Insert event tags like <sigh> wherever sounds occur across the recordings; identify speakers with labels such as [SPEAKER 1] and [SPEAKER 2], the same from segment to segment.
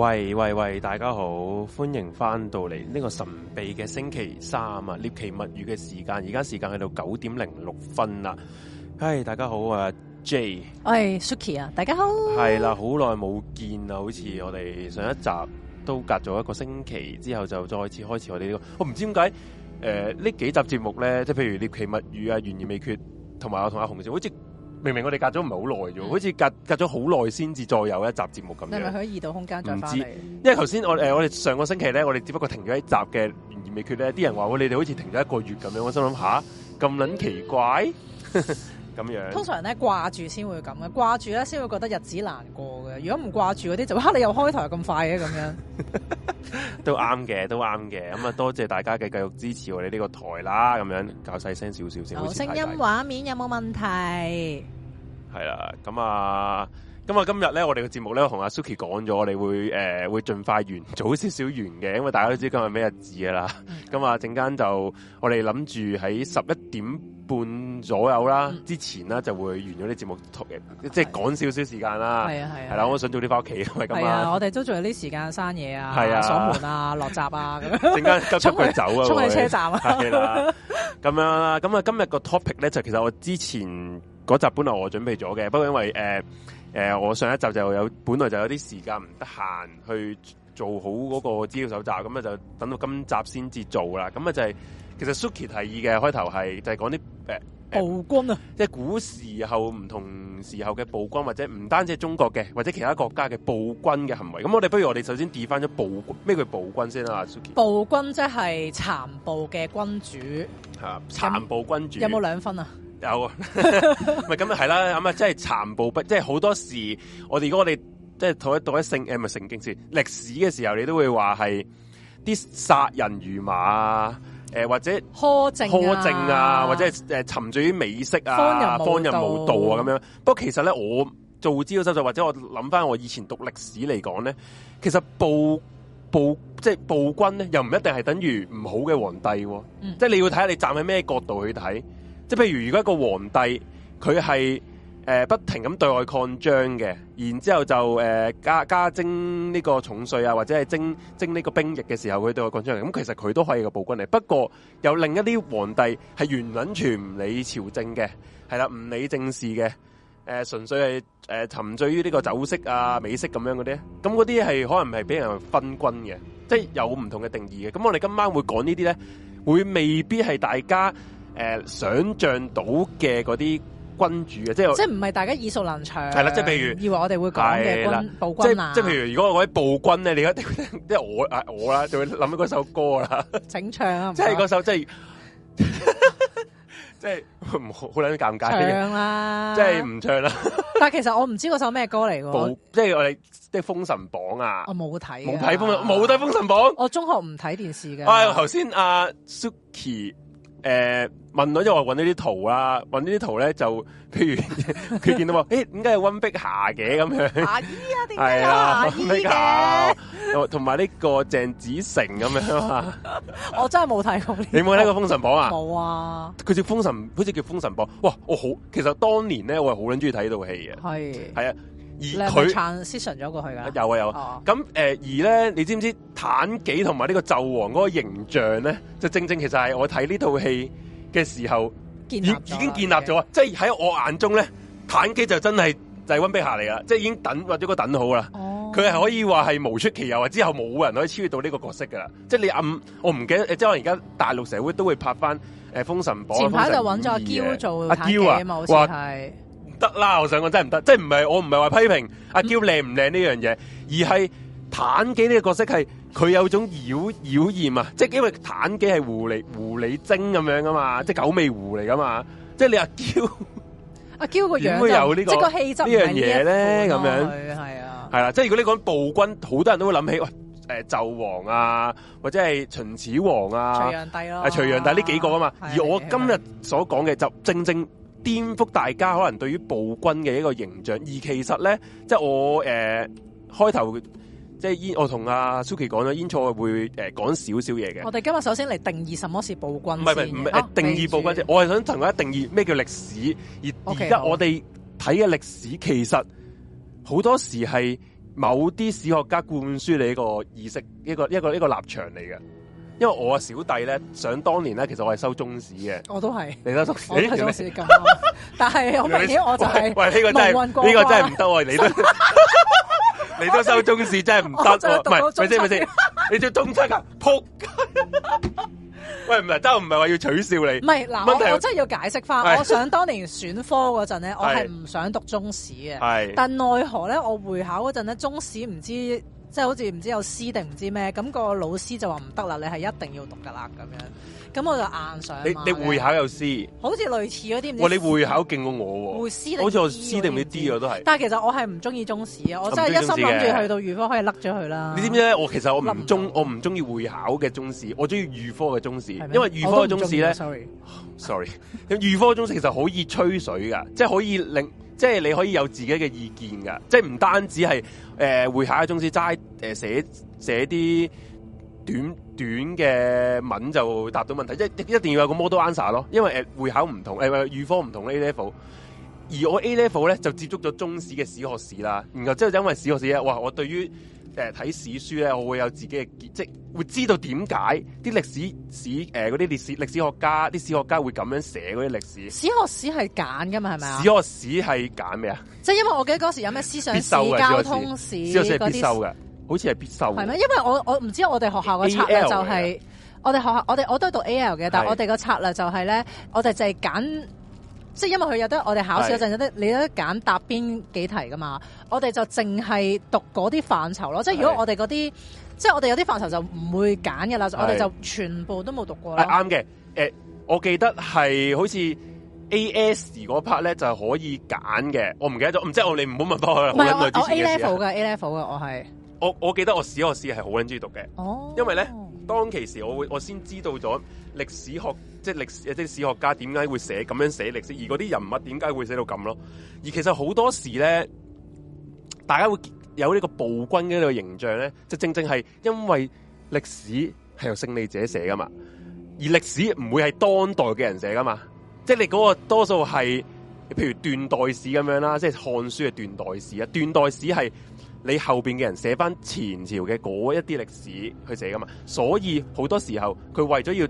[SPEAKER 1] 喂喂喂，大家好，歡迎翻到嚟呢個神秘嘅星期三啊！獵奇物語嘅時間，而家時間係到九點零六分啦。嗨、哎，大家好啊，J，
[SPEAKER 2] 我係 Suki 啊，大家好。
[SPEAKER 1] 係啦，好耐冇見啦，好似我哋上一集都隔咗一個星期之後就再次開始我哋呢、這個。我、哦、唔知點解誒呢幾集節目咧，即係譬如獵奇物語啊、懸疑未決，同埋我同阿紅小姐。好似明明我哋隔咗唔係好耐啫，好似隔隔咗好耐先至再有一集節目咁。係咪
[SPEAKER 2] 可以二度空間再翻嚟？
[SPEAKER 1] 因為頭先我誒我哋上個星期咧，我哋只不過停咗一集嘅《懸疑未決》咧，啲人話：喂，你哋好似停咗一個月咁樣。我心諗下，咁撚奇怪咁 <laughs> 樣，通
[SPEAKER 2] 常咧掛住先會咁嘅，掛住咧先會覺得日子難過嘅。如果唔掛住嗰啲就嚇、啊、你又開台咁快嘅咁樣。 <laughs>
[SPEAKER 1] <laughs> 都啱嘅，都啱嘅，咁、嗯、啊多謝大家嘅繼續支持我哋呢個台啦，咁樣搞細聲少少先。聲
[SPEAKER 2] 音畫面有冇問題？
[SPEAKER 1] 係 <laughs> 啦，咁、嗯、啊，咁、嗯、啊、嗯、今日咧，我哋嘅節目咧，我同阿 Suki 講咗，我哋會誒、呃、會盡快完，早少少完嘅，因為大家都知今日咩日子啦。咁 <laughs> 啊、嗯，陣、嗯、間就我哋諗住喺十一點。半左右啦，之前啦就會完咗啲節目、嗯、即係趕少少時間啦。係啊係啊，啦、啊啊啊，我想早啲翻屋企係咁啊。係、啊啊、我
[SPEAKER 2] 哋都仲有啲時間生嘢啊，啊，鎖門啊，落閘啊咁。陣間急出去走啊，出去、啊、車站啊，啊。
[SPEAKER 1] 咁樣啦，咁啊今日個 topic 咧就其實我之前嗰集本來我準備咗嘅，不過因為誒誒、呃、我上一集就有本來就有啲時間唔得閒去做好嗰個資料搜集，咁啊就等到今集先至做啦。咁啊就係、是。其實 Suki 提議嘅開頭係就係講啲誒暴君啊，即係古時候唔同時候嘅暴君，或者唔單止係中國嘅，或者其他國家嘅暴君嘅行為。咁我哋不如我哋首先 define 翻咗暴咩叫暴君先啦，Suki，
[SPEAKER 2] 暴君即係殘暴嘅君主
[SPEAKER 1] 係啊，殘暴君主有冇兩分啊？有咪咁啊？係啦咁啊，即係殘暴不即係好多時我哋如果我哋即係讀一讀一聖誒咪聖經先歷史嘅時候，你都會話係啲殺人如麻。誒，或者苛政啊，啊，或者誒、呃、沉醉於美色啊，荒人、人無道啊，咁樣。不過其實咧，我做資料收集，或者我諗翻我以前讀歷史嚟講咧，其實暴暴即係、就是、暴君咧，又唔一定係等於唔好嘅皇帝，啊嗯。即係你要睇下你站喺咩角度去睇。即係譬如如果一個皇帝佢係。誒、呃、不停咁對外擴張嘅，然之後就誒、呃、加加徵呢個重稅啊，或者係徵徵呢個兵役嘅時候，佢對外擴張咁，其實佢都可以個暴君嚟。不過有另一啲皇帝係完全唔理朝政嘅，係啦，唔理政事嘅，誒、呃、純粹係誒、呃、沉醉於呢個酒色啊、美色咁樣嗰啲。咁嗰啲係可能係俾人分軍嘅，即係有唔同嘅定義嘅。咁我哋今晚會講呢啲咧，會未必係大家誒、呃、想象到嘅嗰啲。君主嘅，即係即係唔
[SPEAKER 2] 係大家耳熟能詳係啦，即係譬如以為我哋會講嘅暴君、啊、即係即譬如
[SPEAKER 1] 如果嗰啲暴君咧，你而家即係我啊我啦，就諗起嗰首歌啦，整
[SPEAKER 2] <laughs> 唱，、啊、 <laughs> <laughs> 唱啊，即係嗰
[SPEAKER 1] 首即係即係唔好好捻尷尬，唱啦，
[SPEAKER 2] 即係唔唱啦。但係其實我唔知嗰首咩歌嚟、啊、喎。
[SPEAKER 1] 即係我哋的封神榜啊，
[SPEAKER 2] 我冇睇、啊，冇睇封神，冇睇封神榜。我中學唔睇電視嘅、啊啊。哎，頭
[SPEAKER 1] 先阿 Suki。誒、呃，問到因、 <laughs> 欸、為我揾呢啲圖啊，揾呢啲圖咧就，譬如佢見到話，誒、啊，點解係温碧霞嘅咁樣？霞 <laughs> 姨 <laughs> <laughs> 啊，點解係同埋呢個鄭子誠咁樣啊，
[SPEAKER 2] 我真係冇睇過呢。
[SPEAKER 1] 你冇睇過《封神榜》啊？冇
[SPEAKER 2] 啊。
[SPEAKER 1] 佢叫《封神》，好似叫《封神榜》。哇，我好，其實當年咧，我係好捻中意睇呢套戲嘅。係。係啊。而佢撐
[SPEAKER 2] season 咗過去噶，有
[SPEAKER 1] 啊有啊、哦，咁誒而咧，你知唔知妲己同埋呢個紂王嗰個形象咧，就正正其實係我睇呢套戲嘅時候，已已經建立咗。啊。Okay、即係喺我眼中咧，妲己就真係就係溫碧霞嚟噶，即係已經等或者個等好啦。佢、哦、係可以話係無出其右，之後冇人可以超越到呢個角色噶啦。即係你暗我唔記得，即係我而家大陸社會都會拍翻《誒封神榜》。前排就揾
[SPEAKER 2] 咗阿嬌做妲己啊，好似
[SPEAKER 1] 得啦，我想講真係唔得，即係唔係我唔係話批評、嗯、阿嬌靚唔靚呢樣嘢，而係妲己呢個角色係佢有種妖妖艷啊，即係因為妲己係狐狸狐狸精咁樣噶嘛，即係九尾狐嚟噶嘛，嗯、即係你阿嬌
[SPEAKER 3] 阿嬌、個樣，點會有呢個，即係個氣質呢樣嘢咧，咁樣係
[SPEAKER 1] 啊，係啦，即係如果你講暴君，好多人都會諗起誒紂、呃、王啊，或者係秦始皇啊，隋煬帝咯，隋煬帝呢幾個啊嘛，而我今日所講嘅就正正。顛覆大家可能對於暴君嘅一個形象，而其實咧，即係我誒開頭即係煙、啊呃，我同阿 Suki 講咗，intro 我會誒講少少嘢嘅。我
[SPEAKER 2] 哋今日首先嚟定義什麼是暴君，唔係唔係唔係定義、啊、暴君啫，
[SPEAKER 1] 我係想同大家定義咩叫歷史，而而家我哋睇嘅歷史，okay, 其實好多時係某啲史學家灌輸你一個意識，一個一個一個立場嚟嘅。因為我啊小弟咧，想當年咧，其實我係修中史嘅，我都係你,你,你,你,、這個啊、你都中史，嚟中
[SPEAKER 2] 史㗎。但係我明顯，
[SPEAKER 1] 我就係喂呢個真係呢個真係唔得喎，你都你都修中史真係唔得喎，唔係咪先咪先？等等 <laughs> 你做中七啊？扑！ <laughs> 喂唔係，都唔係話要取笑你，唔係嗱，問題，我真係
[SPEAKER 2] 要解釋翻。我想當年選科嗰陣咧， <laughs> 我係唔想讀中史嘅，係但奈何咧，我會考嗰陣咧，中史唔知。即係好似唔知有師定唔知咩，咁個老師就話唔得啦，你係一定要讀噶啦咁樣。咁我就硬上。你你會考有師？好似類似嗰啲。哇！你會考
[SPEAKER 1] 勁過我喎。會師好似我師定啲啲都係。但
[SPEAKER 2] 係其實我係唔中意中史啊，我真係一心諗住去到預科可以甩咗佢啦。你知
[SPEAKER 1] 唔知咧？我其實我唔中，我唔中意會考嘅中史，我中意預科嘅中史，因為預科嘅中史咧，sorry sorry，預 <laughs> 科中史其實可以吹水噶，即係可以令。即係你可以有自己嘅意見㗎，即係唔單止係誒、呃、會考嘅中史齋寫寫啲短短嘅文就答到問題，即一,一定要有個 model answer 咯，因為誒、呃、會考唔同誒、呃、預科唔同 A level，而我 A level 咧就接觸咗中史嘅史學史啦，然後之後因為史學史哇我對於。誒，睇史書咧，我會有自己嘅結，即係會知道點解啲歷史史誒，啲、呃、歷史歷史學家，啲史學家會咁樣寫嗰啲歷史。史
[SPEAKER 2] 學史係揀噶嘛，係咪啊？史學
[SPEAKER 1] 史係揀咩啊？
[SPEAKER 2] 即係因為我記得嗰時有咩思想史、交通史嗰啲，係必修嘅，
[SPEAKER 1] 好似係必修。係咩？
[SPEAKER 2] 因為我我唔知我哋學校嘅策略就係、是，我哋學校我哋我都係讀 A L 嘅，但係我哋嘅策略就係、是、咧，我哋就係揀。即係因為佢有得我哋考試嗰陣有得你有得揀答邊幾題㗎嘛，我哋就淨係讀嗰啲範疇咯。即係如果我哋嗰啲，即係我哋有啲範疇就唔會揀嘅啦，我哋就全部都冇讀過啦。
[SPEAKER 1] 啱嘅，呃。我記得係好似 A S 嗰 part 咧就可以揀嘅。我唔記得咗，即係我哋唔好問多佢，唔係我我，我 A level
[SPEAKER 2] 嘅 A level 嘅我係
[SPEAKER 1] 我我記得我試學試係好撚鍾意讀嘅。哦，因為咧。當其時我會我先知道咗歷史學即係歷史即係史學家點解會寫咁樣寫歷史，而嗰啲人物點解會寫到咁？咯？而其實好多時咧，大家會有呢個暴君嘅呢個形象咧，就正正係因為歷史係由勝利者寫噶嘛，而歷史唔會係當代嘅人寫噶嘛，即係你嗰個多數係，譬如斷代史咁樣啦，即係《漢書》嘅斷代史啊，斷代史係。你後邊嘅人寫翻前朝嘅嗰一啲歷史去寫噶嘛？所以好多時候佢為咗要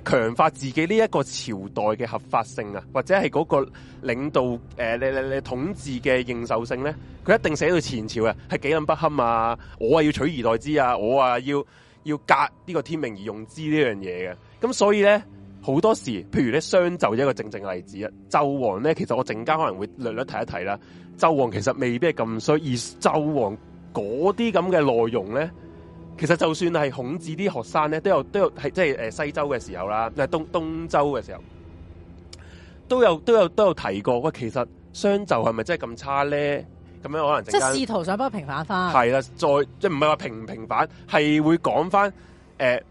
[SPEAKER 1] 誒強化自己呢一個朝代嘅合法性啊，或者係嗰個領導誒，你你你統治嘅認受性咧，佢一定寫到前朝啊，係幾咁不堪啊！我啊要取而代之啊！我啊要要革呢個天命而用之呢樣嘢嘅。咁所以咧。好多時，譬如咧商紂一個正正例子啊，紂王咧，其實我陣間可能會略略提一提啦。紂王其實未必係咁衰，而紂王嗰啲咁嘅內容咧，其實就算係孔子啲學生咧，都有都有係即係誒西周嘅時候啦，即係東東周嘅時候都有都有都有提過。喂，其實商紂係咪真係咁差咧？咁樣可能即係試
[SPEAKER 2] 圖想幫佢平反翻。
[SPEAKER 1] 係啦，再即係唔係話平唔平反，係會講翻誒。呃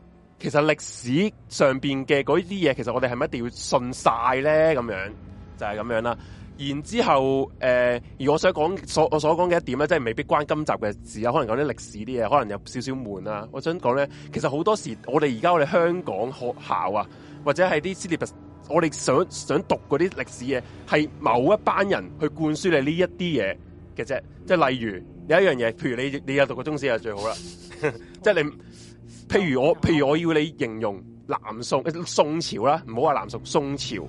[SPEAKER 1] 其實歷史上邊嘅嗰啲嘢，其實我哋係咪一定要信晒咧？咁樣就係、是、咁樣啦。然之後，誒、呃，而我想講所我所講嘅一點咧，即係未必關今集嘅事啊。可能講啲歷史啲嘢，可能有少少悶啦、啊。我想講咧，其實好多時我哋而家我哋香港學校啊，或者係啲私立，我哋想想讀嗰啲歷史嘢，係某一班人去灌輸你呢一啲嘢嘅啫。即係例如有一樣嘢，譬如你你有讀過中史就最好啦， <laughs> <laughs> 即係你。譬如我，譬如我要你形容南宋宋朝啦，唔好話南宋宋朝，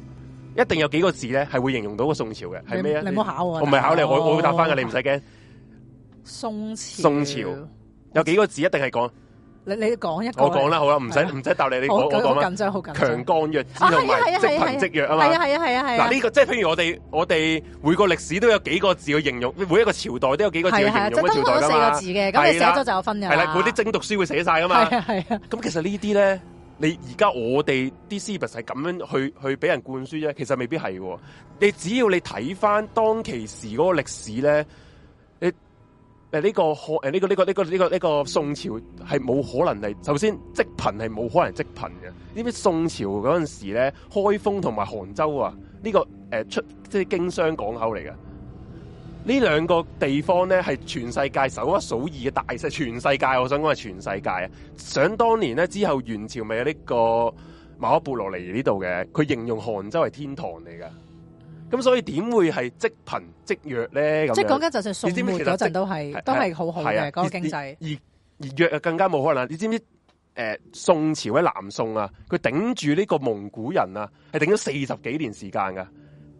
[SPEAKER 1] 一定有幾個字咧係會形容到個宋朝嘅，係咩啊？你唔好考啊，我唔係考、哦、你，我我會答翻嘅，你唔使驚。
[SPEAKER 2] 宋朝宋朝
[SPEAKER 1] 有幾個字一定係講。
[SPEAKER 2] 你你講一個，我講啦，好
[SPEAKER 1] 啦，唔使唔使答你，你講，我講啦，強幹弱枝啊嘛，積貧積弱啊嘛，啊係啊係啊，嗱呢、啊啊啊啊啊啊啊呢個即係譬如我哋我哋每個歷史都有幾個字去形容，每一個朝代都有幾個字去形容個朝代四個字嘅，咁、啊、你寫咗就有分量。啦、啊，係啦、啊，啲精讀書會寫晒噶嘛，係啊咁、啊、其實呢啲咧，你而家我哋啲 syllabus 係咁樣去去俾人灌輸啫，其實未必係喎，你只要你睇翻當其時嗰個歷史咧。誒、這個，呢、這個誒，呢、這個呢、這個呢、這個呢個呢個宋朝係冇可能係，首先積貧係冇可能積貧嘅。呢啲宋朝嗰陣時咧，開封同埋杭州啊，呢、這個誒、呃、出即係經商港口嚟嘅。呢兩個地方咧係全世界數一數二嘅大，即係全世界我想講係全世界啊。想當年咧之後元朝咪有呢個馬可波羅嚟呢度嘅，佢形容杭州係天堂嚟嘅。咁所以點會係積貧積弱咧？即係講緊就係宋末嗰陣都係都係好好嘅嗰個經濟。而而弱啊，更加冇可能。你知唔知？呃，宋朝喺南宋啊，佢頂住呢個蒙古人啊，係頂咗四十幾年時間噶。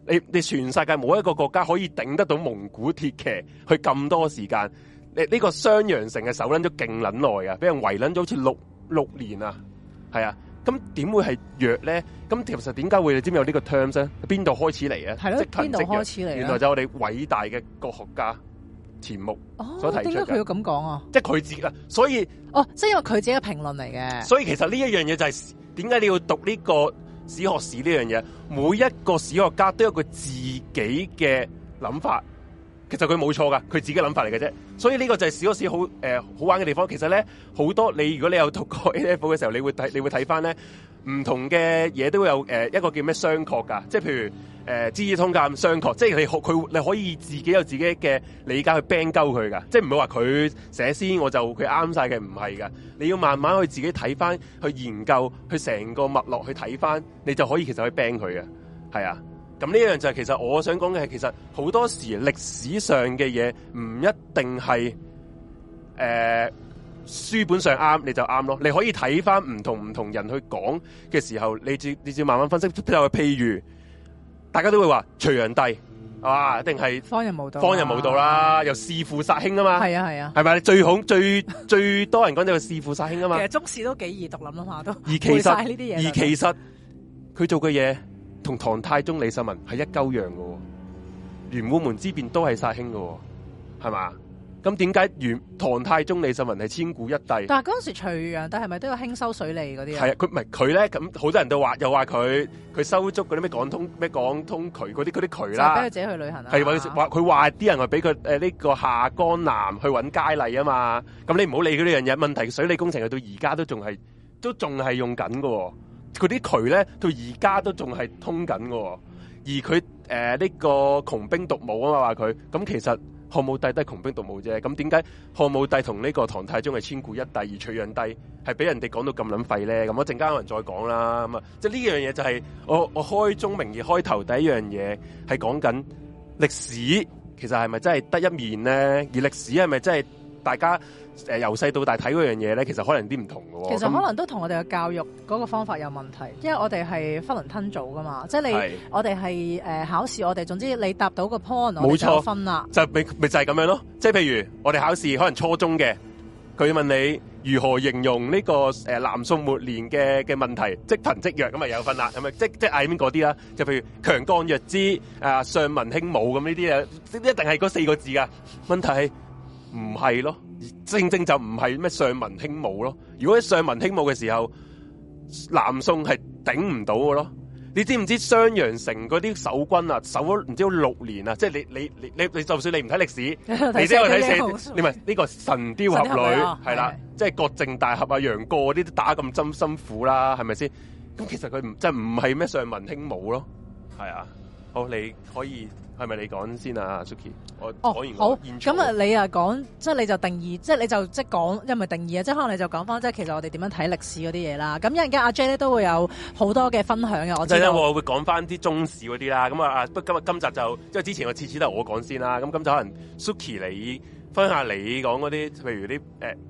[SPEAKER 1] 你你全世界冇一個國家可以頂得到蒙古鐵騎去咁多時間。你、這、呢個襄陽城嘅守撚咗勁撚耐啊，俾人圍撚咗好似六六年啊，係啊。咁點會係弱咧？咁其實點解會知唔知有呢個 terms 咧？邊度開始嚟啊？係咯，邊度開始嚟？原來就係我哋偉大嘅國學家錢穆哦，所提出嘅。點解佢要咁講啊？即係佢自己，所以
[SPEAKER 2] 哦，即係因為佢自己嘅評論嚟嘅。所
[SPEAKER 1] 以其實呢一樣嘢就係點解你要讀呢個史學史呢樣嘢？每一個史學家都有佢自己嘅諗法。其實佢冇錯噶，佢自己諗法嚟嘅啫。所以呢個就係小市好誒好玩嘅地方。其實咧，好多你如果你有讀過 A F 嘅時候，你會睇你會睇翻咧唔同嘅嘢都有誒、呃、一個叫咩商榷噶，即係譬如誒資、呃、治通鑑商榷，即係你學佢你可以自己有自己嘅理解去 ban 鳩佢噶，即係唔係話佢寫先我就佢啱晒嘅，唔係噶。你要慢慢去自己睇翻去研究去成個脈絡去睇翻，你就可以其實去 ban 佢嘅，係啊。咁呢樣就係其實我想講嘅係，其實好多時歷史上嘅嘢唔一定係誒、呃、書本上啱你就啱咯。你可以睇翻唔同唔同人去講嘅時候，你至你至慢慢分析。譬如，大家都會話隋煬帝啊，定係方仁無道，啊、方仁無道啦，又、啊、弑父殺兄啊嘛。係啊係啊，係咪、啊、最好最 <laughs> 最多人講就係弑父殺兄啊嘛。其實
[SPEAKER 2] 中史都幾易讀諗啊下都背晒呢啲嘢。而其
[SPEAKER 1] 實佢做嘅嘢。同唐太宗李世民係一鳩樣喎。玄武門之變都係殺兄喎，係嘛？咁點解唐太宗李世民係千古一帝？但係
[SPEAKER 2] 嗰陣時隋煬帝係咪都有興修水利嗰啲？係啊，
[SPEAKER 1] 佢唔係佢咧，咁好多人都話又話佢佢修築嗰啲咩廣通咩廣通渠嗰啲嗰啲渠啦，俾佢自己去旅行啊？係話佢話啲人話俾佢誒呢個下江南去搵佳麗啊嘛？咁你唔好理佢呢樣嘢，問題水利工程係到而家都仲係都仲係用緊喎。佢啲渠咧，到而家都仲係通緊喎。而佢誒呢個窮兵黷武啊嘛話佢，咁其實漢武帝都係窮兵黷武啫，咁點解漢武帝同呢個唐太宗係千古一帝，而隋煬帝係俾人哋講到咁撚廢咧？咁我陣間有人再講啦，咁啊，即係呢樣嘢就係我我開宗明義開頭第一樣嘢係講緊歷史其實係咪真係得一面咧？而歷史係咪真係大家？誒，由細到大睇嗰樣嘢咧，其實可能啲唔同嘅。其實可
[SPEAKER 2] 能都同我哋嘅教育嗰個方法有問題，因為我哋係囫圇吞棗噶嘛，即係你我哋係誒考試，我哋總之你答到個 point 冇錯，我就分啦。
[SPEAKER 1] 就咪咪就係咁樣咯，即係譬如我哋考試可能初中嘅，佢問你如何形容呢、這個誒南宋末年嘅嘅問題，積貧積弱咁啊有分啦，咁咪？即係嗌邊嗰啲啦，就譬如強幹弱枝啊，尚、呃、文輕武咁呢啲啊，一定係嗰四個字噶。問題係唔係咯？正正就唔係咩尚文輕武咯，如果喺尚文輕武嘅時候，南宋係頂唔到嘅咯。你知唔知襄陽城嗰啲守軍啊，守咗唔知好六年啊？即係你你你你，就算你唔睇歷史， <laughs> 你即係睇戲， <laughs> 你唔係呢個神俠《神雕俠侶》係啦，即係郭靖大俠啊、楊過啲都打咁針辛苦啦，係咪先？咁其實佢唔即係唔係咩尚文輕武咯？係 <laughs> 啊，好你可以。係咪你，啊 oh, oh, 嗯、你講先啊，Suki？我哦好，咁啊你啊講，即
[SPEAKER 2] 係你就定義，即、就、係、是、你就即係、就是、講，唔係定義啊，即、就、係、是、可能你就講翻即係其實我哋點樣睇歷史嗰啲嘢啦。咁一陣間阿 J 呢都會有好多嘅分享嘅，我即係我
[SPEAKER 1] 會講翻啲中史嗰啲啦。咁啊，不今日今集就即係之前我次次都係我講先啦。咁今集可能 Suki 你，分享下你講嗰啲，譬如啲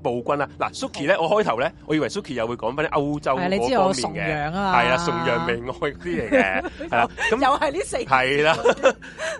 [SPEAKER 1] 暴君啦，嗱 Suki 咧，我開頭咧，我以為 Suki 又會講翻啲歐洲嗰方面嘅，係啊啦，崇洋媚外啲嚟嘅，係啊，咁又係呢四，係啦，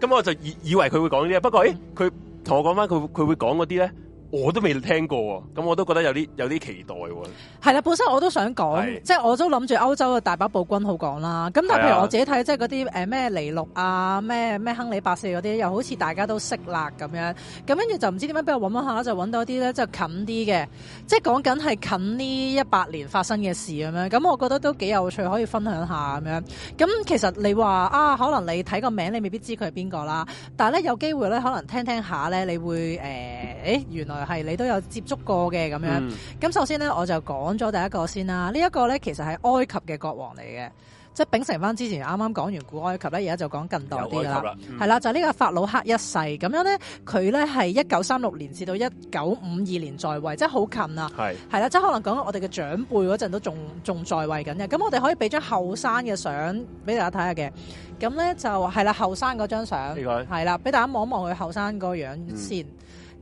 [SPEAKER 1] 咁 <laughs> <laughs> 我就以以為佢會講呢啲，不過誒，佢、欸、同我講翻佢佢會講嗰啲咧。我都未聽過喎，咁我都覺得有啲有啲期待喎。
[SPEAKER 2] 係啦，本身我都想講，即係我都諗住歐洲嘅大把暴君好講啦。咁但係譬如我自己睇，即係嗰啲誒咩尼祿啊，咩咩亨利八世嗰啲，又好似大家都識啦咁樣。咁跟住就唔知點解俾我揾一下，就揾到啲呢即近啲嘅，即係講緊係近呢一百年發生嘅事咁樣。咁我覺得都幾有趣，可以分享下咁樣。咁其實你話啊，可能你睇個名，你未必知佢係邊個啦。但係有機會呢，可能聽聽一下咧，你會、欸、原來係你都有接觸過嘅咁樣，咁、嗯、首先呢，我就講咗第一個先啦。呢、這、一個呢，其實係埃及嘅國王嚟嘅，即係秉承翻之前啱啱講完古埃及呢，而家就講近代啲啦，係、嗯、啦，就係、是、呢個法魯克一世咁樣呢，佢呢係一九三六年至到一九五二年在位，即係好近啦、啊，係啦，即係可能講到我哋嘅長輩嗰陣都仲仲在位緊嘅，咁我哋可以俾張後生嘅相俾大家睇下嘅，咁呢就係啦後生嗰張相，係啦，俾、這個、大家望一望佢後生個樣先。嗯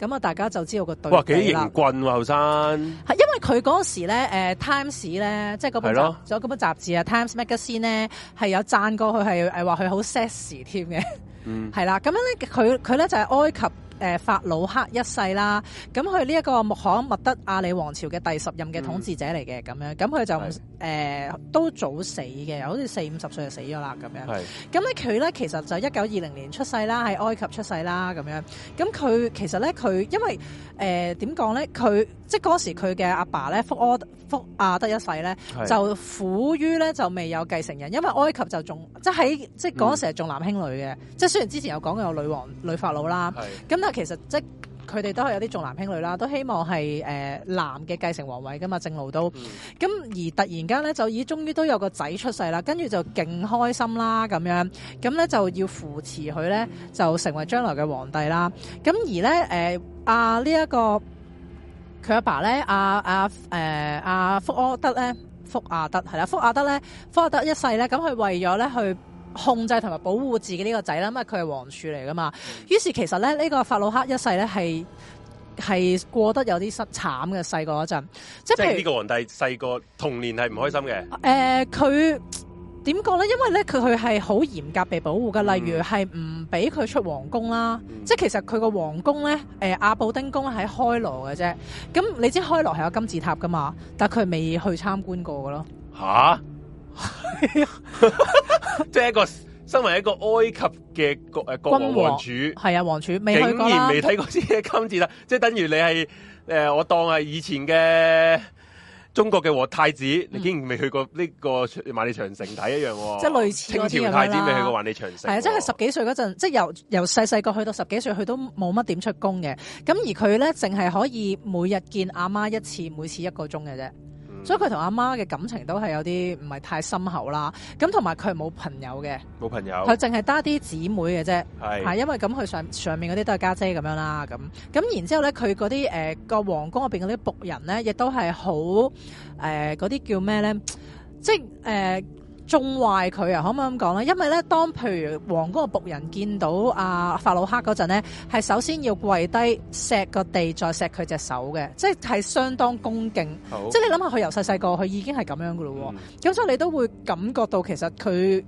[SPEAKER 2] 咁啊，大家就知道個對比啦哇，幾型
[SPEAKER 1] 棍喎，後生。
[SPEAKER 2] 係因為佢嗰時咧，誒《Times》咧，即係嗰本雜，仲有嗰本雜誌啊，《Times》Magazine 咧係有讚過佢係誒話佢好 sexy 添嘅。嗯。係啦，咁樣咧，佢佢咧就係埃及。誒法魯克一世啦，咁佢呢一個穆罕默德阿里王朝嘅第十任嘅統治者嚟嘅咁樣，咁佢就誒、呃、都早死嘅，好似四五十歲就死咗啦咁樣。係，咁咧佢咧其實就一九二零年出世啦，喺埃及出世啦咁樣。咁佢其實咧佢因為誒點講咧佢。呃即嗰時佢嘅阿爸咧，福阿德一世咧，就苦於咧就未有繼承人，因為埃及就仲即喺即嗰陣時係重男輕女嘅，即雖然之前有講有女王女法老啦，咁但係其實即佢哋都係有啲重男輕女啦，都希望係誒男嘅繼承皇位噶嘛，正路都咁。而突然間咧就已終於都有個仔出世啦，跟住就勁開心啦咁樣，咁咧就要扶持佢咧就成為將來嘅皇帝啦，咁而咧誒阿呢一個。佢阿爸咧，阿阿誒阿福阿德咧，福阿德係啦，福阿德咧，福阿德呢，福阿德一世咧，咁佢為咗咧去控制同埋保護自己呢個仔啦，因為佢係王儲嚟噶嘛，於是其實咧呢、這個法魯克一世咧係係過得有啲失慘嘅，細個嗰陣，即係譬如呢、這個
[SPEAKER 1] 皇帝細個童年係唔開心嘅。
[SPEAKER 2] 誒、呃、佢。點講咧？因為咧佢佢係好嚴格被保護㗎。例如係唔俾佢出皇宮啦。即、嗯、係其實佢個皇宮咧，誒、呃、阿布丁宮喺開羅嘅啫。咁你知開羅係有金字塔噶嘛？但係佢未去參觀過嘅咯。
[SPEAKER 1] 吓！ <laughs> <laughs> <laughs> 即係一個身為一個埃及嘅國誒國王主
[SPEAKER 2] 係啊，王主竟然未睇過
[SPEAKER 1] 啲金字塔，即係等於你係誒、呃、我當係以前嘅。中國嘅和太子，你竟然未去過呢個萬里長城睇一樣喎，嗯？即係類似清朝太子未去過萬里長城，嗯。係啊，即係
[SPEAKER 2] 十幾歲嗰陣，即係由由細細個去到十幾歲，佢都冇乜點出宮嘅。咁而佢咧，淨係可以每日見阿媽一次，每次一個鐘嘅啫。嗯、所以佢同阿媽嘅感情都係有啲唔係太深厚啦。咁同埋佢冇朋友嘅，
[SPEAKER 1] 冇朋友，佢淨
[SPEAKER 2] 係得啲姊妹嘅啫。係，因為咁佢上上面嗰啲都係家姐咁樣啦。咁咁然之後咧，佢嗰啲誒個皇宮入邊嗰啲僕人咧，亦都係好誒嗰啲叫咩咧？即係、呃縱壞佢啊，可唔可以咁講咧？因為咧，當譬如王宮嘅僕人見到阿、啊、法魯克嗰陣咧，係首先要跪低、錫個地，再錫佢隻手嘅，即係相當恭敬。即係你諗下，佢由細細個，佢已經係咁樣噶咯喎。咁、嗯、所以你都會感覺到其實佢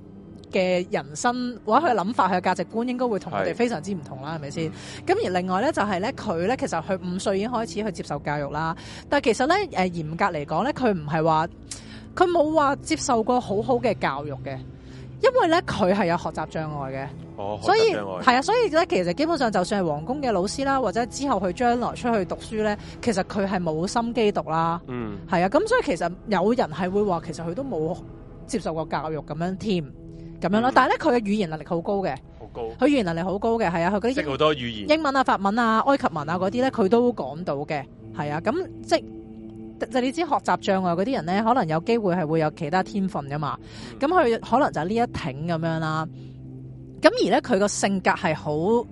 [SPEAKER 2] 嘅人生或者佢諗法、佢價值觀應該會同佢哋非常之唔同啦，係咪先？咁、嗯、而另外咧，就係、是、咧，佢咧其實佢五歲已經開始去接受教育啦。但係其實咧，誒嚴格嚟講咧，佢唔係話。佢冇話接受過好好嘅教育嘅，因為咧佢係有學習障礙嘅、哦，
[SPEAKER 3] 所以係啊，
[SPEAKER 2] 所以咧其實基本上就算係皇宮嘅老師啦，或者之後佢將來出去讀書咧，其實佢係冇心機讀啦，嗯，係啊，咁所以其實有人係會話，其實佢都冇接受過教育咁樣添，咁樣啦，嗯、但係咧佢嘅語言能力好高嘅，
[SPEAKER 1] 好高，佢
[SPEAKER 2] 語言能力好高嘅，係啊，佢嗰啲識好
[SPEAKER 1] 多語言，英
[SPEAKER 2] 文啊、法文啊、埃及文啊嗰啲咧，佢都講到嘅，係啊，咁即。就你知學習障礙嗰啲人咧，可能有機會係會有其他天分噶嘛，咁佢可能就呢一挺咁樣啦，咁而咧佢個性格係好，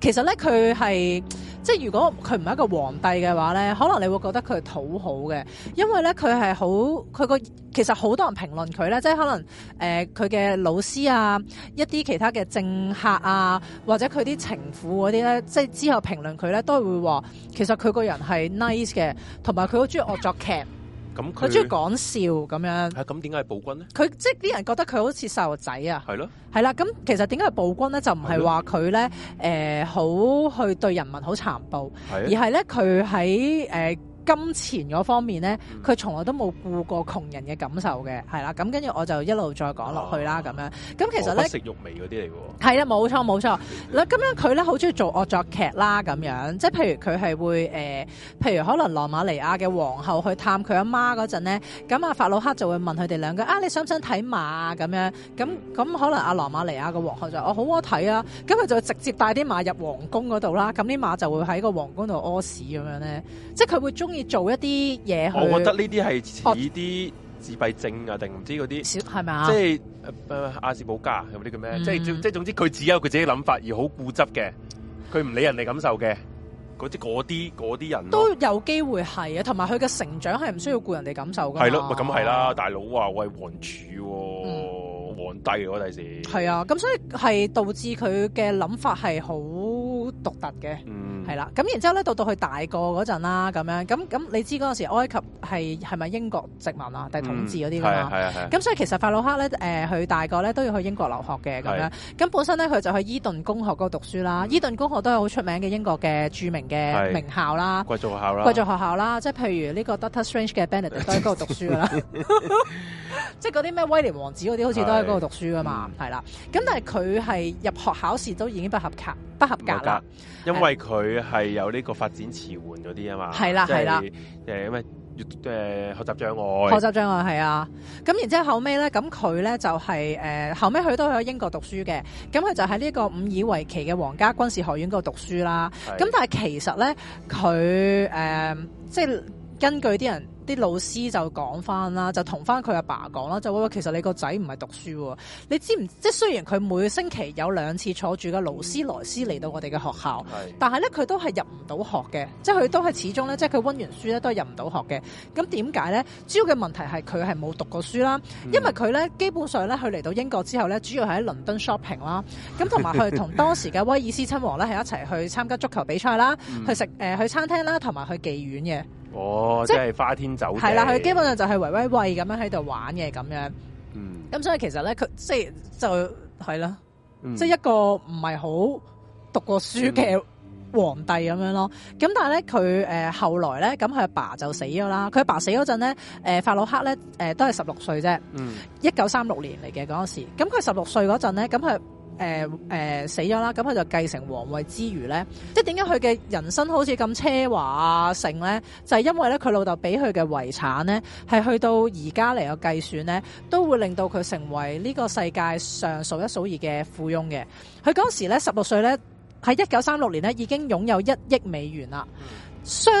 [SPEAKER 2] 其實咧佢係。即係如果佢唔係一個皇帝嘅話咧，可能你會覺得佢係討好嘅，因為咧佢係好佢個其實好多人評論佢咧，即係可能誒佢嘅老師啊，一啲其他嘅政客啊，或者佢啲情婦嗰啲咧，即係之後評論佢咧都係會話，其實佢個人係 nice 嘅，同埋佢好中意惡作劇。咁佢中意講笑咁樣。啊，咁點解係暴君咧？佢即係啲人覺得佢好似細路仔啊。係咯。係啦，咁其實點解係暴君咧？就唔係話佢咧誒好去對人民好殘暴係，而係咧佢喺誒。金錢嗰方面咧，佢從來都冇顧過窮人嘅感受嘅，係、嗯、啦。咁跟住我就一路再講落去啦，咁、啊、樣。咁其實咧，食
[SPEAKER 1] 肉味嗰啲嚟
[SPEAKER 2] 喎。係啊，冇錯冇錯。嗱，咁樣佢咧好中意做惡作劇啦，咁樣。即係譬如佢係會誒、呃，譬如可能羅馬尼亞嘅皇后去探佢阿媽嗰陣咧，咁啊法魯克就會問佢哋兩個啊，你想唔想睇馬啊？咁樣。咁咁可能阿羅馬尼亞嘅皇后就我、嗯、好我睇啊，咁佢就直接帶啲馬入皇宮嗰度啦。咁啲馬就會喺個皇宮度屙屎咁樣咧。即係佢會中。要做一啲嘢，我覺得呢啲係
[SPEAKER 1] 似啲自閉症啊，定唔知嗰啲係咪啊？啊有有嗯、即係誒阿士保加嗰啲叫咩？即係即係總之佢只有佢自己諗法而好固執嘅，佢唔理人哋感受嘅，嗰啲啲啲人、啊、都
[SPEAKER 2] 有機會係啊，同埋佢嘅成長係唔需要顧人哋感受噶。係咯、啊，咪咁係啦，
[SPEAKER 1] 大佬話喂皇儲皇帝喎，陣時係
[SPEAKER 2] 啊，咁、啊、所以係導致佢嘅諗法係好。獨特嘅，係、嗯、啦，咁然之後咧，到到佢大個嗰陣啦，咁樣，咁咁你知嗰陣時埃及係係咪英國殖民啊，定統治嗰啲噶嘛？係、嗯、咁所以其實法魯克咧，誒、呃、佢大個咧都要去英國留學嘅咁樣。咁本身咧佢就去伊頓公學嗰度讀書啦、嗯。伊頓公學都有好出名嘅英國嘅著名嘅名校啦，貴
[SPEAKER 1] 族學校啦，貴族
[SPEAKER 2] 學校啦，即係譬如呢個 Doctor Strange 嘅 Benedict 都喺嗰度讀書噶
[SPEAKER 1] 啦，
[SPEAKER 2] <laughs> <laughs> 即係嗰啲咩威廉王子嗰啲好似都喺嗰度讀書噶嘛，係啦。咁、嗯、但係佢係入學考試都已經不合格，不合格啦。
[SPEAKER 1] 因為佢係有呢個發展遲緩嗰啲啊嘛，係啦係啦，誒因為誒學習障礙，學習障
[SPEAKER 2] 礙係啊。咁然之後後尾咧，咁佢咧就係、是、誒後尾佢都去咗英國讀書嘅，咁佢就喺呢個五以為奇嘅皇家軍事學院嗰度讀書啦。咁但係其實咧，佢誒、呃、即係。根據啲人，啲老師就講翻啦，就同翻佢阿爸講啦，就喂喂，其實你個仔唔係讀書喎。你知唔即係雖然佢每星期有兩次坐住架勞斯萊斯嚟到我哋嘅學校，但係咧佢都係入唔到學嘅，即係佢都係始終咧，即係佢温完書咧都係入唔到學嘅。咁點解呢？主要嘅問題係佢係冇讀過書啦，因為佢咧基本上咧，佢嚟到英國之後咧，主要係喺倫敦 shopping 啦，咁同埋佢同當時嘅威爾斯親王咧係一齊去參加足球比賽啦、嗯，去食、呃、去餐廳啦，同埋去妓院嘅。
[SPEAKER 1] 哦，即係花天酒地。係啦，佢基本
[SPEAKER 2] 上就係唯唯慧咁樣喺度玩嘅咁樣。
[SPEAKER 1] 嗯，
[SPEAKER 2] 咁所以其實咧，佢即係就係啦、嗯、即係一個唔係好讀過書嘅皇帝咁樣咯。咁、嗯、但係咧，佢、呃、誒後來咧，咁佢阿爸就死咗啦。佢阿爸死嗰陣咧，誒、呃、法魯克咧，誒、呃、都係十六歲啫。嗯，一九三六年嚟嘅嗰時，咁佢十六歲嗰陣咧，咁佢。誒、呃呃、死咗啦，咁佢就繼承皇位之餘呢，即係點解佢嘅人生好似咁奢華啊，成呢？就係、是、因為咧佢老豆俾佢嘅遺產呢，係去到而家嚟嘅計算呢，都會令到佢成為呢個世界上數一數二嘅富翁嘅。佢嗰時咧，十六歲咧，喺一九三六年呢，已經擁有一億美元啦。嗯相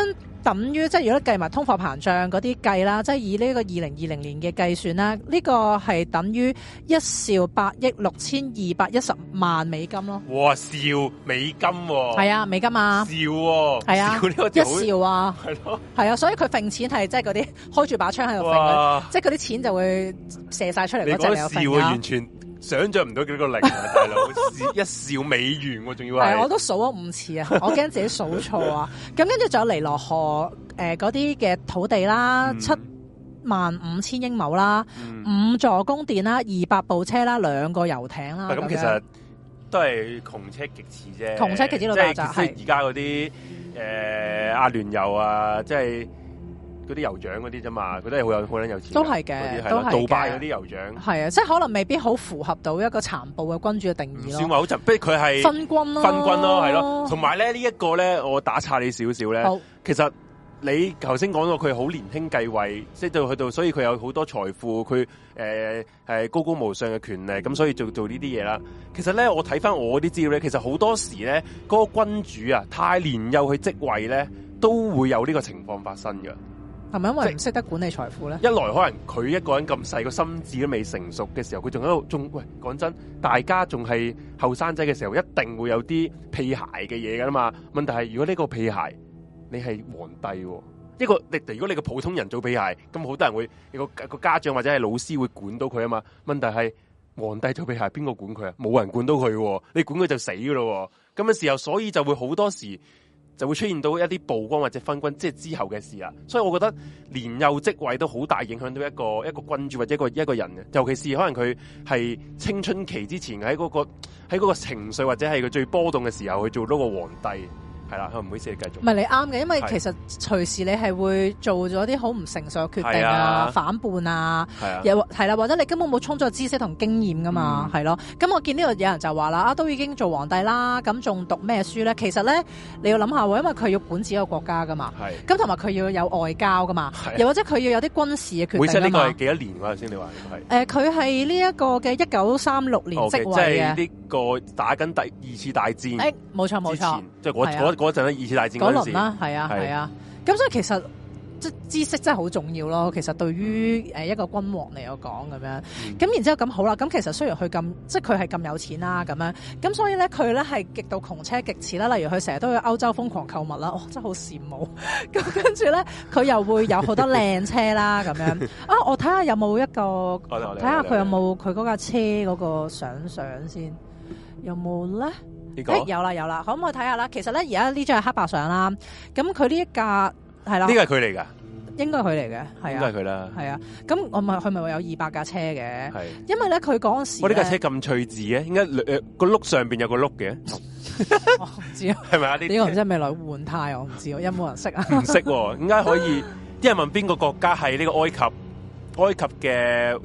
[SPEAKER 2] 等於即係如果計埋通貨膨脹嗰啲計啦，即係以呢個二零二零年嘅計算啦，呢個係等於一兆八億六千二百一十萬美金咯。
[SPEAKER 1] 哇！兆美金喎，係啊，美金啊，兆喎，係啊，一兆啊，
[SPEAKER 2] 係啊，所以佢揈錢係即係嗰啲開住把槍喺度揈嘅，即係嗰啲錢就會射晒出嚟。你講兆啊，完
[SPEAKER 1] 全。想象唔到幾多個零啊！大佬一兆美元我仲要係，我都
[SPEAKER 2] 數咗五次啊！我驚自己數錯啊！咁跟住仲有尼羅河嗰啲嘅土地啦、嗯，七萬五千英畝啦、嗯，五座宮殿啦，二百部車啦，兩個遊艇啦。咁其實
[SPEAKER 1] 都係窮奢極侈啫，窮奢極侈老豆就係而家嗰啲誒阿聯酋啊，即係。嗰啲酋長嗰啲啫嘛，佢都係好有好捻有錢，都係嘅，都係。杜拜嗰啲酋長係
[SPEAKER 2] 啊，即係可能未必好符合到一個殘暴嘅君主嘅定義咯。小馬
[SPEAKER 1] 好就，不如佢係昏君咯，昏君咯，係、啊、咯。同埋咧，這個、呢一個咧，我打岔你少少咧，其實你頭先講到佢好年輕繼位，即係到去到，所以佢有好多財富，佢誒係高高無上嘅權力，咁所以就做做呢啲嘢啦。其實咧，我睇翻我啲資料咧，其實好多時咧，嗰、那個君主啊太年幼去即位咧，都會有呢個情況發生嘅。
[SPEAKER 2] 係咪因為唔識得管理財富咧？
[SPEAKER 1] 一來可能佢一個人咁細個心智都未成熟嘅時候，佢仲喺度仲喂。講真，大家仲係後生仔嘅時候，一定會有啲屁孩嘅嘢噶啦嘛。問題係如果呢個屁孩，你係皇帝喎，一個你如果你個普通人做屁孩，咁好多人會個個家長或者係老師會管到佢啊嘛。問題係皇帝做屁孩，邊個管佢啊？冇人管到佢喎，你管佢就死噶咯喎。咁嘅時候，所以就會好多時。就會出現到一啲暴君或者昏君，即係之後嘅事啊。所以我覺得年幼職位都好大影響到一個一個君主或者一個一個人嘅，尤其是可能佢係青春期之前喺嗰個喺嗰個情緒或者係佢最波動嘅時候去做嗰個皇帝。係啦、啊，佢唔會再繼續。唔係你啱嘅，因為其實
[SPEAKER 2] 隨時你係會做咗啲好唔成熟嘅決定啊，啊、反叛啊，啊又係啦、啊，或者你根本冇充足知識同經驗噶嘛，係、嗯、咯。咁、啊嗯嗯、我見呢度有人就話啦，啊都已經做皇帝啦，咁仲讀咩書咧？其實咧你要諗下喎，因為佢要管治一個國家噶嘛，咁同埋佢要有外交噶嘛、啊，又或者佢要有啲軍事嘅決定。會識呢個係
[SPEAKER 1] 幾多年頭先？你話
[SPEAKER 2] 係？佢係呢一個嘅一九三六年即位 okay，即係呢
[SPEAKER 1] 個打緊第二次大戰。
[SPEAKER 2] 冇錯冇錯。錯即嗰
[SPEAKER 1] 陣咧，二次大戰嗰輪啦，係啊，係啊，
[SPEAKER 2] 咁、啊、所以其實即知識真係好重要咯。其實對於誒一個君王嚟講，咁、嗯、樣咁然之後咁好啦。咁其實雖然佢咁，即佢係咁有錢啦、啊，咁樣咁所以咧，佢咧係極度窮車極侈啦。例如佢成日都去歐洲瘋狂購物啦，真係好羨慕。咁 <laughs> 跟住咧，佢又會有好多靚車啦，咁樣 <laughs> 啊！我睇下有冇一個睇下佢有冇佢嗰架車嗰個相相先，有冇咧？這個哎、有啦有啦，可唔可以睇下啦？其實咧，而家呢張係黑白相啦。咁佢呢一架係啦，呢個係佢嚟噶，應該係佢嚟嘅，係啊，都係佢啦，係啊。咁我唔係，佢咪有二百架車嘅？係、啊哦呃 <laughs> <laughs> 這個，因為咧、啊，佢嗰陣時，我呢架車
[SPEAKER 1] 咁趣致嘅，應該個碌上邊有個碌嘅，我唔知啊，係咪啊？呢個
[SPEAKER 2] 真係未來換態，我唔知喎，有冇人識啊？
[SPEAKER 1] 唔識，點解可以？啲 <laughs> 人問邊個國家係呢個埃及？埃及嘅。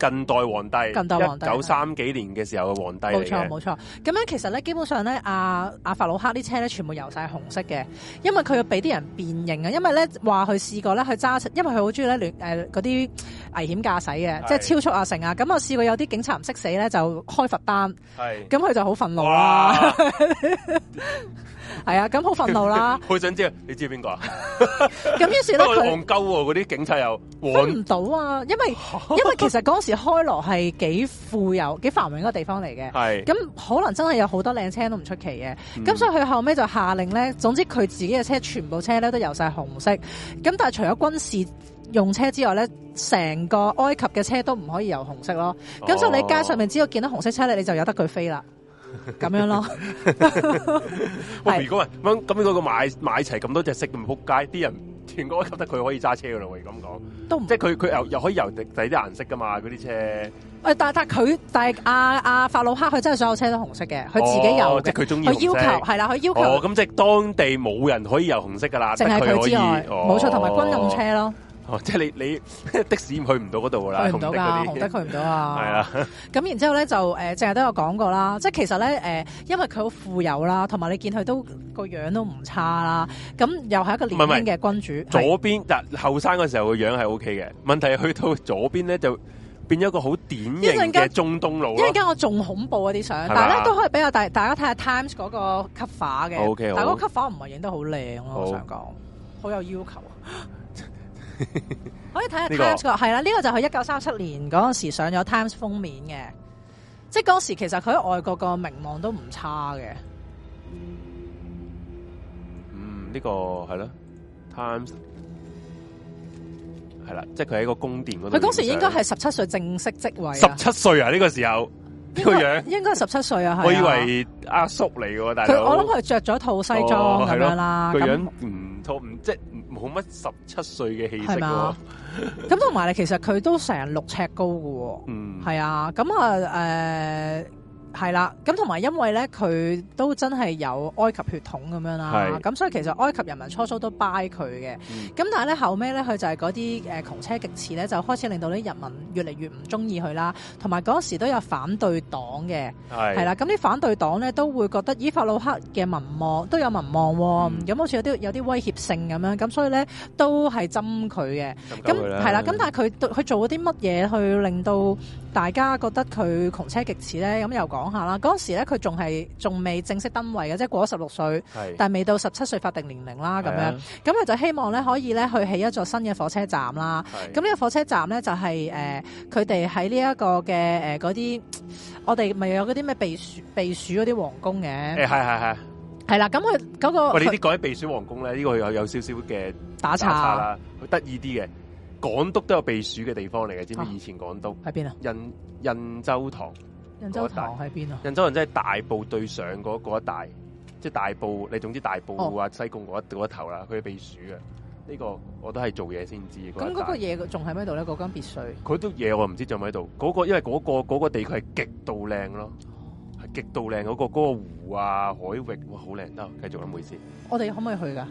[SPEAKER 1] 近代皇帝，近代皇帝一九三幾年嘅時候嘅皇帝嚟嘅，冇錯冇
[SPEAKER 2] 錯。咁樣其實咧，基本上咧，阿、啊、阿法魯克啲車咧，全部油晒紅色嘅，因為佢要俾啲人辨認啊。因為咧話佢試過咧，佢揸，因為佢好中意咧誒，嗰啲危險駕駛嘅，即係超速啊，成啊。咁我試過有啲警察唔識死咧，就開罰單，
[SPEAKER 3] 係，
[SPEAKER 2] 咁佢就好憤怒哇 <laughs> 係啊，咁好憤怒啦！ <laughs>
[SPEAKER 1] 佢想知你知邊個啊？咁 <laughs> 於是咧佢戇鳩喎，嗰 <laughs> 啲、啊、警察又飛唔
[SPEAKER 2] 到啊！因為 <laughs> 因為其實嗰時開羅係幾富有、幾繁榮一個地方嚟嘅。係咁可能真係有好多靚車都唔出奇嘅。咁、嗯、所以佢後尾就下令咧，總之佢自己嘅車全部車咧都塗曬紅色。咁但係除咗軍事用車之外咧，成個埃及嘅車都唔可以塗紅色咯。
[SPEAKER 1] 咁、哦、所以你街上
[SPEAKER 2] 面只要見到紅色車咧，你就由得佢飛啦。
[SPEAKER 1] 咁樣咯，喂，如果咁咁嗰個買買齊咁多隻色，唔撲街，啲人全哥覺得佢可以揸車噶啦，我而咁講，都唔即係佢佢又又可以游第啲顏色噶嘛，嗰啲車
[SPEAKER 2] 但，但係但係佢，但係阿阿法魯克佢真係所有車都紅色嘅，佢自己有，佢、哦、要求係啦，佢要求，哦，
[SPEAKER 1] 咁即係當地冇人可以游紅色噶啦，淨係佢之外，冇錯，同埋軍用車咯。哦，即係你你的士去唔到嗰度噶啦，紅得去唔到啊！係啊， <laughs>
[SPEAKER 2] 咁然之後咧就誒，淨係都有講過啦。即係其實咧誒、呃，因為佢好富有啦，同埋你見佢都個樣都唔差啦。咁又係一個年輕嘅君主。左
[SPEAKER 1] 邊但後生嘅時候個樣係 O K 嘅，問題是去到左邊咧就變咗一個好典型嘅中東佬，一陣
[SPEAKER 2] 間我仲恐怖啊啲相，但係咧都可以俾我大大家睇下 Times 嗰個 cover 嘅。O、okay, K，但係嗰個 cover 唔係影得很漂亮好靚咯，我想講，好有要求、啊。 <laughs> 可以睇下 Times、這個係啦，呢、這個就係一九三七年嗰陣時上咗 Times 封面嘅，即係嗰時其實佢喺外國個名望都唔差嘅。嗯，
[SPEAKER 1] 呢、這個係咯，Times 係啦，即係佢喺一個宮殿嗰度。佢當時應該係
[SPEAKER 2] 十七歲正式職位，十
[SPEAKER 1] 七歲啊？呢、這個時候呢個樣子
[SPEAKER 2] 應該係十七歲啊？ <laughs> 我以為
[SPEAKER 1] 阿叔嚟嘅，但係。佢我諗佢着咗套西裝咁、哦、樣啦，個樣唔套唔即。冇乜十七歲嘅氣息喎、哦，
[SPEAKER 2] 咁同埋咧，其實佢都成日六尺高㗎喎，係啊，咁啊，誒、呃。係啦，咁同埋因為咧，佢都真係有埃及血統咁樣啦，咁所以其實埃及人民初初都 buy 佢嘅，咁、嗯、但係咧後尾咧，佢就係嗰啲窮奢極侈咧，就開始令到啲人民越嚟越唔中意佢啦，同埋嗰時都有反對黨嘅，係啦，咁啲反對黨咧都會覺得依法魯克嘅民望都有民望喎、哦，咁、嗯、好似有啲有啲威脅性咁樣，咁所以咧都係針佢嘅，咁係啦，咁但係佢佢做咗啲乜嘢去令到大家覺得佢窮奢極侈咧，咁又講下啦。嗰時咧佢仲係仲未正式登位嘅，即係過咗十六歲，但係未到十七歲法定年齡啦。咁樣咁佢就希望咧可以咧去起一座新嘅火車站啦。咁呢個火車站咧就係誒佢哋喺呢一個嘅誒嗰啲我哋咪有嗰啲咩避暑避暑嗰啲皇宮嘅。誒係係係係啦。咁佢嗰個，我哋啲
[SPEAKER 1] 改啲避暑皇宮咧，呢、呢個有有少少嘅打岔啦，佢得意啲嘅。港督都有避暑嘅地方嚟嘅，知唔知以前港督喺邊啊？啊？印印洲塘，印洲塘喺邊啊？印洲塘即係大埔對上嗰嗰一帶，即係大埔，你總之大埔啊、哦、西貢嗰嗰一頭啦，佢避暑嘅。呢個我都係做嘢先知。咁嗰個
[SPEAKER 2] 嘢仲喺邊度咧？嗰間別墅？
[SPEAKER 1] 佢都嘢我唔知仲喺度。嗰個因為嗰個嗰個地區係極度靚咯，係、哦、極度靚嗰個個湖啊海域哇好靚。得，繼續諗，唔好意思。
[SPEAKER 2] 我哋可唔可以去㗎？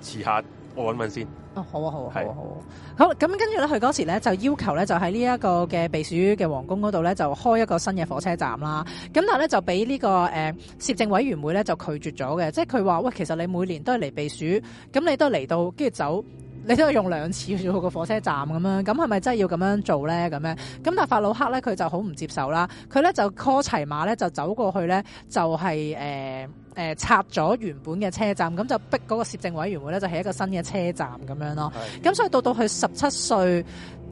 [SPEAKER 1] 遲下。我問問先。哦，好啊，好啊，好啊，好啊。
[SPEAKER 2] 好，咁跟住咧，佢嗰時咧就要求咧，就喺呢一個嘅避暑嘅皇宮嗰度咧，就開一個新嘅火車站啦。咁但係咧就俾呢、這個誒攝政委員會咧就拒絕咗嘅，即係佢話喂，其實你每年都係嚟避暑，咁你都嚟到，跟住走。你都要用兩次去個火車站咁樣，咁係咪真係要咁樣做咧？咁樣咁但法魯克咧，佢就好唔接受啦，佢咧就 call 齊馬咧就走過去咧、就是，就係誒誒拆咗原本嘅車站，咁就逼嗰個攝政委員會咧就起一個新嘅車站咁樣咯。咁所以到到佢十七歲。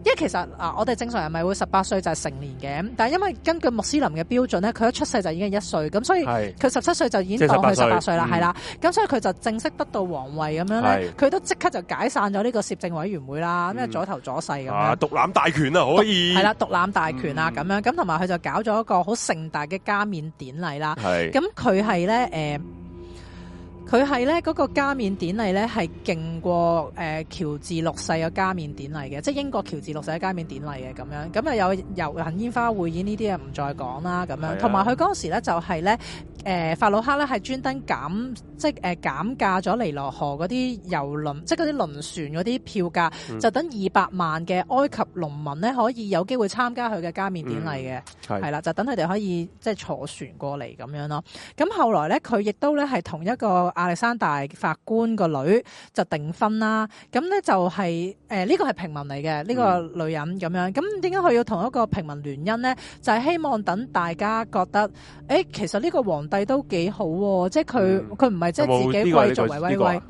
[SPEAKER 2] 因為其實啊，我哋正常人咪會十八歲就係成年嘅，但係因為根據穆斯林嘅標準咧，佢一出世就已經一歲，咁所以佢十七歲就已經當佢十八歲啦，係啦，咁、就是嗯、所以佢就正式得到皇位咁樣咧，佢都即刻就解散咗呢個攝政委員會啦，咩、嗯、啊阻頭阻勢咁樣，
[SPEAKER 1] 獨攬大權啦，可以係啦，
[SPEAKER 2] 獨攬大權啊咁、啊嗯、樣，咁同埋佢就搞咗一個好盛大嘅加冕典禮啦，咁佢係咧，誒佢係咧，嗰個加冕典禮咧係勁過誒喬治六世嘅加冕典禮嘅，即係英國喬治六世嘅加冕典禮嘅咁樣。咁啊有遊行、煙花匯演呢啲啊，唔再講啦咁樣。同埋佢嗰時咧就係咧誒法魯克咧係專登減，即係誒、呃、減價咗尼羅河嗰啲遊輪，即係嗰啲輪船嗰啲票價，嗯、就等二百萬嘅埃及農民咧可以有機會參加佢嘅加冕典禮嘅。係、嗯、啦，就等佢哋可以即係坐船過嚟咁樣咯。咁後來咧佢亦都咧係同一個。亞歷山大法官個女定，就是呃這個女就訂婚啦，咁咧就係誒呢個係平民嚟嘅呢個女人咁樣，咁點解佢要同一個平民聯姻咧？就係、是、希望等大家覺得，誒其實呢個皇帝都幾好，啊，即係佢佢唔係即係自己貴族為威威，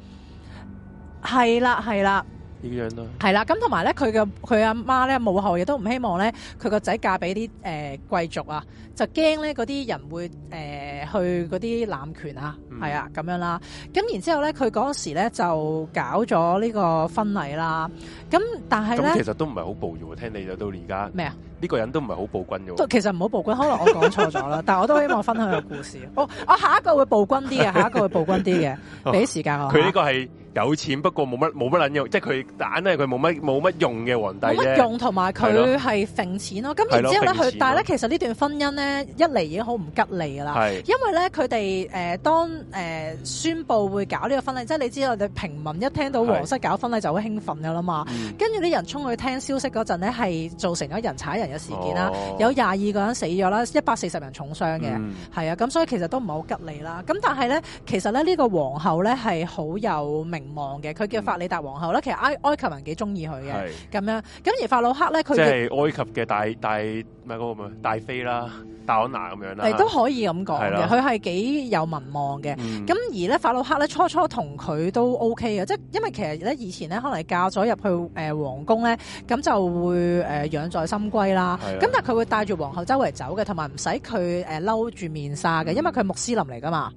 [SPEAKER 2] 係啦係啦，點樣啊？係啦，咁同埋咧佢嘅佢阿媽咧母后亦都唔希望咧佢個仔嫁俾啲誒貴族啊。就驚咧嗰啲人會誒、呃、去嗰啲濫權啊，係、嗯、啊咁樣啊啦。咁然之後咧，佢嗰時咧就搞咗呢個婚禮啦。咁但係咧，其
[SPEAKER 1] 實都唔係好暴躁。聽你到而家咩啊？呢、這個人都唔係好暴君嘅。都其
[SPEAKER 2] 實唔好暴君，可能我講錯
[SPEAKER 1] 咗啦。 <laughs> 但我都希望我分享個故事。
[SPEAKER 2] 我下一個會暴君啲嘅，下一個會暴君啲嘅。俾啲 <laughs> 時間我。佢呢個
[SPEAKER 1] 係有錢，不過冇乜冇乜撚用，即係佢但係佢冇乜冇乜用嘅皇帝啫。乜用，同埋佢係
[SPEAKER 2] 揈錢咯。咁然之後咧，佢但係咧，其實呢段婚姻咧。一嚟已經好唔吉利噶啦，因為咧佢哋誒當誒、呃、宣布會搞呢個婚禮，即係你知道，我哋平民一聽到皇室搞婚禮就好興奮噶啦嘛。跟住啲人衝去聽消息嗰陣呢，係造成咗人踩人嘅事件啦，哦、有廿二個人死咗啦，一百四十人重傷嘅，係、嗯、啊，咁所以其實都唔係好吉利啦。咁但係咧，其實咧呢、這個皇后咧係好有名望嘅，佢叫法里達皇后啦。其實埃埃及人幾中意佢嘅，咁樣咁而法魯克咧，佢即係
[SPEAKER 1] 埃及嘅大大咩嗰個咪大妃啦。大 o n 咁樣啦，誒都可以咁講嘅，佢係
[SPEAKER 2] 幾有民望嘅、嗯。咁而咧法魯克咧初初同佢都 O K 嘅，即係因為其實咧以前咧可能嫁咗入去誒王宮咧，咁就會誒養在深閨啦。咁但係佢會帶住皇后周圍走嘅，同埋唔使佢誒嬲住面紗嘅，因為佢係穆斯林嚟㗎嘛。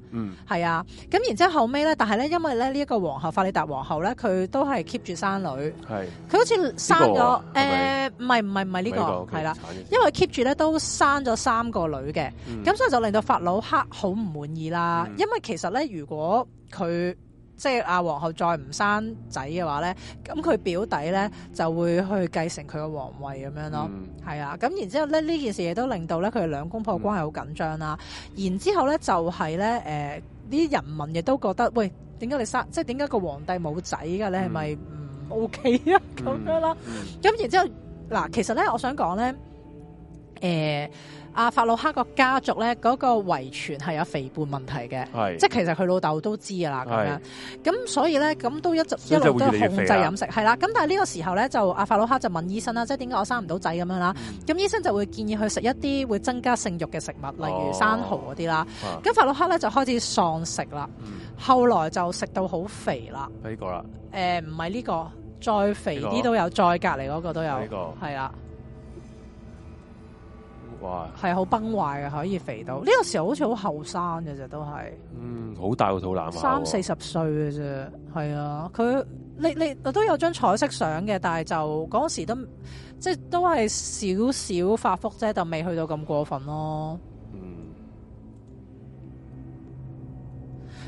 [SPEAKER 2] 係啊。咁然之後後尾咧，但係咧因為咧呢一個皇后法里達皇后咧，佢都係 keep 住生女。係。佢好似生咗誒，唔係唔係唔係呢個，係啦、這個，okay, 因為 keep 住咧都生咗三。個女嘅，咁所以就令到法老克好唔滿意啦。因為其實咧，如果佢即係阿皇后再唔生仔嘅話咧，咁佢表弟咧就會去繼承佢個皇位咁樣咯。係、嗯、啊，咁然之後咧呢件事亦都令到咧佢哋兩公婆關係好緊張啦。然之後咧就係、是、咧，誒、呃，啲人民亦都覺得，喂，點解你生即係點解個皇帝冇仔噶？你係咪唔 OK 啊？咁 <laughs> 樣啦。咁、嗯嗯、然之後嗱，其實咧我想講咧，誒、呃。阿、啊、法魯克個家族咧嗰、那個遺傳係有肥胖問題嘅，即其實佢老豆都知㗎啦咁樣，咁所以咧咁都一,一直一路都控制飲食，係啦。咁但係呢個時候咧就阿法魯克就問醫生啦，即係點解我生唔到仔咁樣啦？咁、嗯、醫生就會建議佢食一啲會增加性欲嘅食物，哦、例如生蠔嗰啲啦。咁、啊、法魯克咧就開始喪食啦、嗯，後來就食到好肥啦。呢、這個啦，誒唔係呢個，再肥啲都有，再、這個、隔離嗰個都有，呢、這、啦、個。哇，係好崩壞嘅，可以肥到呢個時候好似好後生嘅啫，都係，
[SPEAKER 1] 嗯，好大個肚腩啊，三四十
[SPEAKER 2] 歲嘅啫，係、嗯、啊，佢你你都有一張彩色相嘅，但係就嗰時都即係都係少少發福啫，就未去到咁過分咯。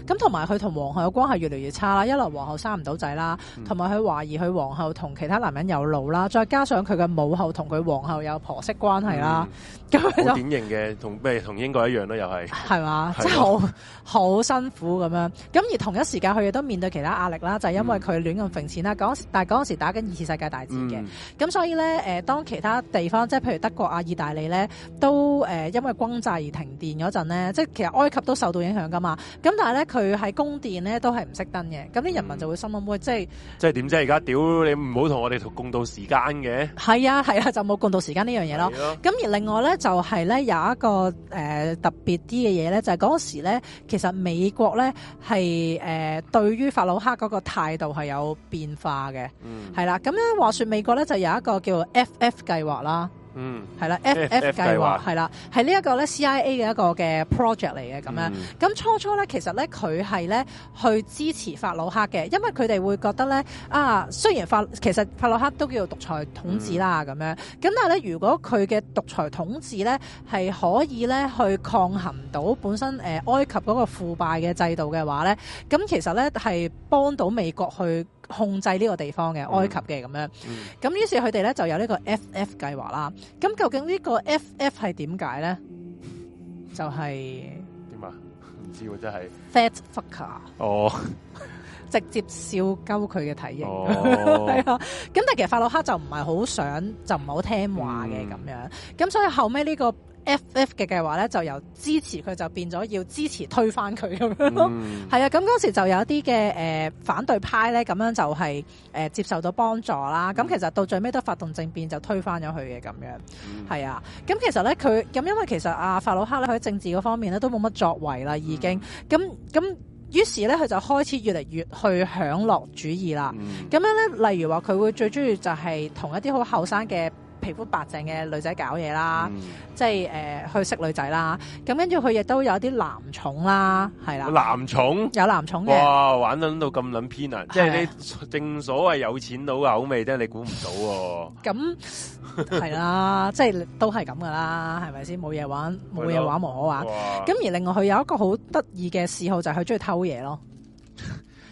[SPEAKER 2] 咁同埋佢同皇后嘅關係越嚟越差啦，一來皇后生唔到仔啦，同埋佢懷疑佢皇后同其他男人有路啦，再加上佢嘅母后同佢皇后有婆媳關係啦，
[SPEAKER 1] 咁、嗯、好典型嘅，同咩同英國一樣咯，又係係
[SPEAKER 2] 嘛，真係好好辛苦咁樣。咁而同一時間佢亦都面對其他壓力啦，就係、是、因為佢亂咁揈錢啦、嗯。但係嗰陣時打緊二次世界大戰嘅，咁、嗯、所以咧誒、呃，當其他地方即係譬如德國啊、意大利咧，都、呃、因為轟炸而停電嗰陣咧，即係其實埃及都受到影響噶嘛。咁但係咧佢喺宮殿咧都係唔熄燈嘅，咁啲人民就會心諗、嗯，即係
[SPEAKER 1] 即係點啫？而家屌你唔好同我哋共度時間嘅，
[SPEAKER 2] 係啊係啊，就冇共度時間呢樣嘢咯。咁而另外咧，就係、是、咧有一個誒、呃、特別啲嘅嘢咧，就係、是、嗰時咧，其實美國咧係誒對於法魯克嗰個態度係有變化嘅，係、嗯、啦、啊。咁樣話說美國咧就有一個叫 F F 計劃啦。
[SPEAKER 3] 嗯，係啦，FF 計劃係
[SPEAKER 2] 啦，係呢一個咧 CIA 嘅一個嘅 project 嚟嘅咁樣。咁初初咧，其實咧佢係咧去支持法魯克嘅，因為佢哋會覺得咧啊，雖然法其實法,其實法魯克都叫做獨裁統治啦咁、嗯、樣，咁但係咧如果佢嘅獨裁統治咧係可以咧去抗衡到本身誒、呃、埃及嗰個腐敗嘅制度嘅話咧，咁其實咧係幫到美國去。.控制呢個地方嘅埃及嘅咁樣，咁、嗯嗯、於是佢哋咧就有呢個 FF 計劃啦。咁究竟呢個 FF 係點解咧？就係
[SPEAKER 1] 點啊？唔知喎，真係 fat
[SPEAKER 2] fucker
[SPEAKER 1] 哦，
[SPEAKER 2] <laughs> 直接笑鳩佢嘅體型。係、哦、啊，咁 <laughs> 但其實法老克就唔係好想，就唔係好聽話嘅咁樣。咁、嗯、所以後尾呢、這個。F F 嘅計劃咧，就由支持佢就變咗要支持推翻佢咁樣咯。係 <laughs> 啊，咁當時就有一啲嘅誒反對派咧，咁樣就係、是、誒、呃、接受到幫助啦。咁、嗯、其實到最尾都發動政變，就推翻咗佢嘅咁樣。係、嗯、啊，咁其實咧佢咁，因為其實阿、啊、法魯克咧喺政治嗰方面咧都冇乜作為啦，已經咁咁。嗯、於是咧佢就開始越嚟越去享樂主義啦。咁、嗯、樣咧，例如話佢會最中意就係同一啲好後生嘅，皮膚白淨嘅女仔搞嘢啦，嗯呃啦，啦，啦，啊啊、 <laughs> 啦，即係誒去識女仔啦，咁跟住佢亦都有啲男寵啦，
[SPEAKER 1] 係啦。男寵
[SPEAKER 2] 有男寵嘅，哇！玩
[SPEAKER 1] 到諗到咁撚偏啊，即係你正所謂有錢佬嘅口味真係你估唔到。
[SPEAKER 2] 咁係啦，即係都係咁噶啦，係咪先？冇嘢玩，冇嘢玩，無可
[SPEAKER 1] 玩。咁
[SPEAKER 2] 而另外佢有一個好得意嘅嗜好就係佢中意偷嘢咯。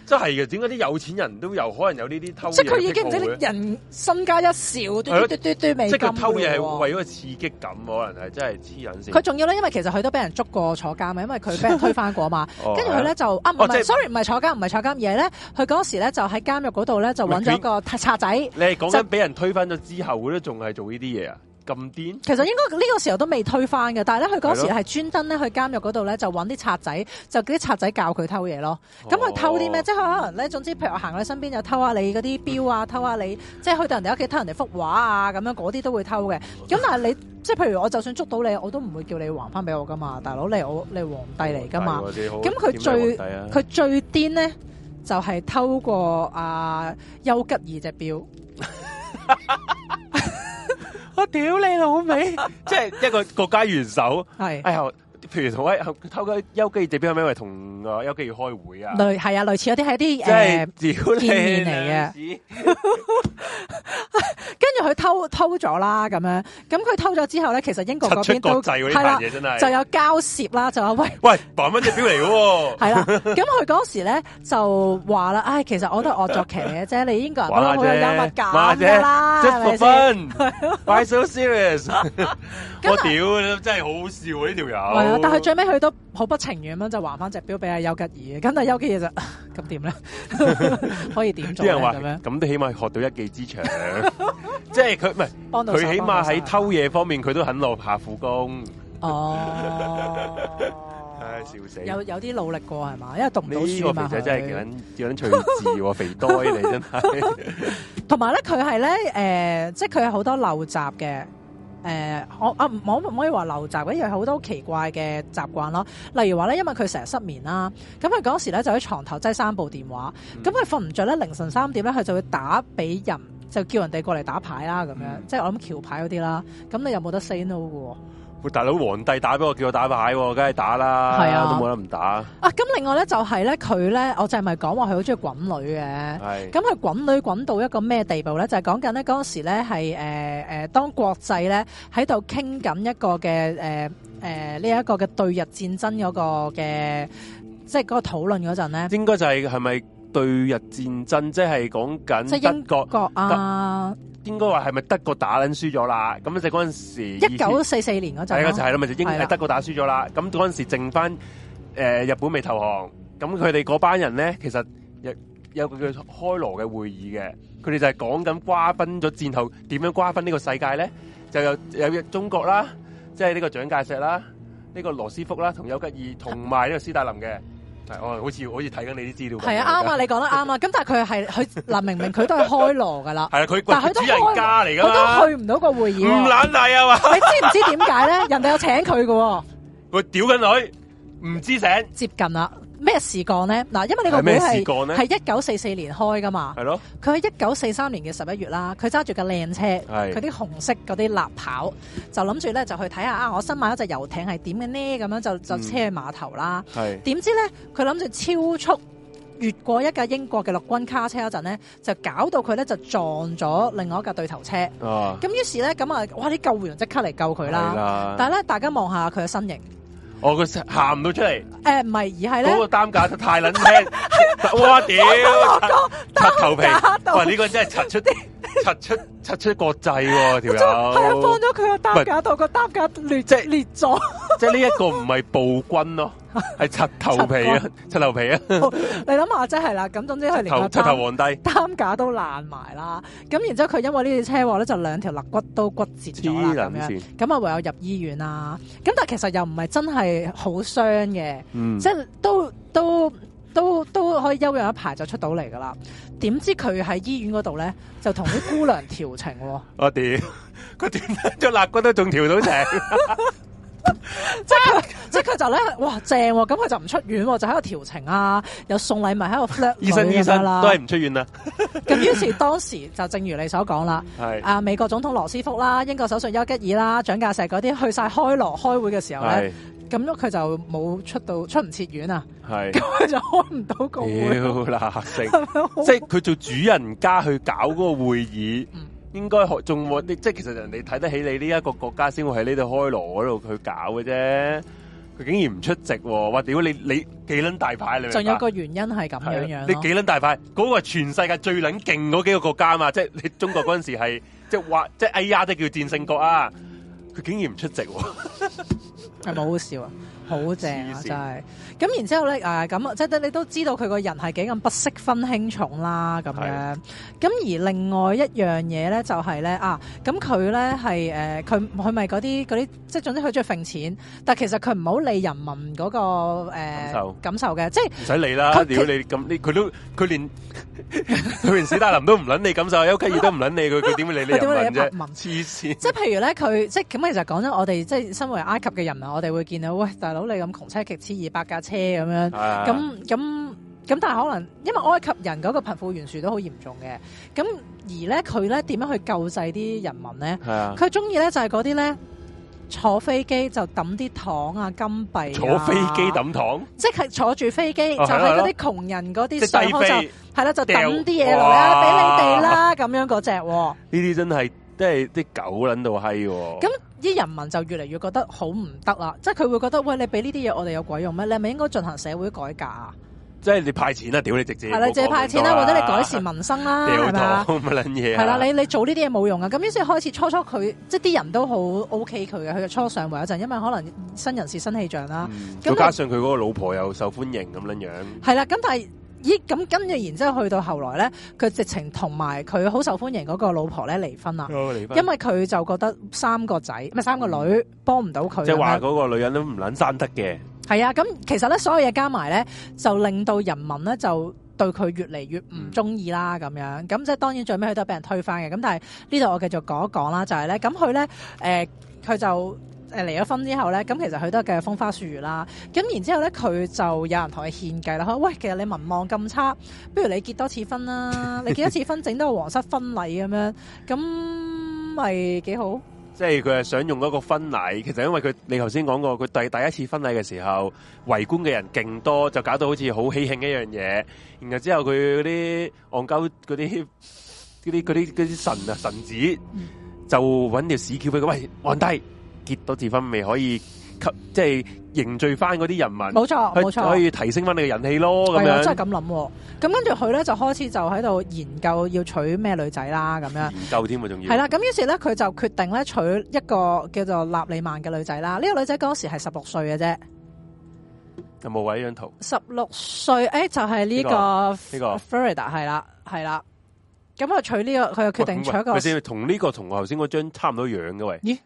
[SPEAKER 1] 真係嘅，點解啲有錢人都有可能有呢啲偷？即係佢已經唔知啲人
[SPEAKER 2] 身家一少，嘟嘟嘟嘟未即係佢偷嘢係
[SPEAKER 1] 為咗個刺激感，可能係真係黐人線。佢仲
[SPEAKER 2] 要咧，因為其實佢都俾人捉過坐監嘛，因為佢俾人推翻過嘛。跟住佢咧就、哦、啊唔係、啊啊啊就係啊就係，sorry 唔係坐監，唔係坐監，而係咧佢嗰時咧就喺監獄嗰度咧就揾咗個賊仔。你係講真，
[SPEAKER 1] 俾人推翻咗之後，佢都仲係做呢啲嘢啊？咁癲？
[SPEAKER 2] 其實應該呢個時候都未推翻嘅，但係咧佢嗰時係專登咧去監獄嗰度咧就搵啲賊仔，就叫啲賊仔教佢偷嘢咯。咁、哦、佢偷啲咩？即係可能咧，總之譬如我行喺身邊就偷下你嗰啲表啊，嗯、偷下你，即係去到人哋屋企偷人哋幅畫啊，咁樣嗰啲都會偷嘅。咁但係你即係譬如我就算捉到你，我都唔會叫你還翻俾我噶嘛，大佬你我你是皇帝嚟噶嘛。咁、哦、佢、哦哦、最佢、啊、最癲咧，就係、是、偷過阿丘、啊、吉爾隻表。 <laughs>
[SPEAKER 1] 我屌你老味！ <laughs> 即係一個國家元首，係哎呀譬如同阿偷佢丘基碟表咩？因同阿丘基要開會啊。類係
[SPEAKER 2] 啊，類似嗰啲係啲誒見
[SPEAKER 1] 面嚟嘅 <laughs> 。
[SPEAKER 2] 跟住佢偷偷咗啦，咁樣咁佢偷咗之後咧，其實英國嗰邊都係啦、啊，就有交涉啦，就話喂
[SPEAKER 1] 喂百蚊隻表嚟喎、哦 <laughs> 啊。係啦，咁
[SPEAKER 2] 佢嗰時咧就話啦，唉、哎，其實我都係惡作劇嘅啫，你英國人都好有幽默感噶啦，係咪？姐」是是「先
[SPEAKER 1] <laughs> ？Why you so serious？ <laughs> <laughs> 我屌你真係好，好笑呢條友。但係最
[SPEAKER 2] 尾佢都好不情願咁樣就還翻隻表俾阿丘吉爾，咁阿丘吉爾就咁點咧？啊、怎呢 <laughs> 可以點做？即係話咁樣，
[SPEAKER 1] 咁都起碼學到一技之長，即係佢唔係，佢起碼喺偷嘢方面佢 <laughs> 都肯落下苦功。哦、 <laughs> 哎，笑死！有
[SPEAKER 2] 有啲努力過係嘛？因為讀唔到書嘛。呢個肥仔真係
[SPEAKER 1] 幾捻幾字喎， <laughs> 肥呆你真嘛。
[SPEAKER 2] 同埋咧，佢係咧，誒、呃，即係佢有好多陋習嘅。誒、uh, 我，啊唔，我唔可以話陋習，因為好多奇怪嘅習慣咯。例如話咧，因為佢成日失眠啦，咁佢嗰時咧就喺床頭擠三部電話，咁佢瞓唔着咧，凌晨三點咧佢就會打俾人，就叫人哋過嚟打牌啦咁樣，mm. 即係我諗橋牌嗰啲啦。咁你有冇得 say no 喎？
[SPEAKER 1] 喂，大佬皇帝打俾我，叫我打牌，梗係打啦，啊、都冇得唔打。
[SPEAKER 2] 啊，咁另外咧就係、是、咧，佢咧，我就係咪講話佢好中意滾女嘅？係。咁佢滾女滾到一個咩地步咧？就係講緊咧嗰時咧係誒誒，當國際咧喺度傾緊一個嘅誒誒呢一個嘅對日戰爭嗰個嘅，即係嗰個討論嗰陣咧。應
[SPEAKER 1] 該就係係咪？是對日戰爭即係講緊，即係英國啊德，應該話係咪德國打捻輸咗啦？咁就嗰陣時，一九四
[SPEAKER 2] 四年嗰陣，係咯就係咯，咪就英係德
[SPEAKER 1] 國打輸咗啦。咁嗰陣時剩翻誒、呃、日本未投降，咁佢哋嗰班人咧，其實有，有一個叫開羅嘅會議嘅，佢哋就係講緊瓜分咗戰後點樣瓜分呢個世界咧，就有有中國啦，即係呢個蔣介石啦，呢、這個羅斯福啦，同丘吉爾同埋呢個斯大林嘅。我好似好似睇緊你啲資料，啊，係啊啱啊，你
[SPEAKER 2] 講得啱啊。咁 <laughs> 但係佢係佢嗱，明明佢都係開羅噶
[SPEAKER 1] 啦，係啊，佢主人家嚟噶嘛，佢都去唔到個會議，唔懶滯啊嘛。你知唔知點
[SPEAKER 2] 解咧？ <laughs> 人哋有請佢㗎喎，
[SPEAKER 1] 佢屌緊女，
[SPEAKER 2] 唔知醒，接近啦。咩事幹呢？嗱，因為呢個股係係一九四四年開噶嘛，係咯。佢喺一九四三年嘅十一月啦，佢揸住架靚車，佢啲紅色嗰啲立跑，就諗住咧就去睇下啊！我新買一隻遊艇係點嘅呢？咁樣就就車去碼頭啦。係、嗯。點知呢？佢諗住超速越過一架英國嘅陸軍卡車一陣呢，就搞到佢呢，就撞咗另外一架對頭車。咁、啊、於是呢，咁啊，哇！啲救援即刻嚟救佢啦。但係咧，大家望下佢嘅身形。
[SPEAKER 1] 我個行唔到出嚟，
[SPEAKER 2] 誒唔係而係咧，個
[SPEAKER 1] 擔架太撚輕，哇屌！擦、啊、頭皮，喂呢、這個真係擦出擦出擦出國際喎，條友係啊，放咗佢個擔架度，個擔架裂擔架裂咗，即係呢一個唔係暴君咯。係拆頭皮啊，拆頭皮
[SPEAKER 2] 啊！你諗下，真係啦。咁總之佢連拆頭皇帝擔架都爛埋啦。咁然之後佢因為呢段車禍咧，就兩條肋骨都骨折咗啦。咁樣咁啊，唯有入醫院啦。咁但係其實又唔係真係好傷嘅，嗯、即係都都都都可以休養一排就出到嚟噶啦。點知佢喺醫院嗰度咧，就同啲姑娘調情。 <laughs> 我
[SPEAKER 1] 屌，佢斷咗肋骨都仲調到情。 <laughs>
[SPEAKER 2] <laughs> 即係他， <laughs> 即佢就咧，哇正咁，啊，佢就唔出院，啊，就喺度調情啊，又送禮物喺度， <laughs> 醫生醫生都係唔出院啦。咁於是當時就正如你所講啦，係 <laughs> 啊，美國總統羅斯福啦，英國首相丘吉爾啦，蔣介石嗰啲去晒開羅開會嘅時候咧，咁 <laughs> 佢就冇出到，出唔切院啊，
[SPEAKER 1] 係 <laughs> 咁佢就開唔到會啦，即係佢做主人家去搞嗰個會議。 <laughs> 嗯應該學仲喎，即係其實人哋睇得起你呢一個國家先會喺呢度開羅嗰度去搞嘅啫。佢竟然唔出席，哇！屌你你幾捻大牌？仲有個
[SPEAKER 2] 原因係咁樣樣。你
[SPEAKER 1] 幾捻大牌？嗰、個係全世界最捻勁嗰幾個國家啊嘛，即、就、係、是、你中國嗰陣時係即係話即係哎呀，都 <laughs> 叫戰勝國啊。佢竟然唔出席，
[SPEAKER 2] 係 <laughs> 咪好笑啊！好正啊！真係咁，然之後咧，誒咁即係你都知道佢個人係幾咁不識分輕重啦咁樣。咁而另外一樣嘢咧，就係咧啊，咁佢咧係誒佢佢咪嗰啲嗰啲，即係總之佢最揈錢，但係其實佢唔好理人民嗰個誒感受感受嘅，即係唔使
[SPEAKER 1] 理啦。如果你咁佢都佢連佢連史達林都唔撚你感受，OK 都唔撚你，佢佢點會理你哋民啫？民黐線。
[SPEAKER 2] 即係譬如咧，佢即係咁其實講緊我哋即係身為埃及嘅人啊，我哋會見到喂大佬。到你咁窮車極次二百架車咁樣，咁咁咁，但係可能因為埃及人嗰個貧富懸殊都好嚴重嘅，咁而咧佢咧點樣去救濟啲人民
[SPEAKER 3] 咧？
[SPEAKER 1] 佢
[SPEAKER 2] 中意咧就係嗰啲咧坐飛機就抌啲糖啊金幣，坐飛機抌糖，即係坐住飛機就係嗰啲窮人嗰啲，然後就係啦就抌啲嘢
[SPEAKER 1] 來啊俾你哋啦，
[SPEAKER 2] 咁樣嗰隻
[SPEAKER 1] 呢啲真係。即係啲狗撚到閪喎！咁
[SPEAKER 2] 啲人民就越嚟越覺得好唔得啦，即係佢會覺得，喂，你俾呢啲嘢我哋有鬼用咩？你係咪應該進行社會改革？
[SPEAKER 1] 即係你派錢啦、啊，屌你直接係啦，借派錢啦、啊，或者你改善
[SPEAKER 2] 民生啦，屌咪
[SPEAKER 1] 啊？乜撚嘢？係啦， <laughs> <laughs>
[SPEAKER 2] 你你做呢啲嘢冇用啊！咁於是開始初初佢即係啲人都好 OK 佢嘅，佢嘅初上位一陣，因為可能新人事新氣象啦。再、嗯、加
[SPEAKER 1] 上佢嗰個老婆又受歡迎咁撚樣。
[SPEAKER 2] 係啦，咁但係。咦，咁跟住，然之後去到後來咧，佢直情同埋佢好受歡迎嗰個老婆咧離婚啦，離婚？因為佢就覺得三個仔唔三個女幫唔到
[SPEAKER 1] 佢。即係話嗰個女人都唔撚生得嘅。
[SPEAKER 2] 係啊，咁其實咧所有嘢加埋咧，就令到人民咧就對佢越嚟越唔中意啦。咁、嗯、樣咁即係當然最尾佢都係俾人推翻嘅。咁但係呢度我繼續講一講啦，就係咧咁佢咧誒佢就。離咗婚之後咧，咁其實佢都係繼續風花雪月啦。咁然之後咧，佢就有人同佢獻計啦。喂，其實你民望咁差，不如你結多次婚啦。你結多次婚，整 <laughs> 多個皇室婚禮咁樣，咁咪幾好？
[SPEAKER 1] 即係佢係想用嗰個婚禮。其實因為佢你頭先講過，佢第第一次婚禮嘅時候，圍觀嘅人勁多，就搞到好似好喜慶一樣嘢。然後之後佢嗰啲戇鳩嗰啲嗰啲嗰啲嗰啲神啊神子就揾條屎橋俾佢，喂，皇帝。結到自婚未可以吸，即係凝聚翻嗰啲人民。冇錯，冇錯，可以提升翻你嘅人氣咯。咁樣真係咁
[SPEAKER 2] 諗。咁跟住佢咧就開始就喺度研究要娶咩女仔啦。咁樣
[SPEAKER 1] 研究添仲要係啦。咁
[SPEAKER 2] 於是咧佢就決定咧娶一個叫做納里曼嘅女仔啦。呢個女仔當時係十六歲嘅啫。
[SPEAKER 1] 有冇位呢張圖？
[SPEAKER 2] 十六歲誒，就係呢個呢個。Furida 係啦，係啦。咁啊，就娶呢個佢就決定娶一個。佢先，
[SPEAKER 1] 同呢個同我頭先嗰張差唔多樣嘅喂。咦？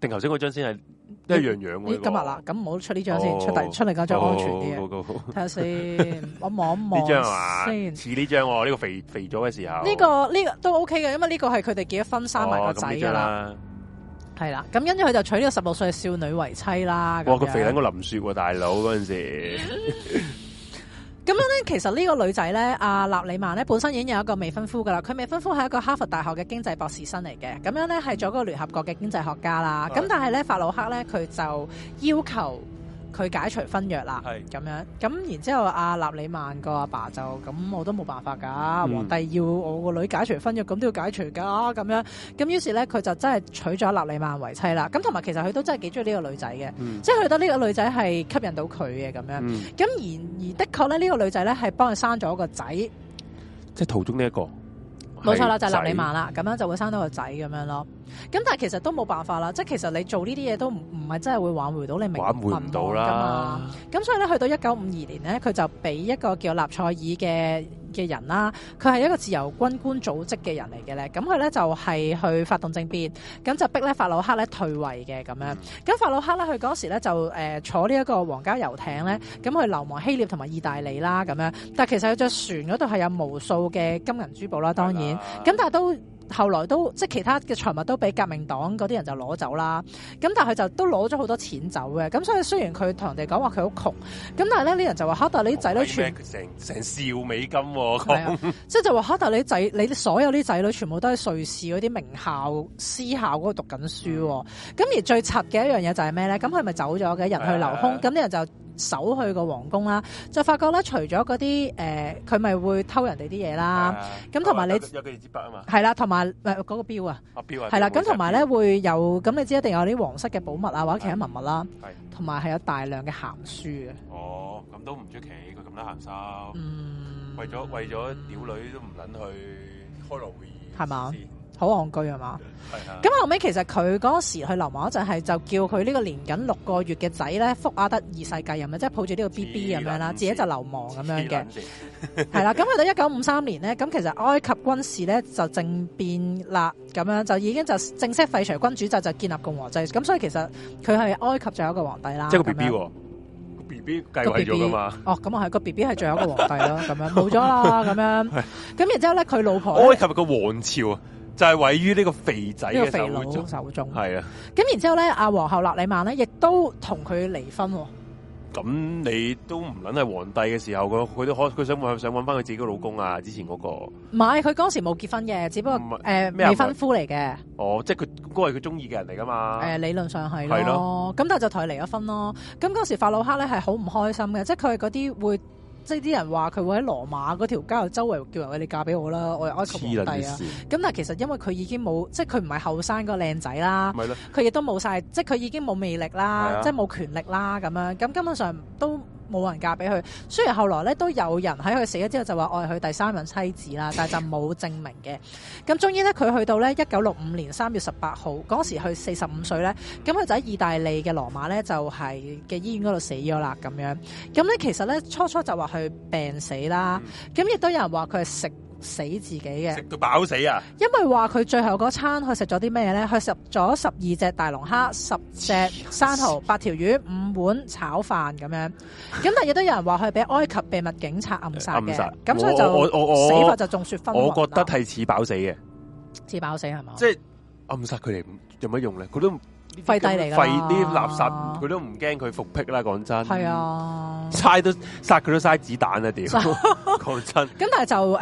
[SPEAKER 1] 定頭先嗰張先係一樣樣喎。咦，今日
[SPEAKER 2] 啦，咁唔好出呢張先，oh, 出第出嚟嗰張
[SPEAKER 1] 安全啲睇下
[SPEAKER 2] 先，我望一望呢張
[SPEAKER 1] 啊，似呢張喎，啊。呢，這個肥肥咗嘅時候，這
[SPEAKER 2] 個，呢個呢個都 OK 嘅，因為呢個係佢哋結咗婚，oh, 生埋個仔啦。係啦，啊，咁跟住佢就娶呢個十六歲少女為妻啦。哇，佢肥緊個
[SPEAKER 1] 林雪喎，啊，大佬嗰陣時。 <laughs> <laughs>
[SPEAKER 2] 咁樣咧，其實呢個女仔咧，阿納里曼咧，本身已經有一個未婚夫噶啦，佢未婚夫係一個哈佛大學嘅經濟博士生嚟嘅，咁樣咧係做嗰個聯合國嘅經濟學家啦，咁但係咧，法魯克咧，佢就要求，佢解除婚約啦，咁樣咁然之後，阿納里曼個阿爸就咁，我都冇辦法噶、嗯，皇帝要我個女解除婚約，咁都要解除噶，咁樣咁於是咧，佢就真係娶咗納里曼為妻啦。咁同埋其實佢都真係幾中意呢個女仔嘅、嗯，即係覺得呢個女仔係吸引到佢嘅咁樣。咁、嗯、然而，而的確咧，呢、呢個女仔咧係幫佢生咗個仔，
[SPEAKER 1] 即係途中呢、這、一個。冇錯啦，就係納里曼
[SPEAKER 2] 啦，咁樣就會生到個仔咁樣咯。咁但其實都冇辦法啦，即係其實你做呢啲嘢都唔唔係真係會挽回到你命
[SPEAKER 1] 運到啦。
[SPEAKER 2] 咁所以咧，去到一九五二年咧，佢就俾一個叫納賽爾嘅。嘅人啦，佢係一個自由軍官組織嘅人嚟嘅咧，咁佢咧就係去發動政變，咁就逼咧法魯克咧退位嘅咁樣，咁、嗯、法魯克咧佢嗰時咧就誒坐呢一個皇家遊艇咧，咁去流亡希臘同埋意大利啦咁樣，但係其實佢隻船嗰度係有無數嘅金銀珠寶啦，當然，咁但係都。後來都即係其他嘅財物都俾革命黨嗰啲人就攞走啦，咁但係佢就都攞咗好多錢走嘅，咁所以雖然佢同人哋講話佢好窮，咁但係咧啲人就話、啊、哈，但你啲仔女全
[SPEAKER 1] 成成、啊、少美金喎、啊，啊、 <laughs> 即
[SPEAKER 2] 係就話哈，但你仔你所有啲仔女全部都係瑞士嗰啲名校私校嗰度讀緊書，咁、嗯、而最柒嘅一樣嘢就係咩咧？咁佢咪走咗嘅人去樓空。咁、啊、啲人就。守去個皇宮啦，就發覺咧，除咗嗰啲誒，佢咪會偷人哋啲嘢啦。咁同埋你、啊、有幾
[SPEAKER 3] 件字筆
[SPEAKER 1] 啊嘛？
[SPEAKER 2] 係啦，同埋嗰個錶啊。阿
[SPEAKER 1] 錶啊。係啦，咁同埋咧
[SPEAKER 2] 會有，咁你知一定有啲皇室嘅寶物啊，或者其他文物啦。係。同埋係有大量嘅鹹書
[SPEAKER 1] 嘅。哦，咁都唔出奇，佢咁多鹹衫，嗯。為咗為咗屌女都唔撚去開羅會
[SPEAKER 2] 議。係嘛？好戇居係嘛？
[SPEAKER 1] 咁後尾其實
[SPEAKER 2] 佢嗰時去流亡就係就叫佢呢個年僅六個月嘅仔咧，福阿德二世繼任啊，即係抱住呢個 B B 咁樣啦，自己就流亡咁樣嘅。
[SPEAKER 3] 係啦，咁
[SPEAKER 2] 去到一九五三年咧，咁其實埃及軍事咧就政變啦，咁樣就已經就正式廢除君主制，就建立共和制。咁所以其實佢係埃及最後一個皇帝啦，即係個 B B，啊、個
[SPEAKER 1] B B 繼位咗噶嘛？哦、
[SPEAKER 2] 喔，咁我係個 B B 係最後一個皇帝咯，咁 <laughs> 樣冇咗啦，咁樣咁 <laughs> 然之後咧，佢老婆埃及
[SPEAKER 1] 個王朝。就係、是、位於呢個肥仔嘅手中，肥佬手中的，係啊。
[SPEAKER 2] 咁然之後咧，阿皇后納里曼咧，亦都同佢離婚，哦。
[SPEAKER 1] 咁你都唔撚係皇帝嘅時候，佢佢都可佢想揾想翻佢自己嘅老公啊！之前嗰個
[SPEAKER 2] 唔係佢嗰時冇結婚嘅，只不過未、呃、婚夫嚟嘅。
[SPEAKER 1] 哦，即係佢嗰個係佢中意嘅人嚟噶嘛，呃？
[SPEAKER 2] 理論上係咯。咁但係就同佢離咗婚咯。咁嗰時法老克咧係好唔開心嘅，即係佢嗰啲會。即係啲人話佢會喺羅馬嗰條街度周圍叫人話你嫁俾我啦，我係埃及皇帝啊！咁但係其實因為佢已經冇，即係佢唔係後生個靚仔啦，佢、就、亦、是、都冇晒，即係佢已經冇魅力啦，是啊、即係冇權力啦咁樣，咁根本上都。冇人嫁俾佢，雖然後來咧都有人喺佢死咗之後就話係佢第三任妻子啦，但係就冇證明嘅。咁終於呢，佢去到呢一九六五年三月十八號，嗰時佢四十五歲呢，咁佢就喺意大利嘅羅馬呢，就係嘅醫院嗰度死咗啦咁樣。咁呢，其實呢，初初就話佢病死啦，咁亦都有人話佢係食。死自己嘅食
[SPEAKER 1] 到飽死啊！
[SPEAKER 2] 因為話佢最後嗰餐佢食咗啲咩咧？佢食咗十二隻大龍蝦、十隻生蚝、八條魚、五碗炒飯咁樣。咁但亦都有人話佢俾埃及秘密警察暗殺嘅，咁所以就死法就眾說紛紜。我覺
[SPEAKER 1] 得係似飽死嘅，
[SPEAKER 2] 似飽死係嘛？
[SPEAKER 1] 即係暗殺佢哋有乜用咧？佢都。
[SPEAKER 2] 廢帝嚟啦，廢啲
[SPEAKER 1] 垃圾，佢都唔驚佢復辟啦。講真，係啊、嗯，嘥都殺佢都嘥子彈啊！屌 <laughs> 真的，講 <laughs> 真。
[SPEAKER 2] 咁但係就誒，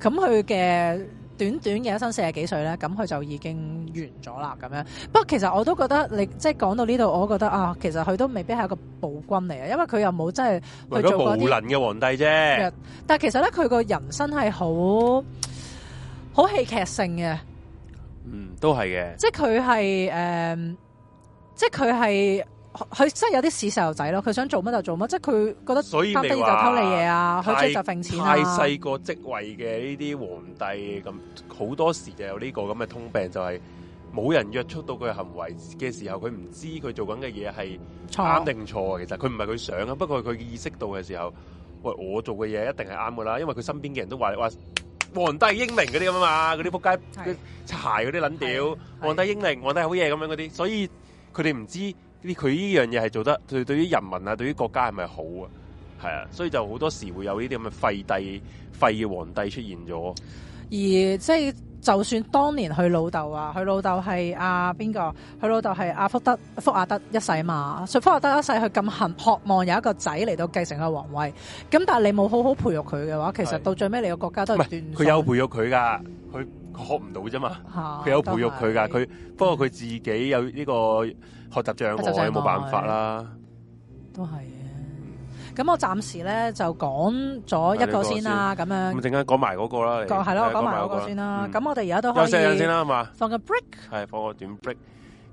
[SPEAKER 2] 咁佢嘅短短嘅一生四十幾歲咧，咁佢就已經完咗啦。咁樣，不過其實我都覺得你即係講到呢度，我覺得啊，其實佢都未必係一個暴君嚟，啊，因為佢又冇真係做咗暴做無能
[SPEAKER 1] 嘅皇帝啫。
[SPEAKER 2] 但係其實咧，佢個人生係好好戲劇性嘅。嗯，
[SPEAKER 1] 都係嘅。
[SPEAKER 2] 即係佢係誒。呃即係佢係佢真係有啲似細路仔咯，佢想做乜就做乜，即係佢覺得所以得就偷你嘢啊，佢就揈錢啊。太細
[SPEAKER 1] 個、啊、職位嘅呢啲皇帝咁好多時就有呢、呢個咁嘅通病，就係、是、冇人約束到佢嘅行為嘅時候，佢唔知佢做緊嘅嘢係啱定錯，錯其實佢唔係佢想啊，不過佢意識到嘅時候，喂，我做嘅嘢一定係啱噶啦，因為佢身邊嘅人都話：話皇帝英明嗰啲咁啊嘛，嗰啲仆街擦鞋嗰啲撚屌，皇帝英明，皇帝好嘢咁樣嗰啲，所以。佢哋唔知啲佢呢樣嘢係做得對，對於人民啊，對於國家係咪好啊？係啊，所以就好多時會有呢啲咁嘅廢帝、廢嘅皇帝出現咗。
[SPEAKER 2] 而即係就算當年佢老豆啊，佢老豆係阿邊個？佢老豆係阿福德福亞德一世嘛。所以福亞德一世佢咁恨渴望有一個仔嚟到繼承個皇位，咁但係你冇好好培育佢嘅話，其實到最尾你個國家都唔係佢有
[SPEAKER 1] 培育佢噶。佢、嗯。學唔到啫嘛，佢有培育佢噶，佢不過佢自己有呢個學習障礙，有、嗯、冇、啊、辦法啦？都係
[SPEAKER 2] 嘅，咁、嗯嗯嗯、我暫時咧就講咗
[SPEAKER 1] 一個先啦，咁樣咁陣間講埋嗰個啦，講係咯，講埋嗰個先啦。
[SPEAKER 2] 咁我哋而家都可以。嗯、先啦，嘛。放個 break，
[SPEAKER 1] 係放個短 break。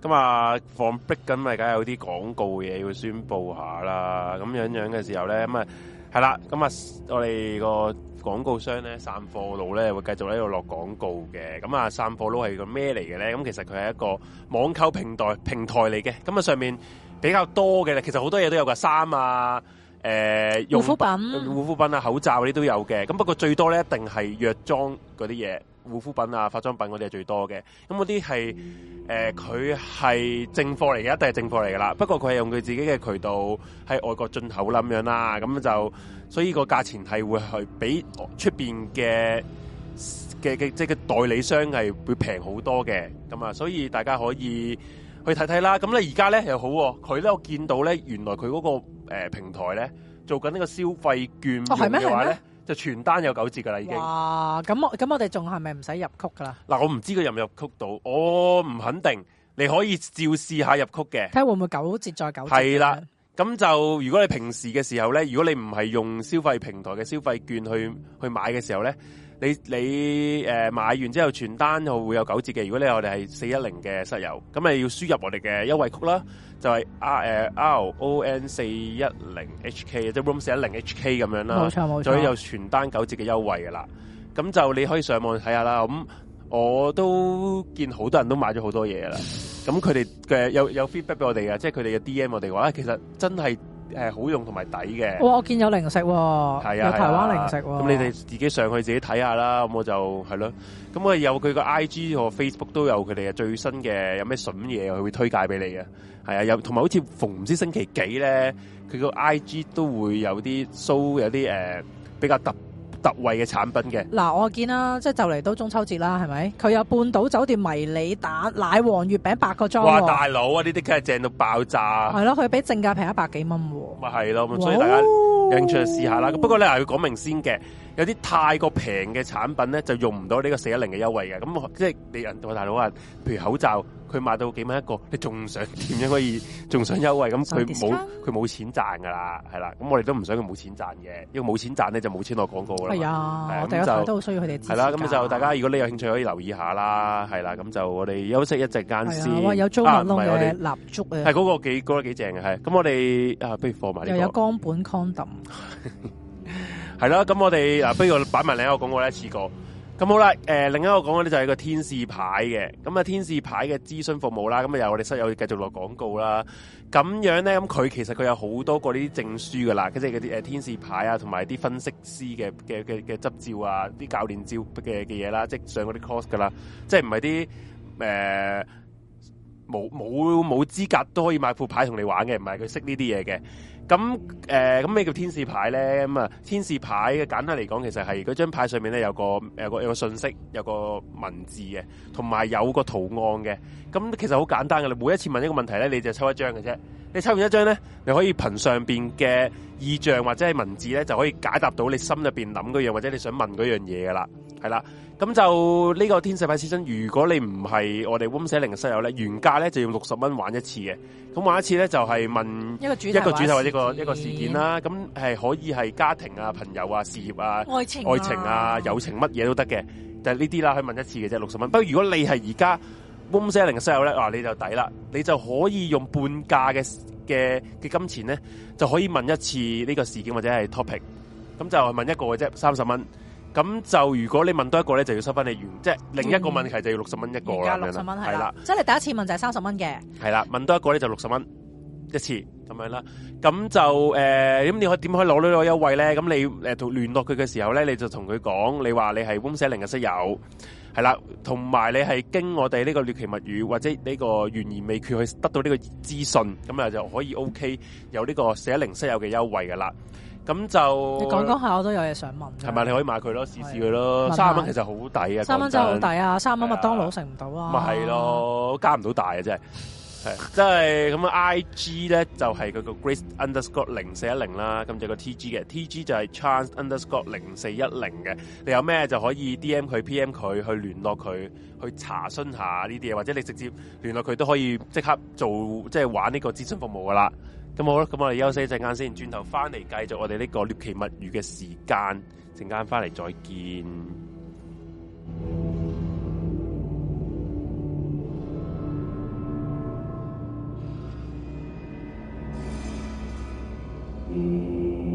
[SPEAKER 1] 咁啊，放 break 咁咪，梗係有啲廣告嘢要宣布下啦。咁樣樣嘅時候咧，咁啊係啦。咁啊，我哋個。廣告商咧，散貨佬咧會繼續喺度落廣告嘅。咁啊，散貨佬係個咩嚟嘅咧？咁其實佢係一個網購平台平台嚟嘅。咁啊，上面比較多嘅咧，其實好多嘢都有嘅，衫啊，誒、用品，護膚品、護膚品啊、口罩嗰啲都有嘅。咁不過最多咧，一定係藥妝嗰啲嘢。護膚品啊，化妝品嗰啲係最多嘅，咁嗰啲係誒佢係正貨嚟嘅，一定係正貨嚟噶啦。不過佢係用佢自己嘅渠道喺外國進口啦咁樣啦，咁就所以個價錢係會係比出面嘅嘅嘅即係個代理商係會平好多嘅。咁啊，所以大家可以去睇睇啦。咁咧而家咧又好、啊，佢咧我見到咧原來佢嗰、那個、呃、平台咧做緊呢個消費券嘅話咧。哦就全單有九折㗎喇，已經。哇！
[SPEAKER 2] 咁我咁我哋仲係咪唔使入曲㗎喇？嗱、啊，
[SPEAKER 1] 我唔知佢入唔入曲到，我唔肯定。你可以照試下入曲嘅，睇
[SPEAKER 2] 下會唔會九折再九折。係啦，
[SPEAKER 1] 咁就如果你平時嘅時候咧，如果你唔係用消費平台嘅消費券去去買嘅時候咧。你你誒、呃、買完之後，全單就會有九折嘅。如果你我哋係四一零嘅室友，咁你要輸入我哋嘅優惠曲啦，就係、是、R、呃、RON 四一零 HK，即係 Room 四一零 HK 咁樣啦。冇錯冇錯。所以有全單九折嘅優惠噶啦。咁就你可以上網睇下啦。咁我都見好多人都買咗好多嘢啦。咁佢哋嘅有有 feedback 俾我哋嘅，即係佢哋嘅 DM 我哋話、哎，其實真係。誒，好用同埋抵嘅。哇，
[SPEAKER 2] 我見有零食
[SPEAKER 3] 喎，
[SPEAKER 1] 哦啊，有台灣零食喎，哦啊。咁你哋自己上去自己睇下啦。咁我就係咯。咁我、啊、有佢個 IG 或 Facebook 都有佢哋嘅最新嘅有咩筍嘢，佢會推介俾你嘅。係啊，又同埋好似逢唔知星期幾咧，佢個 IG 都會有啲 show 有啲誒、呃、比較特別特惠嘅產品嘅，
[SPEAKER 2] 嗱我見啦，即係就嚟到中秋節啦，係咪？佢有半島酒店迷你蛋奶黃月餅八個裝喎。哇！大
[SPEAKER 1] 佬啊，呢啲梗係正到爆炸。係咯，
[SPEAKER 2] 佢比正價平一百幾蚊喎。
[SPEAKER 1] 咪係咯，所以大家認趣嚟試下啦。不過咧，要講明先嘅。有啲太過平嘅產品咧，就用唔到呢個四一零嘅優惠嘅。咁即係你銀座大佬話，譬如口罩，佢賣到幾蚊一個，你仲想點樣可以仲想優惠？咁佢冇佢冇錢賺噶啦，係啦。咁我哋都唔想佢冇錢賺嘅，因為冇錢賺咧就冇錢落廣告啦。係、哎、啊，咁就我第一都好
[SPEAKER 2] 需要佢哋。係啦，咁就大
[SPEAKER 1] 家如果你有興趣可以留意一下啦，係啦。咁就我哋休息一陣間先。啊，唔係我哋
[SPEAKER 2] 蠟燭啊，係
[SPEAKER 1] 嗰個幾高幾正嘅係。咁我哋啊，不如放埋呢個又有
[SPEAKER 2] 江本康濫。
[SPEAKER 1] 係、嗯、啦，咁我哋、啊、不如擺埋另，、呃、另一個廣告呢，咧過。過，咁好啦。誒，另一個講嘅呢，就係個天使牌嘅，咁、嗯、啊天使牌嘅諮詢服務啦，咁啊由、嗯、我哋室友繼續落廣告啦。咁、啊、樣咧，咁、嗯、佢其實佢有好多個啲證書噶啦，即係嗰啲誒天使牌啊，同埋啲分析師嘅嘅嘅嘅執照啊，啲教練照嘅嘅嘢啦，即係上嗰啲 course 噶啦，即係唔係啲誒。呃冇冇冇資格都可以買副牌同你玩嘅，唔係佢識呢啲嘢嘅。咁誒咁咩叫天使牌咧？咁啊，天使牌嘅簡單嚟講，其實係嗰張牌上面咧有個有個有個信息，有個文字嘅，同埋有，有個圖案嘅。咁其實好簡單嘅，你每一次問一個問題咧，你就抽一張嘅啫。你抽完一張咧，你可以憑上邊嘅意象或者係文字咧，就可以解答到你心入邊諗嗰樣或者你想問嗰樣嘢嘅啦。係啦，咁就呢個天使派先生，如果你唔係我哋 Room410 嘅室友咧，原價咧就要六十蚊玩一次嘅，咁玩一次咧就係問一個主題或者一個一個事件啦，咁係可以係家庭啊、朋友啊、事業啊、愛情，啊、愛情啊、友情乜嘢都得嘅，就係呢啲啦，可以問一次嘅啫，六十蚊。不過如果你係而家 Room410 嘅室友咧，嗱，你就抵啦，你就可以用半價嘅嘅嘅金錢咧，就可以問一次呢個事件或者係 topic，咁就問一個嘅啫，三十蚊。咁就如果你問多一個咧，就要收翻你原即、嗯、係另一個問題就要六十蚊一個啦。原六十蚊係啦。
[SPEAKER 2] 即係你第一次問就係三十蚊嘅。
[SPEAKER 1] 係啦，問多一個咧就六十蚊一次咁樣啦。咁就誒咁、呃、你可以點可以攞到呢個優惠咧？咁你誒同、呃、聯絡佢嘅時候咧，你就同佢講你話你係410嘅室友係啦，同埋你係經我哋呢個獵奇物語或者呢個懸疑未決去得到呢個資訊，咁啊就可以 O、OK、K 有呢個410室友嘅優惠嘅啦。咁就你講講下，我都有嘢想問。係咪你可以買佢咯，試試佢咯，三蚊其實好抵啊！三蚊真係好抵啊！
[SPEAKER 2] 三蚊麥當勞食唔到
[SPEAKER 1] 啊！咪係、啊、咯，加唔到大啊！真係即係咁 I G 咧就係、是、嗰個 Grace Underscore 零四一零啦，咁就個 T G 嘅 T G 就係 Chance Underscore 零四一零嘅。你有咩就可以 D M 佢、P M 佢去聯絡佢，去查詢下呢啲嘢，或者你直接聯絡佢都可以即刻做，即係玩呢個諮詢服務噶啦。咁好啦，咁我哋休息一陣間先，轉頭翻嚟繼續我哋呢個獵奇物語嘅時間，陣間翻嚟再見。嗯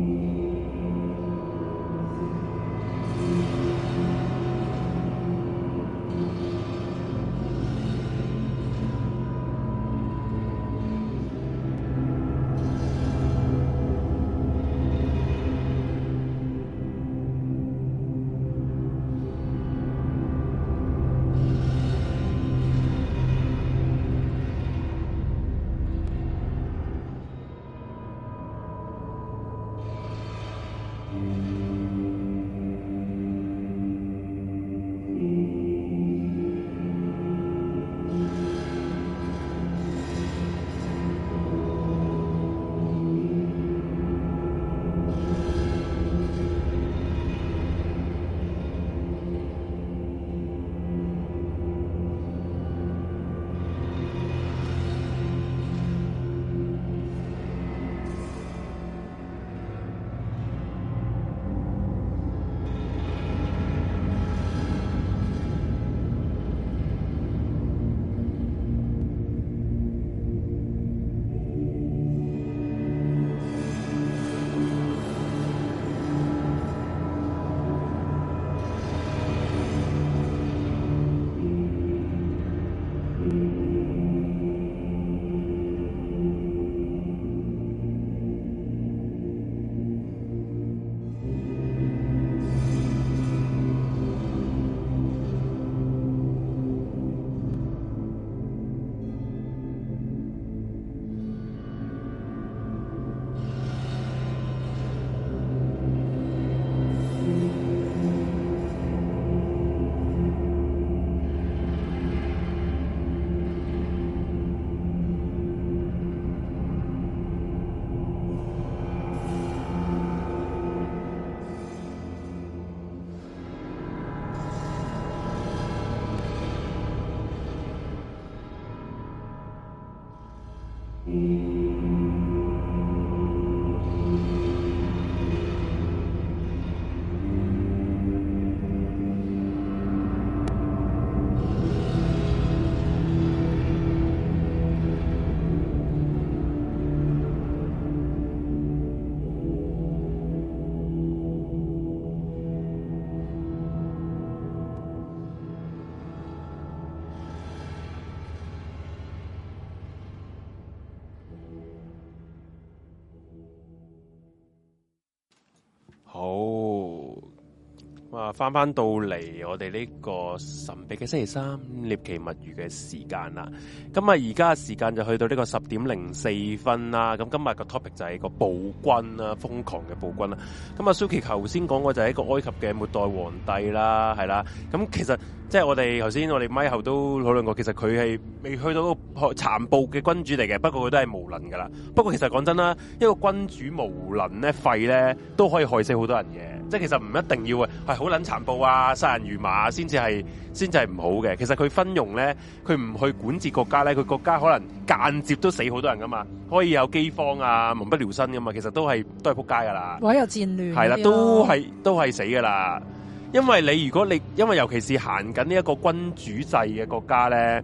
[SPEAKER 1] 啊，翻翻到嚟我哋呢個神秘嘅星期三獵奇物語嘅時間啦，咁啊而家嘅時間就去到呢個十點零四分啦，咁今日個 topic 就係一個暴君啦，啊，瘋狂嘅暴君啦，咁啊 Suki 頭先講過就係一個埃及嘅末代皇帝啦，係啦，咁其實即係我哋頭先我哋咪後都討論過，其實佢係未去到個殘暴嘅君主嚟嘅，不過佢都係無能噶啦，不過其實講真啦，一個君主無能咧廢咧都可以害死好多人嘅，即係其實唔一定要係好。好捻殘暴啊，殺人如麻先至係，先至係唔好嘅。其實佢昏庸咧，佢唔去管治國家咧，佢國家可能間接都死好多人噶嘛，可以有饑荒啊，民不聊生噶嘛。其實都係都係撲街噶啦。
[SPEAKER 2] 話有戰亂係啦，都係
[SPEAKER 1] 都係死噶啦。因為你如果你因為尤其是行緊呢一個君主制嘅國家咧，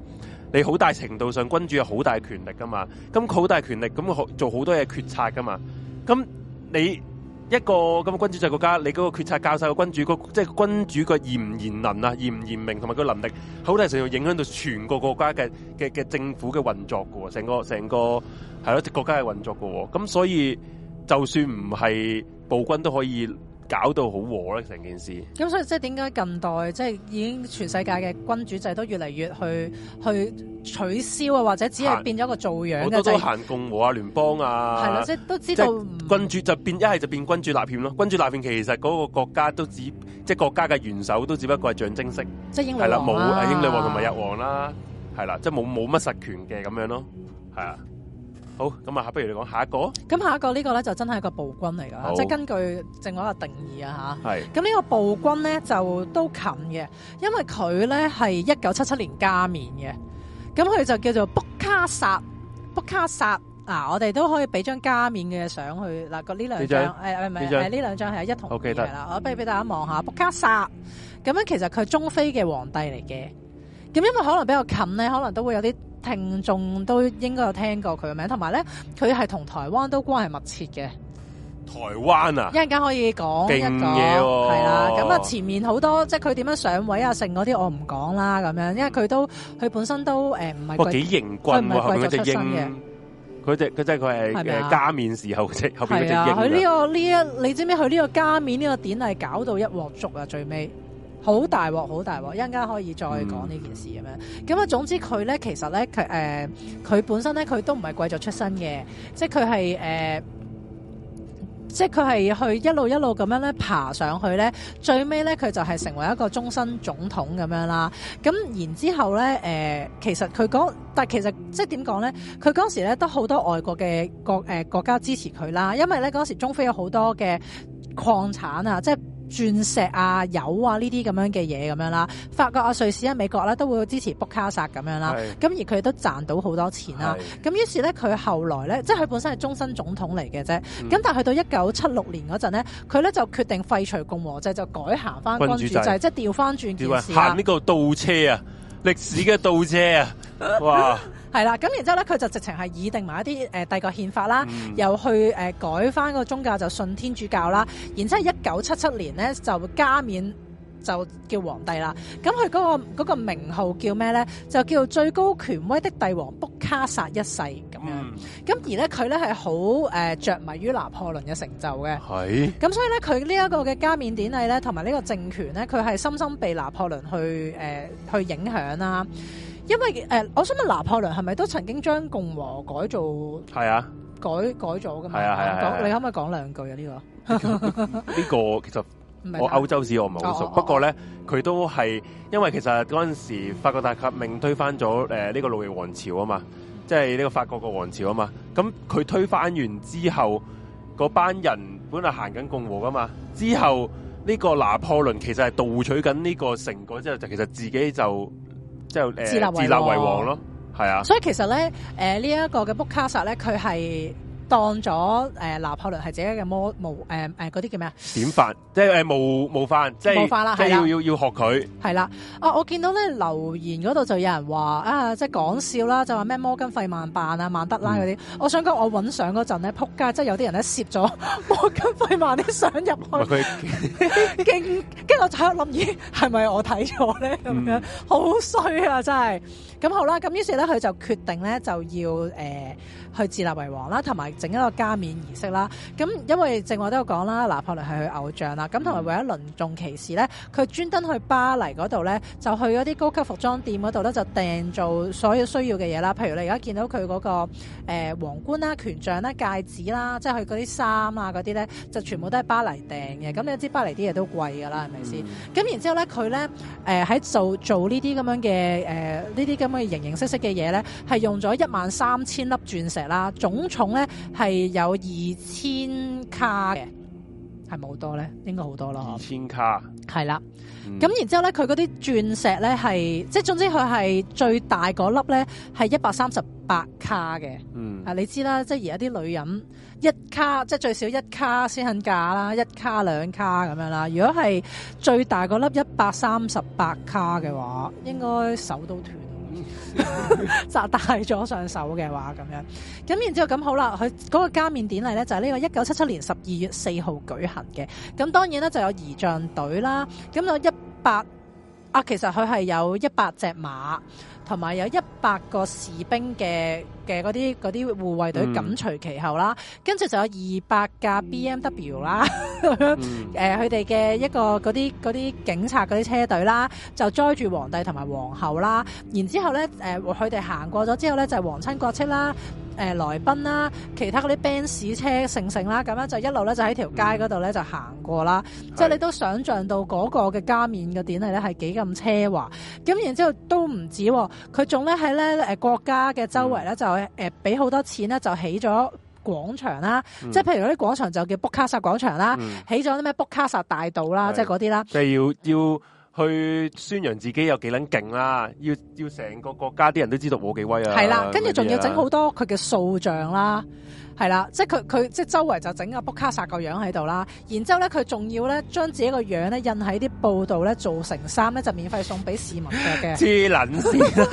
[SPEAKER 1] 你好大程度上君主有好大權力噶嘛。咁好大權力，咁做好多嘢決策噶嘛。咁你。一個咁嘅君主制國家，你嗰個決策教授嘅君主，即係君主個嚴唔嚴能啊，嚴唔嚴明同埋個能力，好大程度影響到全個國家嘅嘅嘅政府嘅運作嘅，成個成個係咯，國家嘅運作嘅。咁所以就算唔係暴君都可以。搞到好和咧，成件事。
[SPEAKER 2] 咁所以即係點解近代即係已經全世界嘅君主制都越嚟越去去取消啊，或者只係變咗個做樣嘅啫。好多都
[SPEAKER 1] 行共和啊、就是、聯邦啊。係咯，即、就、係、是、都知道君主就變一係就變君主立憲咯。君主立憲其實嗰個國家都只即係國家嘅元首都只不過係象徵式，即係英王啦、啊，冇啊英女王同埋日王啦、啊，係啦，即係冇冇乜實權嘅咁樣咯，係。好，咁啊，不如你講下一個。
[SPEAKER 2] 咁下一個呢個咧就真係個暴君嚟噶，即係根據正話一個定義啊吓。係。咁呢個暴君咧就都近嘅，因為佢咧係一九七七年加冕嘅。咁佢就叫做布卡薩，布卡薩。嗱、啊，我哋都可以俾張加冕嘅相去嗱，個呢兩張，誒誒唔係，呢、哎、兩張係一同嚟啦。Okay, 我俾俾大家望下布卡薩。咁樣其實佢係中非嘅皇帝嚟嘅。咁因為可能比較近咧，可能都會有啲。聽眾都應該有聽過佢嘅名，同埋咧佢係同台灣都關係密切嘅。
[SPEAKER 1] 台灣啊，一陣
[SPEAKER 2] 間可以講一個係啦。咁啊、哦，前面好多即係佢點樣上位啊，剩嗰啲我唔講啦，咁樣，因為佢都佢本身都誒唔係幾型，佢唔係貴出身嘅，
[SPEAKER 1] 佢只佢真係佢係加冕時候後邊只佢呢個
[SPEAKER 2] 呢一，你知唔知佢呢個加冕呢個典禮搞到一鑊粥啊，最尾。好大鑊，好大鑊，一陣間可以再講呢件事咁樣。咁、嗯、啊，總之佢咧其實咧，佢、呃、佢本身咧，佢都唔係貴族出身嘅，即係佢係誒，即係佢係去一路一路咁樣咧爬上去咧，最尾咧佢就係成為一個終身總統咁樣啦。咁然之後咧、呃，其實佢講，但係其實即係點講咧，佢嗰時咧都好多外國嘅國誒、呃、國家支持佢啦，因為咧嗰時中非有好多嘅礦產啊，即係鑽石啊、油啊呢啲咁樣嘅嘢咁樣啦，法國啊、瑞士啊、美國咧都會支持布卡薩咁樣啦，咁而佢都賺到好多錢啦。咁於是咧，佢後來咧，即係佢本身係終身總統嚟嘅啫。咁、嗯、但係去到一九七六年嗰陣咧，佢咧就決定廢除共和制，就改行翻君主制，主即係調翻轉歷史行呢
[SPEAKER 1] 個倒車啊！歷史嘅倒車啊！哇！ <laughs>
[SPEAKER 2] 係啦，咁然之後咧，佢就直情係擬定埋一啲帝國憲法啦、嗯，又去改翻個宗教就信天主教啦。然之後一九七七年咧就加冕就叫皇帝啦。咁佢嗰個嗰個名號叫咩咧？就叫最高權威的帝王布卡薩一世咁、嗯、樣。咁而咧佢咧係好誒着迷於拿破崙嘅成就
[SPEAKER 3] 嘅。係。
[SPEAKER 2] 咁所以咧佢呢一個嘅加冕典禮咧，同埋呢個政權咧，佢係深深被拿破崙去誒、呃、去影響啦。因為誒、呃，我想問拿破崙係咪都曾經將共和改做係啊改改咗噶嘛？係啊係啊，講、啊啊嗯啊啊、你可唔可以講兩句啊？呢、呢個呢、 <laughs> 呢個、
[SPEAKER 1] 呢個、其實我歐洲史我唔係好熟、哦哦，不過咧佢、哦、都係因為其實嗰陣時法國大革命推翻咗誒呢個路易王朝啊嘛，即係呢個法國個王朝啊嘛。咁佢推翻完之後，嗰班人本嚟行緊共和噶嘛，之後呢、呢個拿破崙其實係盜取緊呢個成果之後，就其實自己就。就自立為王咯，係啊。所以其
[SPEAKER 2] 實咧，誒、呃這個、呢一個嘅 Bokassa 咧，佢係。當咗誒、呃，拿破崙係自己嘅魔模誒誒，嗰啲、呃呃、叫咩啊？
[SPEAKER 1] 典範，即係誒模模範，即係模範啦，係、呃、啦、就是。要要要學佢
[SPEAKER 2] 係啦。哦、啊，我見到咧留言嗰度就有人話啊，即係講笑啦，就話咩摩根費曼扮啊曼德拉嗰啲、嗯。我想講我揾相嗰陣咧，撲街即係有啲人咧攝咗摩根費曼啲相入去。勁，跟住我就喺度諗，咦，係咪我睇咗咧錯？咁、嗯、樣好衰啊！真係咁好啦。咁於是咧，佢就決定咧就要誒。呃去自立為王啦，同埋整一個加冕儀式啦。咁因為正話都有講啦，拿破崙係佢偶像啦。咁同埋為咗隆重其事咧，佢專登去巴黎嗰度咧，就去嗰啲高級服裝店嗰度咧，就訂做所有需要嘅嘢啦。譬如你而家見到佢嗰個誒皇冠啦、權杖啦、戒指啦，即係佢嗰啲衫啊嗰啲咧，就全部都係巴黎訂嘅。咁你知巴黎啲嘢都貴㗎啦，係咪先？咁、嗯、然之後咧，佢咧喺做做呢啲咁樣嘅呢啲咁嘅形形色色嘅嘢咧，係用咗一萬三千粒鑽石。啦，總重咧係有二千卡嘅。係咪好多咧？應該好多咯。二
[SPEAKER 1] 千卡，係啦，咁
[SPEAKER 2] 然之後咧，佢嗰啲鑽石咧係，即係總之佢係最大嗰粒咧係一百三十八卡嘅。嗯，啊，你知啦，即係而家啲女人一卡，即係最少一卡先肯嫁啦，一卡兩卡咁樣啦。如果係最大嗰粒一百三十八卡嘅話，應該手都斷。扎大咗上手嘅話，咁樣，咁然之後咁好啦，佢嗰個加冕典禮呢，就係呢個一九七七年十二月四號舉行嘅，咁當然咧就有儀仗隊啦，咁有一百。啊，其實佢係有一百隻馬，同埋有一百個士兵嘅嘅嗰啲嗰啲護衛隊緊隨其後啦。嗯、跟住就有二百架 BMW 啦，誒佢哋嘅一個嗰啲嗰啲警察嗰啲車隊啦，就載住皇帝同埋皇后啦。然後呢、呃、佢哋行過咗之後咧，誒佢哋行過咗之後咧，就係、皇親國戚啦。誒、呃、來賓啦，其他嗰啲班士車成成啦，咁樣就一路咧、嗯、就喺條街嗰度咧就行過啦。即係你都想像到嗰個嘅加冕嘅典禮咧係幾咁奢華。咁然之後都唔止，佢仲咧喺咧國家嘅周圍咧就誒俾好多錢咧就起咗廣場啦。即、嗯、係譬如嗰啲廣場就叫布卡薩廣場啦，起咗啲咩布卡薩大道啦，即係嗰啲啦。即、
[SPEAKER 1] 就、要、是就是、要。要去宣揚自己有幾捻勁啦，要要成個國家啲人都知道我幾威啊！係啦，跟住仲要整好
[SPEAKER 2] 多佢嘅塑像啦，係啦，即係佢佢即係周圍就整個布卡薩個樣喺度啦，然之後咧佢仲要咧將自己個樣咧印喺啲布度咧做成衫咧就免費送俾市民嘅嘅。痴捻線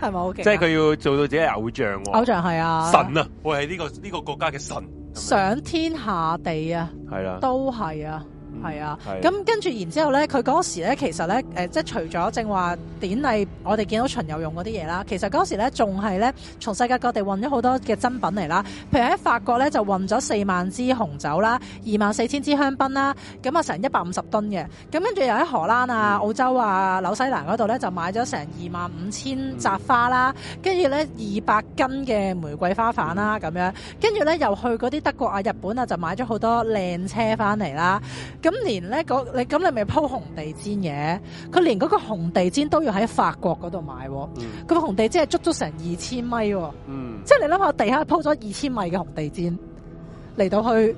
[SPEAKER 2] 係咪？即係
[SPEAKER 1] 佢要做到自己偶像、啊、偶像係啊神啊，我係呢個呢、呢個國家嘅神是
[SPEAKER 2] 是，上天下地啊，係啦，都係啊。係啊，咁跟住然之後咧，佢嗰時咧其實咧、呃，即除咗正話典禮，我哋見到巡遊用嗰啲嘢啦，其實嗰時咧仲係咧從世界各地運咗好多嘅珍品嚟啦。譬如喺法國咧就運咗四萬支紅酒啦，二萬四千支香檳啦，咁啊成一百五十噸嘅。咁跟住又喺荷蘭啊、澳洲啊、紐西蘭嗰度咧就買咗成二萬五千紮花啦，跟住咧二百斤嘅玫瑰花瓣啦咁、嗯、樣，跟住咧又去嗰啲德國啊、日本啊就買咗好多靚車翻嚟啦。咁連咧，你咁你咪鋪紅地氈嘅，佢連嗰個紅地氈都要喺法國嗰度買，哦、咁、嗯、紅地氈係足足成二千米，哦、嗯、即係你諗下，地下鋪咗二千米嘅紅地氈嚟到去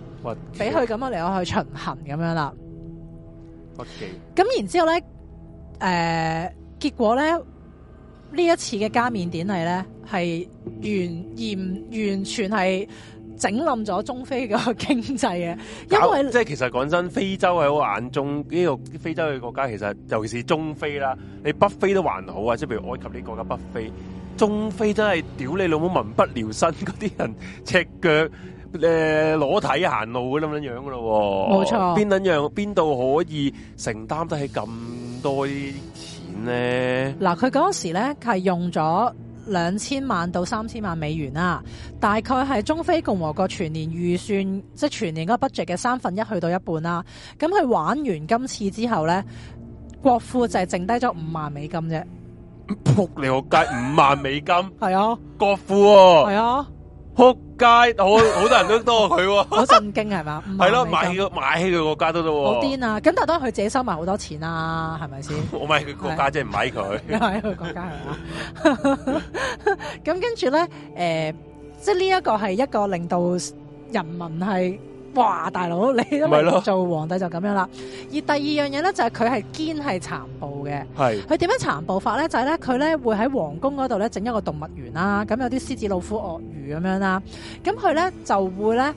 [SPEAKER 2] 俾佢咁樣嚟我去巡行，咁樣啦。咁、okay. 然之後咧，誒、呃、結果咧，呢一次嘅加冕典禮咧係完嚴完全完全係。整冧咗中非嘅經濟啊！
[SPEAKER 1] 因為即係其實講真，非洲喺我眼中呢個非洲嘅國家其實，尤其是中非啦，你北非都還好啊，即係譬如埃及呢國家嘅北非，中非真係屌你老母，民不聊生，嗰啲人赤腳誒、呃、裸體行路嘅，咁樣樣嘅咯喎。冇錯，邊撚樣邊度可以承擔得起咁多啲錢咧？
[SPEAKER 2] 嗱，佢嗰時咧，佢係用咗。兩千萬到三千萬美元啦、啊，大概係中非共和國全年預算，即係全年嗰 budget 嘅三分一去到一半啦、啊。咁佢玩完今次之後呢，國庫就係剩低咗五萬美金啫。
[SPEAKER 1] 撲你個街五萬美金
[SPEAKER 2] 係啊，國庫啊，係啊。
[SPEAKER 1] 撲街，好好多人都多佢喎，好
[SPEAKER 2] 震驚係嘛？係咯，買個
[SPEAKER 1] 買起佢國家都得喎，好癲啊！咁
[SPEAKER 2] 但係當然佢自己收埋好多錢啦，係咪先？我買佢國家，
[SPEAKER 1] 即係唔買佢，唔
[SPEAKER 2] 買佢國家係嘛？咁跟住咧，誒，即係呢一個係一個令到人民係。哇！大佬，你因為做皇帝就咁樣啦。就是、而第二樣嘢咧，就係佢係堅係殘暴嘅。係佢點樣殘暴法咧？就係、是、咧，佢咧會喺皇宮嗰度咧整一個動物園啦、啊。咁有啲獅子、老虎、鱷魚咁樣啦、啊。咁佢咧就會咧。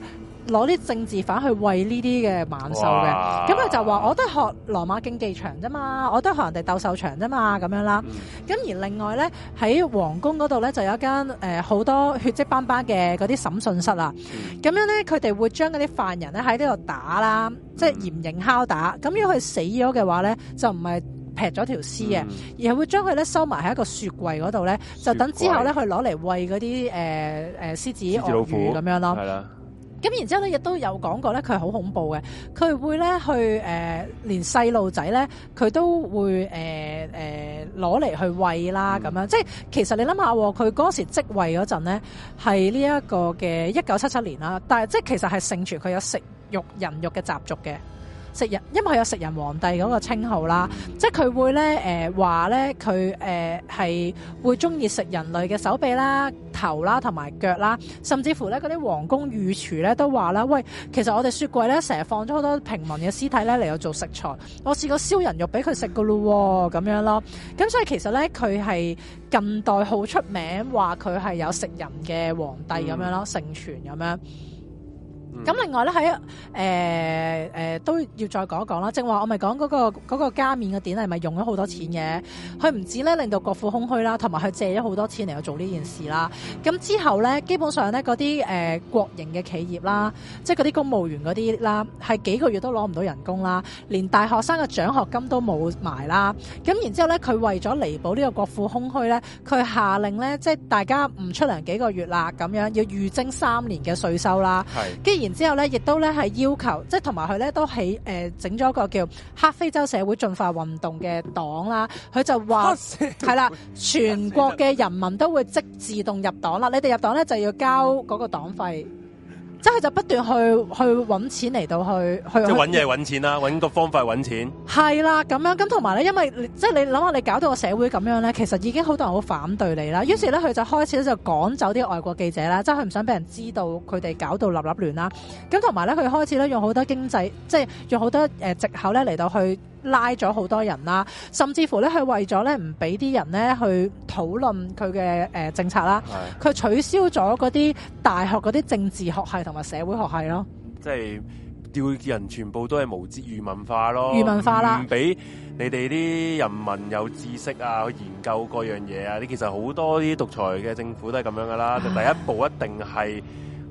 [SPEAKER 2] 攞啲政治犯去餵呢啲嘅猛獸嘅，咁佢就話：我都學羅馬競技場啫嘛，我都學人哋鬥獸場啫嘛，咁樣啦。咁、嗯、而另外咧喺皇宮嗰度咧就有一間好、呃、多血跡斑斑嘅嗰啲審訊室啦。咁樣咧佢哋會將嗰啲犯人咧喺呢度打啦，嗯、即係嚴刑拷打。咁如果佢死咗嘅話咧，就唔係劈咗條屍嘅，嗯、而係會將佢咧收埋喺一個雪櫃嗰度咧，就等之後咧去攞嚟餵嗰啲誒誒獅子、老虎咁樣咯。咁然之後咧，亦都有講過咧，佢係好恐怖嘅，佢會咧去誒、呃，連細路仔咧，佢都會誒誒攞嚟去餵啦，咁樣。即係其實你諗下，佢嗰時即位嗰陣咧，係呢一個嘅一九七七年啦，但係即係其實係盛傳佢有食肉人肉嘅習俗嘅。食人，因為佢有食人皇帝嗰個稱號啦，即係佢會咧誒話咧佢誒係會鍾意食人類嘅手臂啦、頭啦同埋腳啦，甚至乎咧嗰啲皇宮御廚咧都話啦：喂，其實我哋雪櫃咧成日放咗好多平民嘅屍體咧嚟做食材，我試過燒人肉俾佢食噶咯喎，咁樣咯。咁、嗯、所以其實咧佢係近代好出名，話佢係有食人嘅皇帝咁樣咯，盛傳咁樣。咁、嗯、另外咧喺誒誒都要再講一講啦，正話我咪講嗰個嗰個加冕嘅典禮咪用咗好多錢嘅，佢唔止咧令到國庫空虛啦，同埋佢借咗好多錢嚟去做呢件事啦。咁之後咧，基本上咧嗰啲誒國營嘅企業啦，即係嗰啲公務員嗰啲啦，係幾個月都攞唔到人工啦，連大學生嘅獎學金都冇埋啦。咁然之後咧，佢為咗彌補呢個國庫空虛咧，佢下令咧，即係大家唔出糧幾個月啦，咁樣要預徵三年嘅稅收啦。然之後咧，亦都咧係要求，即係同埋佢咧都起、呃、整咗個叫黑非洲社會進化運動嘅黨啦。佢就話係啦， <laughs> 全國嘅人民都會即自動入黨啦。你哋入黨咧就要交嗰個黨費。即係就不斷去去揾錢嚟到去去，即係揾嘢
[SPEAKER 1] 揾錢啦、啊，揾個方法揾錢。
[SPEAKER 2] 係啦，咁樣咁同埋咧，因為即係你諗下，你搞到個社會咁樣咧，其實已經好多人好反對你啦。於是咧，佢就開始咧就趕走啲外國記者啦，即係佢唔想俾人知道佢哋搞到立立亂啦。咁同埋咧，佢開始咧用好多經濟，即係用好多誒藉口咧嚟到去。拉咗好多人啦，甚至乎咧，佢為咗咧唔俾啲人咧去討論佢嘅政策啦。佢取消咗嗰啲大學嗰啲政治學系同埋社會學系咯。
[SPEAKER 1] 即係吊人全部都係無知愚民化咯，愚民化啦，唔俾你哋啲人民有知識啊，去研究各樣嘢啊。你其實好多啲獨裁嘅政府都係咁樣噶啦，啊，就第一步一定係。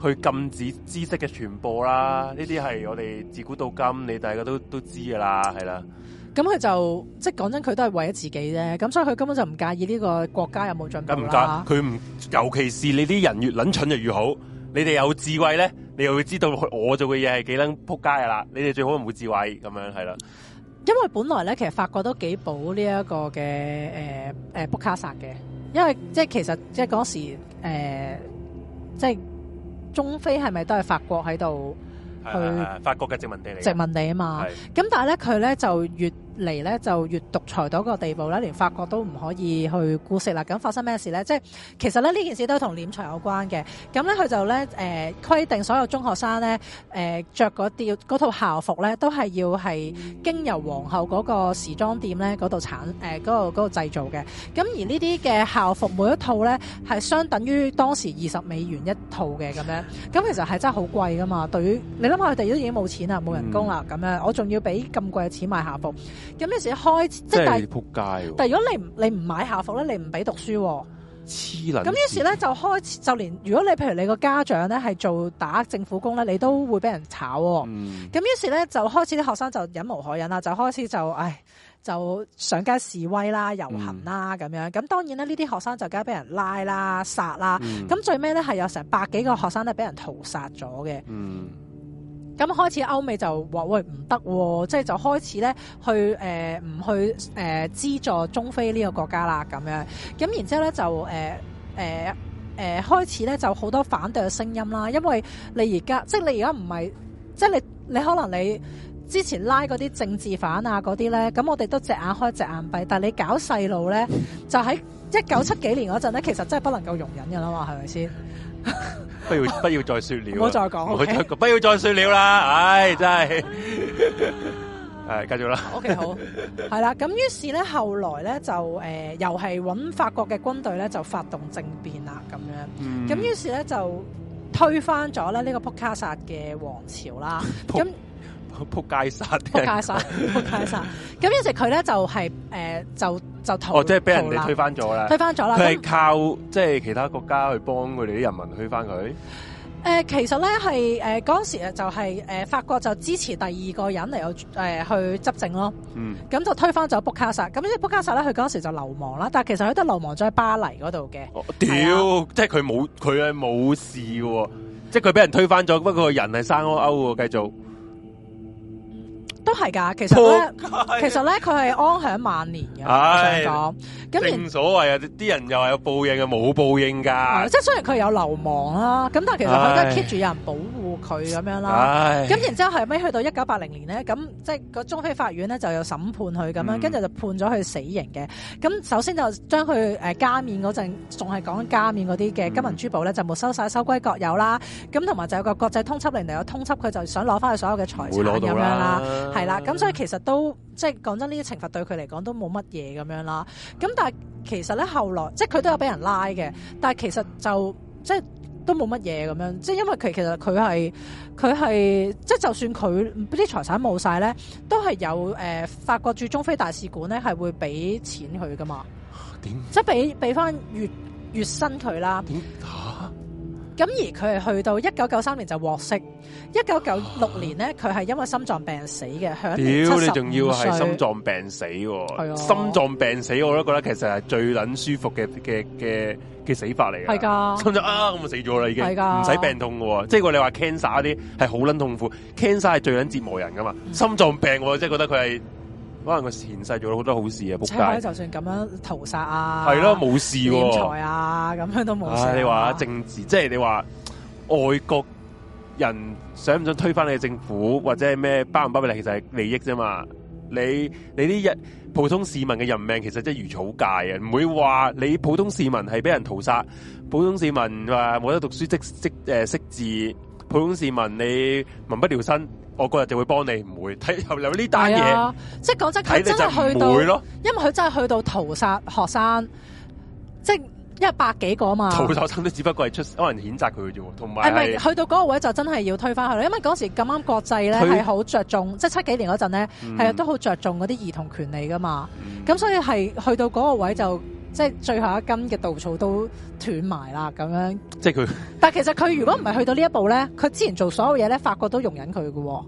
[SPEAKER 1] 去禁止知識嘅傳播啦，呢啲係我哋自古到今，你大家都都知噶啦，係啦。
[SPEAKER 2] 咁佢就即係講真，佢都係為咗自己啫。咁所以佢根本就唔介意呢個國家有冇進步啦，唔介。
[SPEAKER 1] 佢唔，尤其是你啲人越撚蠢就越好，你哋有智慧咧，你又會知道我做嘅嘢係幾撚撲街噶啦。你哋最好唔會智慧咁樣係啦。
[SPEAKER 2] 因為本來咧，其實法國都幾保呢一個嘅誒誒布卡薩嘅，因為即係其實即係嗰時、呃、即係。中非係咪都係法國喺度啊？
[SPEAKER 1] 係啊，法國嘅殖民地嚟殖民地啊嘛。
[SPEAKER 2] 咁但係咧，佢咧就越。嚟咧就越獨裁到個地步啦，連法國都唔可以去姑息啦。咁發生咩事咧？即係其實咧呢件事都同斂財有關嘅。咁咧佢就咧誒規定所有中學生咧誒著嗰套校服咧都係要係經由皇后嗰個時裝店咧嗰度產誒嗰度度製造嘅。咁而呢啲嘅校服每一套咧係相等於當時二十美元一套嘅咁樣。咁其實係真係好貴噶嘛。對於你諗下佢哋都已經冇錢啦，冇人工啦，咁、嗯、樣我仲要俾咁貴嘅錢買校服。咁於是開始即係，
[SPEAKER 1] 但、啊、但如
[SPEAKER 2] 果你唔你唔買校服咧，你唔俾讀書、啊。
[SPEAKER 1] 黐撚。咁於是咧就
[SPEAKER 2] 開始，就連如果你譬如你個家長咧係做打政府工咧，你都會俾人炒、啊。喎、嗯。咁於是咧就開始啲學生就忍無可忍啦，就開始就唉就上街示威啦、遊行啦咁樣。咁、嗯、當然呢，呢啲學生就梗係俾人拉啦、殺啦、啊。咁、嗯、最尾咧係有成百幾個學生咧俾人屠殺咗嘅。嗯。咁開始歐美就話喂，唔得，即係就開始咧去誒唔、呃、去誒、呃、資助中非呢個國家啦咁樣。咁然之後咧就誒誒誒開始咧就好多反對嘅聲音啦，因為你而家即係你而家唔係即係你你可能你之前拉嗰啲政治犯啊嗰啲咧，咁我哋都隻眼開隻眼閉。但係你搞細路咧，就喺一九七幾年嗰陣咧，其實真係不能夠容忍噶啦嘛，係咪先？
[SPEAKER 1] <laughs> 不要不要再說了，唔好， <laughs> 再講、okay？不要再說了啦！唉、 <laughs> 哎，真係，係 <laughs> 繼、哎、續啦。O K，
[SPEAKER 2] 好，係啦。咁於是咧，後來咧就誒、呃，又係搵法國嘅軍隊咧，就發動政變啦，咁樣。咁、嗯、於是咧就推翻咗咧呢個普卡薩嘅王朝啦。咁 <laughs>
[SPEAKER 1] 仆街殺，仆街殺，
[SPEAKER 2] 仆街殺！咁於是佢咧就係誒，就是呃、就推哦，即係俾人哋推翻
[SPEAKER 1] 咗啦，推翻咗啦。佢係靠即係其他國家去幫佢哋啲人民推翻佢。
[SPEAKER 2] 誒、呃，其實咧係誒嗰時啊，就是，就係誒法國就支持第二個人嚟到誒去執政咯。咁、嗯、就推翻咗博卡薩。咁呢博卡薩咧，佢嗰時就流亡啦。但係其實佢都流亡咗喺巴黎嗰度嘅。
[SPEAKER 1] 屌、哦，即係佢冇，佢係冇事嘅，哦。即係佢俾人推翻咗，不過個人係生勾勾，繼續。
[SPEAKER 2] 都係噶，其實咧，其實咧，佢係安享晚年
[SPEAKER 1] 嘅。我想講，咁正所謂啊，啲人又係有報應，又冇報應噶。即係
[SPEAKER 2] 雖然佢有流亡啦，咁但係其實佢都係 keep 住有人保護佢咁樣啦。咁然之後係咪去到一九八零年咧？咁即係個中非法院咧，就有審判佢咁樣，跟住就判咗佢死刑嘅。咁首先就將佢誒加冕嗰陣，仲係講加冕嗰啲嘅金銀珠寶咧，就沒收晒收歸國有啦。咁同埋就有個國際通緝令嚟，有通緝佢就想攞翻佢所有嘅財產咁樣啦。係、嗯、啦，咁所以其實都即係講真，呢啲懲罰對佢嚟講都冇乜嘢咁樣啦。咁但係其實咧，後來即係佢都有俾人拉嘅，但係其實就即係都冇乜嘢咁樣。即係因為佢其實佢係佢係即係就算佢啲財產冇晒咧，都係有誒、呃、法國駐中非大使館咧係會俾錢佢噶嘛。點？即係俾俾翻月月薪佢啦。咁而佢係去到一九九三年就獲釋，一九九六年咧佢係因為心臟病死嘅，享年七十五歲，屌，你仲要係心
[SPEAKER 1] 臟病死，係啊！心臟病死我都覺得其實係最捻舒服嘅嘅嘅嘅死法嚟嘅，係噶，即啊咁啊死咗啦已經，係噶，唔使病痛喎。即係你話 cancer 嗰啲係好捻痛苦，cancer 係最捻折磨人噶嘛，心臟病我真係覺得佢係。可能佢前世做咗好多好事啊！仆街，就
[SPEAKER 2] 算咁樣屠殺啊，係
[SPEAKER 1] 咯冇事，啊，錢
[SPEAKER 2] 財啊咁樣都冇事。你話
[SPEAKER 1] 政治，即係你話外國人想唔想推翻你嘅政府，嗯、或者係咩包唔包庇你，其實係利益啫嘛，嗯。你你啲日普通市民嘅人命其實即係如草芥啊，唔會話你普通市民係俾人屠殺，普通市民話冇得讀書即誒、啊、識字，普通市民你民不聊生。我嗰日就會幫你，唔會睇有呢單嘢。係啊，即
[SPEAKER 2] 係講真，佢真係去到，因為佢真係去到屠殺學生，即係一百幾個啊嘛。屠殺
[SPEAKER 1] 生都只不過係出可能譴責佢嘅啫喎，同埋係咪去到
[SPEAKER 2] 嗰個位就真係要推翻佢啦。因為嗰時咁啱國際咧係好着重，即七幾年嗰陣呢，係、嗯、都好着重嗰啲兒童權利噶嘛。咁、嗯、所以係去到嗰個位就。嗯即係最後一根嘅稻草都斷埋啦，咁樣。
[SPEAKER 1] 即係佢。
[SPEAKER 2] 但係其實佢如果唔係去到呢一步咧，佢之前做所有嘢咧，法國都容忍佢㗎、哦、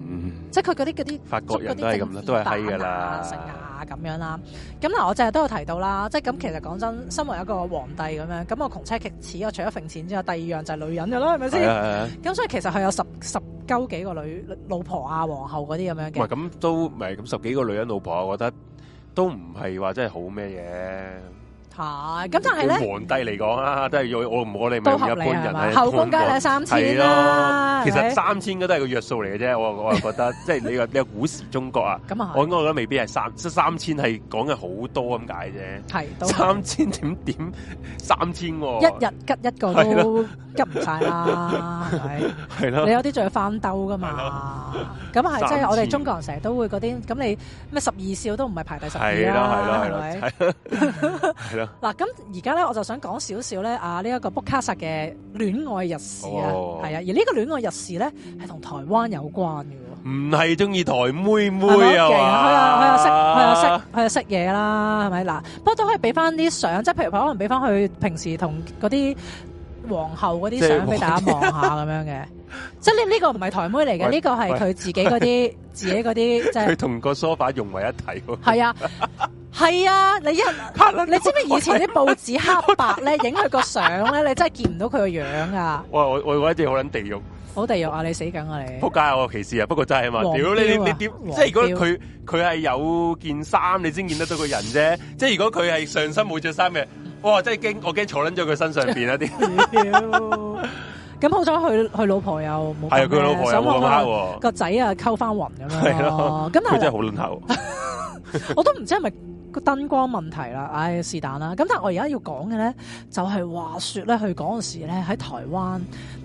[SPEAKER 2] 嗯。即係佢嗰啲嗰啲法國人都係咁樣，都係閪噶啦，性啊咁樣啦。咁嗱，我淨係都有提到啦，即係咁其實講真，身為一個皇帝咁樣，咁我窮奢極侈啊，除咗揈錢之外，第二樣就係女人噶啦，係咪先？咁所以其實佢有十十鳩幾個女老婆啊、皇后嗰啲咁樣嘅。咁
[SPEAKER 1] 都唔係咁十幾個女人老婆、啊，我覺得。都唔係話，真係好咩嘢。
[SPEAKER 2] 咁、啊、但係咧。皇
[SPEAKER 1] 帝嚟講啊，都係要我我哋唔係一般人，後宮梗係兩三千啦。其實三千都係個約數嚟嘅啫，我我覺得， <laughs> 即係你個你個古時中國啊， <laughs> 我應該覺得未必係三，三千係講嘅好多咁解啫。
[SPEAKER 2] 三
[SPEAKER 1] 千點點三千，一日
[SPEAKER 2] 吉一個都吉唔晒啦，
[SPEAKER 1] 係。係咯。你有
[SPEAKER 2] 啲仲要翻兜噶嘛？咁係即係我哋中國人成日都會嗰啲咁你咩十二少都唔係排第十二啊，係咯，係咯。嗱，咁而家咧，我就想講少少咧啊，呢一個 Bokassa 嘅戀愛日事啊、oh.，係啊，而呢個戀愛日事咧，係同台灣有關嘅，
[SPEAKER 1] 唔係中意台妹妹啊，係啊，佢啊，識係啊，識
[SPEAKER 2] 係啊，識嘢啦，係咪？嗱，不過都可以俾翻啲相，即係譬如可能俾翻佢平時同嗰啲。皇后嗰啲相俾大家望下咁樣嘅， <laughs> 即係呢呢個唔係台妹嚟嘅。呢個係佢自己嗰啲自己嗰啲，即係佢同
[SPEAKER 1] 個梳化融為一體。
[SPEAKER 2] 係啊， <laughs> 係啊，你一，你知唔知以前啲報紙黑白咧，影佢個相咧，你真係見唔到佢個樣啊！
[SPEAKER 1] 我我我覺得好似好捻地獄，
[SPEAKER 2] 好地獄啊！你死梗啊你！撲
[SPEAKER 1] 街我歧視啊！不過真係啊嘛，屌你你你點？啊、即係如果佢佢係有件衫，你先見得到個人啫。 <laughs> 即係如果佢係上身冇着衫嘅。哇！真係驚，我驚坐撚咗佢身上邊啊！ <laughs> <laughs> 啲
[SPEAKER 2] 咁好彩，佢佢老婆又冇，係佢老婆沒有個仔啊溝翻雲咁樣咯。咁但係真係好
[SPEAKER 1] 撚醜， <laughs> <laughs> 我
[SPEAKER 2] 都唔知係咪個燈光問題啦。唉，但是但啦。咁但係我而家要講嘅咧，就係、是、話説咧，佢嗰陣時咧喺台灣。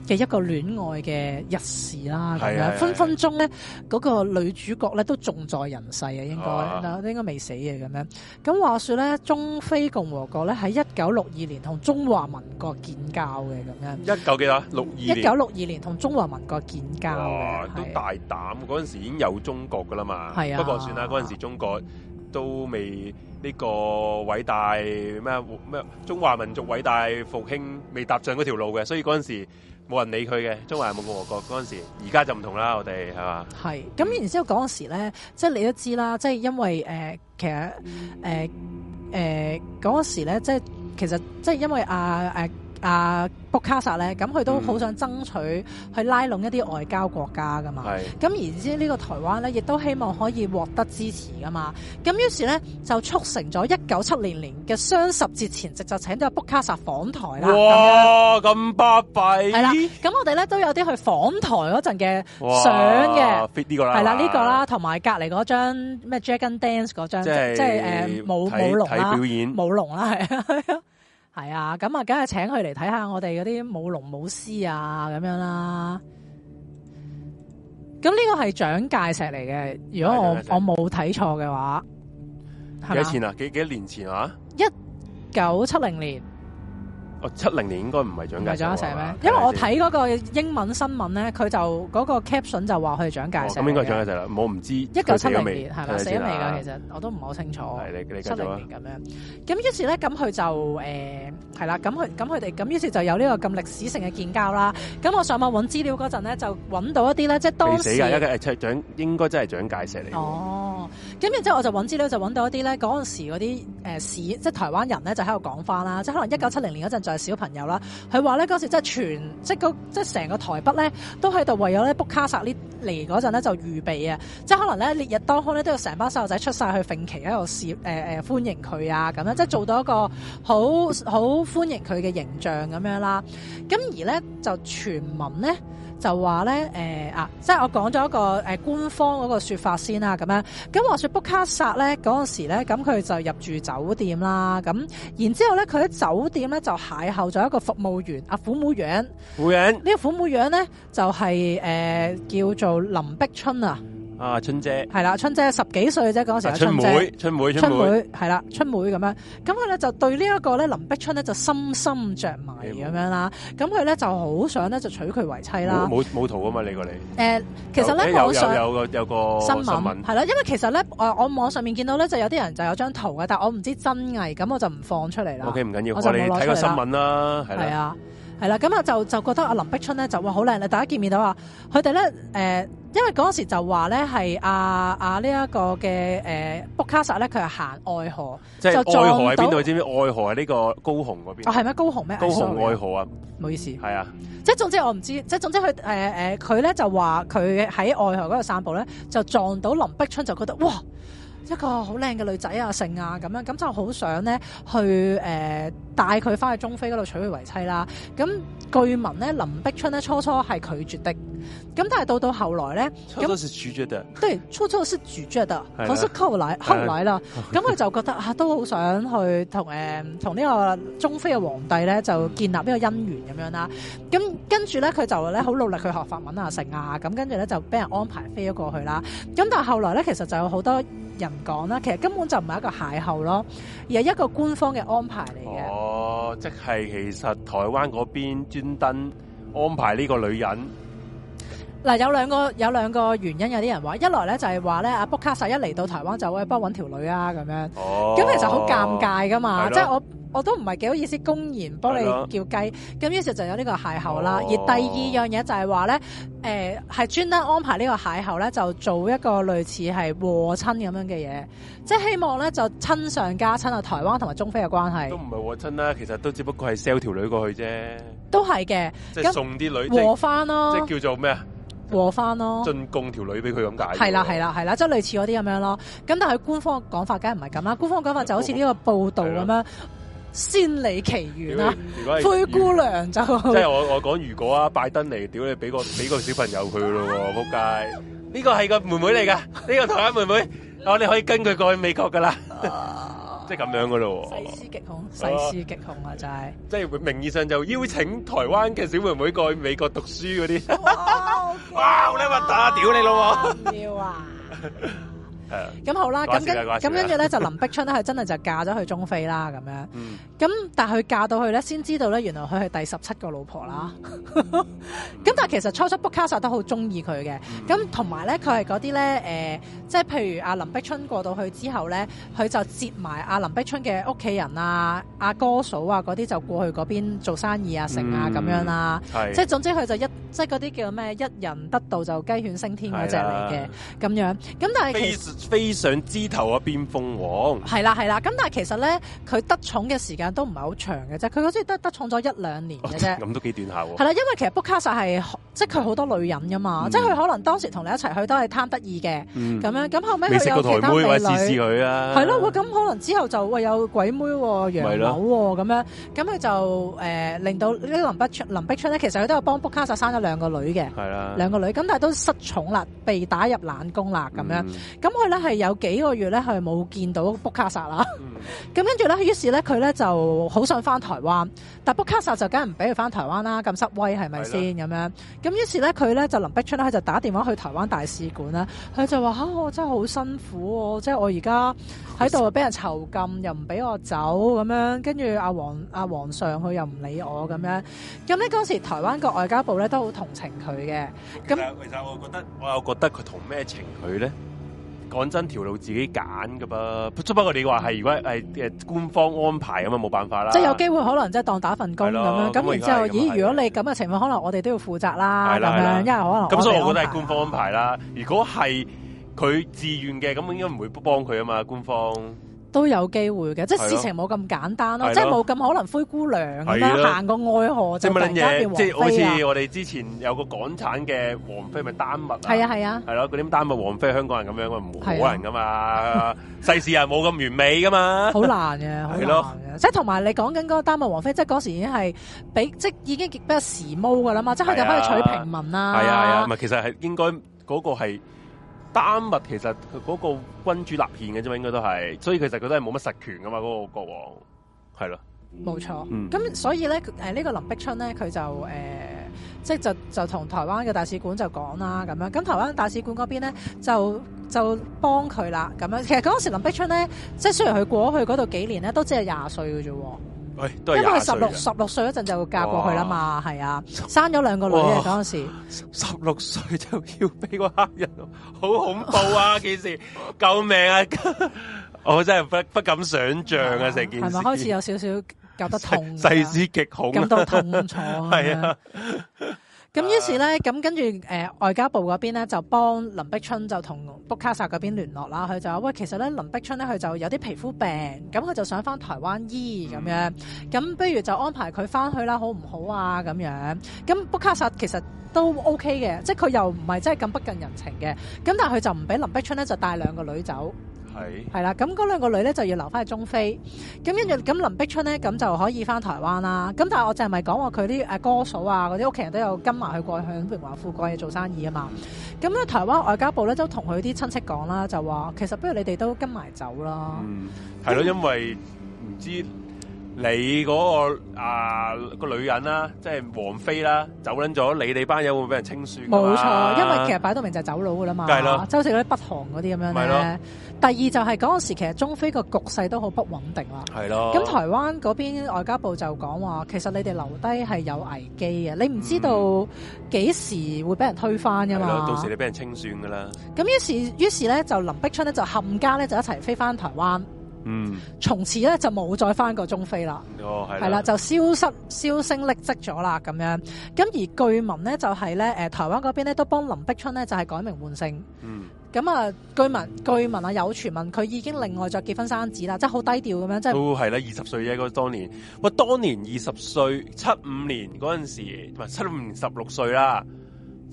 [SPEAKER 2] 嘅一個戀愛嘅日時啦，咁樣分分鐘咧，嗰個女主角咧都仲在人世啊，應該嗱，應該未死嘅咁樣。咁話說咧，中非共和國咧喺一九六二年同中華民國建交嘅咁樣。一
[SPEAKER 1] 九幾多？六二。一九六
[SPEAKER 2] 二年同中華民國建交。哇！都
[SPEAKER 1] 大膽，嗰陣時已經有中國噶啦嘛。係啊。不過算啦，嗰陣時中國都未呢個偉大咩咩中華民族偉大復興未踏上嗰條路嘅，所以嗰陣時。冇人理佢嘅，中華人民共和國嗰陣時，時，而家就唔同啦，我哋係嘛？
[SPEAKER 2] 係，咁然之後嗰陣時咧，即係你都知啦，即係因為誒、呃，其實誒誒嗰陣時咧，即係其實即係因為阿誒。啊啊啊，布卡薩咧，咁佢都好想爭取去拉攏一啲外交國家噶嘛，咁而知呢個台灣咧，亦都希望可以獲得支持噶嘛，咁於是咧就促成咗一九七零年嘅雙十節前夕就請到布卡薩訪台啦。哇，
[SPEAKER 1] 咁巴閉！係啦，
[SPEAKER 2] 咁我哋咧都有啲去訪台嗰陣嘅相嘅，fit 呢個啦，係啦呢個啦，同埋隔離嗰張咩 dragon dance 嗰張，即係誒舞舞龍啦，表演舞龍啦，係啊。係啊，咁啊，梗係請佢嚟睇下我哋嗰啲舞龍舞獅啊，咁樣啦。咁呢個係蔣介石嚟嘅，如果我我冇睇錯嘅話，
[SPEAKER 1] 幾多錢啊？幾幾多年前啊？
[SPEAKER 2] 一九七零年，啊。
[SPEAKER 1] 我七零年應該唔係蔣介石咩？因為我睇
[SPEAKER 2] 嗰個英文新聞咧，佢、嗯、就嗰個 caption 就話佢係蔣介石。咁應該蔣介
[SPEAKER 1] 石啦，我唔知一九七零年係咪死咗未㗎？其實
[SPEAKER 2] 我都唔好清楚、
[SPEAKER 1] 嗯你你。七零年咁樣，
[SPEAKER 2] 咁於是咧，咁佢就誒係、呃、啦，咁佢咁佢哋咁於是就有呢個咁歷史性嘅建交啦。咁我上網揾資料嗰陣咧，就揾到一啲咧，即係當時死㗎一個
[SPEAKER 1] 誒應該真係蔣介石嚟。哦，
[SPEAKER 2] 咁然之後我就揾資料就揾到一啲咧，嗰陣時嗰啲誒市即係台灣人咧就喺度講翻啦，即可能一九七零年嗰陣。小朋友啦，佢話咧嗰時真係全即係個即係成個台北咧，都喺度為咗咧布卡薩呢嚟嗰陣咧就預備啊，即係可能咧烈日當空咧都有成班細路仔出晒去揈旗喺度攝誒誒歡迎佢啊咁樣，即係做到一個好好歡迎佢嘅形象咁樣啦。咁而咧就全民咧。就話咧誒啊，即係我講咗一個誒官方嗰個說法先啦，咁樣咁話說布卡薩咧嗰陣時咧，咁佢就入住酒店啦，咁然之後咧佢喺酒店咧就邂逅咗一個服務員啊，父母養苦務呢個父母養咧就係、是、誒、呃、叫做林碧春啊。啊，春姐係啦，春姐十幾歲啫，嗰時春春妹，春妹，春妹係啦，春妹咁樣，咁佢咧就對呢一個咧林碧春咧就深深着迷咁樣啦，咁佢咧就好想咧就娶佢為妻啦。冇
[SPEAKER 1] 冇圖啊嘛，你過嚟。誒、
[SPEAKER 2] 欸，其實咧我想有個
[SPEAKER 1] 有，有，有個新聞係
[SPEAKER 2] 啦，因為其實咧我網上面見到咧就有啲人就有張圖嘅，但我唔知真偽，咁我就唔放出嚟啦。O K，唔緊要，我哋睇個新聞
[SPEAKER 1] 啦，係啦，係啊，
[SPEAKER 2] 係啦，咁啊就就覺得阿林碧春咧就哇好靚啊，大家見面到啊，佢哋咧誒。欸因為嗰時就話咧係阿啊呢一、啊、個嘅誒、啊、博卡薩咧佢係行愛河，就愛河喺邊度？
[SPEAKER 1] 知唔知愛河喺呢個高雄嗰邊？哦、啊，係咩？
[SPEAKER 2] 高雄咩？高雄河愛
[SPEAKER 1] 河啊！唔好意思。係啊，即係
[SPEAKER 2] 總之我唔知，即係總之佢誒誒佢咧就話佢喺愛河嗰度散步咧，就撞到林碧春，就覺得哇！一個好靚嘅女仔啊，成啊咁樣，咁就好想咧去誒、呃、帶佢翻去中非嗰度娶佢為妻啦。咁據聞咧，林碧春咧初初係拒絕的。咁但係到到後來咧，初初
[SPEAKER 1] 係拒絕的，
[SPEAKER 2] 對，初初係拒絕的。啊、可是後來後來啦，咁 <laughs> 佢就覺得啊，都好想去同誒同呢個中非嘅皇帝咧，就建立呢個姻緣咁樣啦。咁跟住咧，佢就咧好努力去學法文啊、成啊。咁跟住咧就俾人安排飛咗過去啦。咁但係後來咧，其實就有好多人。講啦，其實根本就唔係一個邂逅囉，而係一個官方嘅安排嚟
[SPEAKER 1] 嘅。哦，即係其實台灣嗰邊專登安排呢個女人，
[SPEAKER 2] 嗱，有兩個有兩個原因，有啲人話，一來咧就係話咧，阿布卡薩一嚟到台灣就幫我揾條女啊，咁樣，咁、哦、其實好尷尬噶嘛，即係我我都唔係幾好意思公然幫你叫雞，咁於是就有呢個邂逅啦。而第二樣嘢就係話咧，誒係專登安排個呢個邂逅咧，就做一個類似係和親咁樣嘅嘢，即係希望咧就親上加親啊，親台灣同埋中非嘅關係都
[SPEAKER 1] 唔係和親啦，其實都只不過係 sell 條女過去啫，
[SPEAKER 2] 都係嘅，即係送
[SPEAKER 1] 啲女和番咯，即係、啊、叫做咩啊？
[SPEAKER 2] 和番咯，進
[SPEAKER 1] 貢條女俾佢咁解。係啦係啦
[SPEAKER 2] 係啦，即係、啊啊啊就是、類似嗰啲咁樣咯。咁但係官方講法梗係唔係咁啦。官方講法就好似呢個報道咁樣，哦、仙履奇緣啦、啊，灰姑娘就即係我
[SPEAKER 1] 我講如果啊，拜登嚟，屌你俾個俾個小朋友佢咯喎，撲街！呢個係個妹妹嚟噶，呢個台灣妹妹， <laughs> 我哋可以跟佢過去美國噶啦。 <laughs> 即係咁樣嘅咯喎，
[SPEAKER 2] 細思極恐，細思極恐啊！就係，
[SPEAKER 1] 即係名義上就邀請台灣嘅小妹妹過去美國讀書嗰啲、哦，哦 <laughs> 哦啊、哇！好撚核突，屌你咯唔、啊、要啊！ <laughs> 咁 <noise> 好啦，咁跟咁跟住咧就林
[SPEAKER 2] 碧春咧，佢真係就嫁咗去中非啦咁樣。咁、嗯嗯、但係佢嫁到去咧，先知道咧，原來佢係第十七個老婆啦。咁但係其實初出 b o o k 都好中意佢嘅。咁同埋咧，佢係嗰啲咧，誒、呃，即係譬如阿林碧春過到去之後咧，佢就接埋阿林碧春嘅屋企人啊、阿哥嫂啊嗰啲就過去嗰邊做生意啊、嗯、成啊咁樣啦。即係、啊、總之佢就一即係嗰啲叫咩？一人得道就雞犬升天嗰隻嚟嘅，咁樣。咁但係其實
[SPEAKER 1] 飛上枝頭啊變鳳凰，係
[SPEAKER 2] 啦係啦，咁、啊啊、但係其實咧，佢得寵嘅時間都唔係好長嘅啫，佢好似都得得寵咗一兩年嘅啫，
[SPEAKER 1] 咁都幾短下喎。係啦、啊，
[SPEAKER 2] 因為其實 Bokassa 係即係佢好多女人㗎嘛，嗯、即係佢可能當時同你一齊去都係貪得意嘅，
[SPEAKER 3] 咁、
[SPEAKER 2] 嗯、樣咁後尾佢有其他美女，女，係咯，咁、啊啊、可能之後就會有鬼妹楊柳喎，咁樣咁佢就誒、呃、令到呢個林碧春林碧春咧，其實佢都有幫 Bokassa 生咗兩個女嘅、啊，兩個女，咁但係都失寵啦，被打入冷宮啦，咁、嗯、樣咁佢。咧係有幾個月咧係冇見到布卡薩啦，咁跟住咧，於是咧佢咧就好想翻台灣，但布卡薩就梗係唔俾佢翻台灣啦，咁失威係咪先咁樣？咁於是咧佢咧就臨逼出咧佢就打電話去台灣大使館啦，佢就話嚇、啊、我真係好辛苦哦、啊，即係我而家喺度俾人囚禁，又唔俾我走咁樣，跟住阿王阿皇上佢又唔理我咁樣。咁咧當時台灣個外交部咧都好同情佢嘅。
[SPEAKER 1] 咁其實我覺得我又覺得佢同咩情佢咧？講真，條路自己揀㗎噃，不過你話係如果係誒官方安排咁啊，冇辦法啦。即係有機
[SPEAKER 2] 會可能即係當打份工咁樣。咁然之後，咦？如果你咁嘅情況，可能我哋都要負責啦。咁樣，因為可能咁，所以我覺得
[SPEAKER 1] 係官方安排啦。啊、如果係佢自願嘅，咁應該唔會幫佢啊嘛，官方。
[SPEAKER 2] 都有機會嘅，即係事情冇咁簡單咯，即係冇咁可能灰姑娘咁樣行個愛河就突然間變王妃啊，即係好似我
[SPEAKER 1] 哋之前有個港產嘅王妃咪、就是、丹麥，啊，係啊係啊，係咯嗰啲丹麥王妃香港人咁樣，唔可能噶嘛，世事又冇咁完美噶嘛，好 <laughs> 難
[SPEAKER 2] 嘅，係咯，即係同埋你講緊嗰個丹麥王妃，即係嗰時已經係比即係已經極比較時髦噶啦嘛，即係佢哋可以娶平民
[SPEAKER 1] 啦，係啊，係啊其實係應該嗰個係。丹麥其實嗰個君主立憲嘅啫嘛，應該都係，所以其實佢都係冇乜實權㗎嘛，嗰、那個國王係咯，
[SPEAKER 2] 冇錯。咁、嗯、所以咧，呢、這個林碧春咧，佢就、呃、即係就就同台灣嘅大使館就講啦，咁樣。咁台灣大使館嗰邊咧，就就幫佢啦，咁樣。其實嗰陣時林碧春咧，即係雖然佢過去嗰度幾年咧，都只係廿歲
[SPEAKER 1] 嘅啫。喂、哎，都係廿歲，因為佢十六十
[SPEAKER 2] 六歲嗰陣就會嫁過去啦嘛，係啊，生咗兩
[SPEAKER 1] 個女嘅嗰陣時，十,十六歲就要俾個黑人，好恐怖啊！ <laughs> 件事，救命啊！我真係不不敢想象啊！成、啊、件事係咪開始有
[SPEAKER 2] 少少覺得痛？細
[SPEAKER 1] 思極恐，感到痛楚係 <laughs> 啊。
[SPEAKER 2] 咁於是咧，咁跟住誒外交部嗰邊咧就幫林碧春就同布卡薩嗰邊聯絡啦。佢就話喂，其實咧林碧春咧佢就有啲皮膚病，咁佢就想翻台灣醫咁、嗯、樣，咁不如就安排佢翻去啦，好唔好啊？咁樣，咁布卡薩其實都 OK 嘅，即係佢又唔係真係咁不近人情嘅，咁但係佢就唔俾林碧春咧就帶兩個女走。係，係啦，咁嗰兩個女咧就要留翻去中非，咁跟住咁林碧春咧咁就可以翻台灣啦。咁但係我淨係咪講話佢啲誒哥嫂啊嗰啲屋企人都有跟埋去過去響榮華富貴做生意啊嘛。咁咧台灣外交部咧都同佢啲親戚講啦，就話其實不如你哋都跟埋走啦。嗯，
[SPEAKER 1] 係咯，因為唔知。你嗰、那個啊個、呃、女人啦、啊，即係王妃啦、啊，走撚咗，你哋班友會俾人清算冇、啊、錯，因為其實
[SPEAKER 2] 擺到明就走佬噶啦嘛。梗係啦，就好似嗰啲北韓嗰啲咁樣咧。第二就係嗰陣時，其實中非個局勢都好不穩定啦。
[SPEAKER 1] 係咯。咁台
[SPEAKER 2] 灣嗰邊外交部就講話，其實你哋留低係有危機嘅，你唔知道幾時會俾人推翻噶嘛。到時
[SPEAKER 1] 你俾人清算噶啦。
[SPEAKER 2] 咁於是於是咧，就林碧春咧就冚家咧就一齊飛翻台灣。嗯，從此咧就冇再翻過中非啦。
[SPEAKER 3] 哦，係啦，就
[SPEAKER 2] 消失，銷聲匿跡咗啦，咁樣。咁而據聞咧就係咧，誒，台灣嗰邊咧都幫林碧春咧就係改名換姓。嗯。咁啊，據聞、據聞啊，有傳聞佢已經另外再結婚生子，嗯、是是啦，即係好低調咁樣。都係
[SPEAKER 1] 啦，二十歲啫，嗰當年。喂，當年二十歲，七五年嗰陣時，同埋七五年十六歲啦，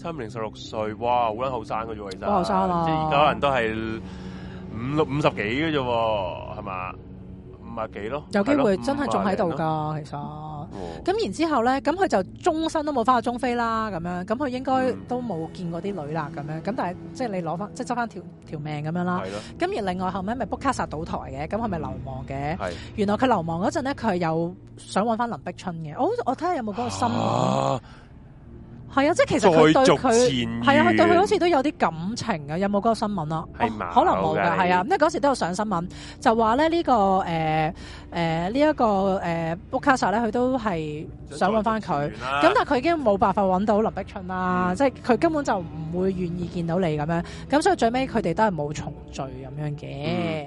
[SPEAKER 1] 七五年十六歲，哇，好捻後生嘅啫，其實。後生啊！即係而家人都係。五六五十幾嘅啫，係嘛五啊幾咯。有機會真係仲喺度噶，
[SPEAKER 2] 其實咁、哦、然之後咧，咁佢就終身都冇翻去中非啦。咁樣，咁佢應該都冇見過啲女啦。咁樣，咁但係即係你攞翻即係執翻條命咁樣啦。咁而另外後尾咪博卡薩倒台嘅，咁係咪流亡嘅？原來佢流亡嗰陣咧，佢係有想揾翻林碧春嘅。Oh, 我我睇下有冇嗰個心。啊係啊，即係其實佢對佢係啊，佢對佢好似都有啲感情啊，有冇嗰個新聞咯？可能冇嘅，係啊，咁咧嗰時都有上新聞，就話咧呢個誒誒呢一個誒 Bokassa 咧，佢都係想揾翻佢，咁、啊、但係佢已經冇辦法揾到林碧春啦，嗯、即係佢根本就唔會願意見到你咁樣，咁所以最尾佢哋都係冇重聚咁、嗯、樣嘅。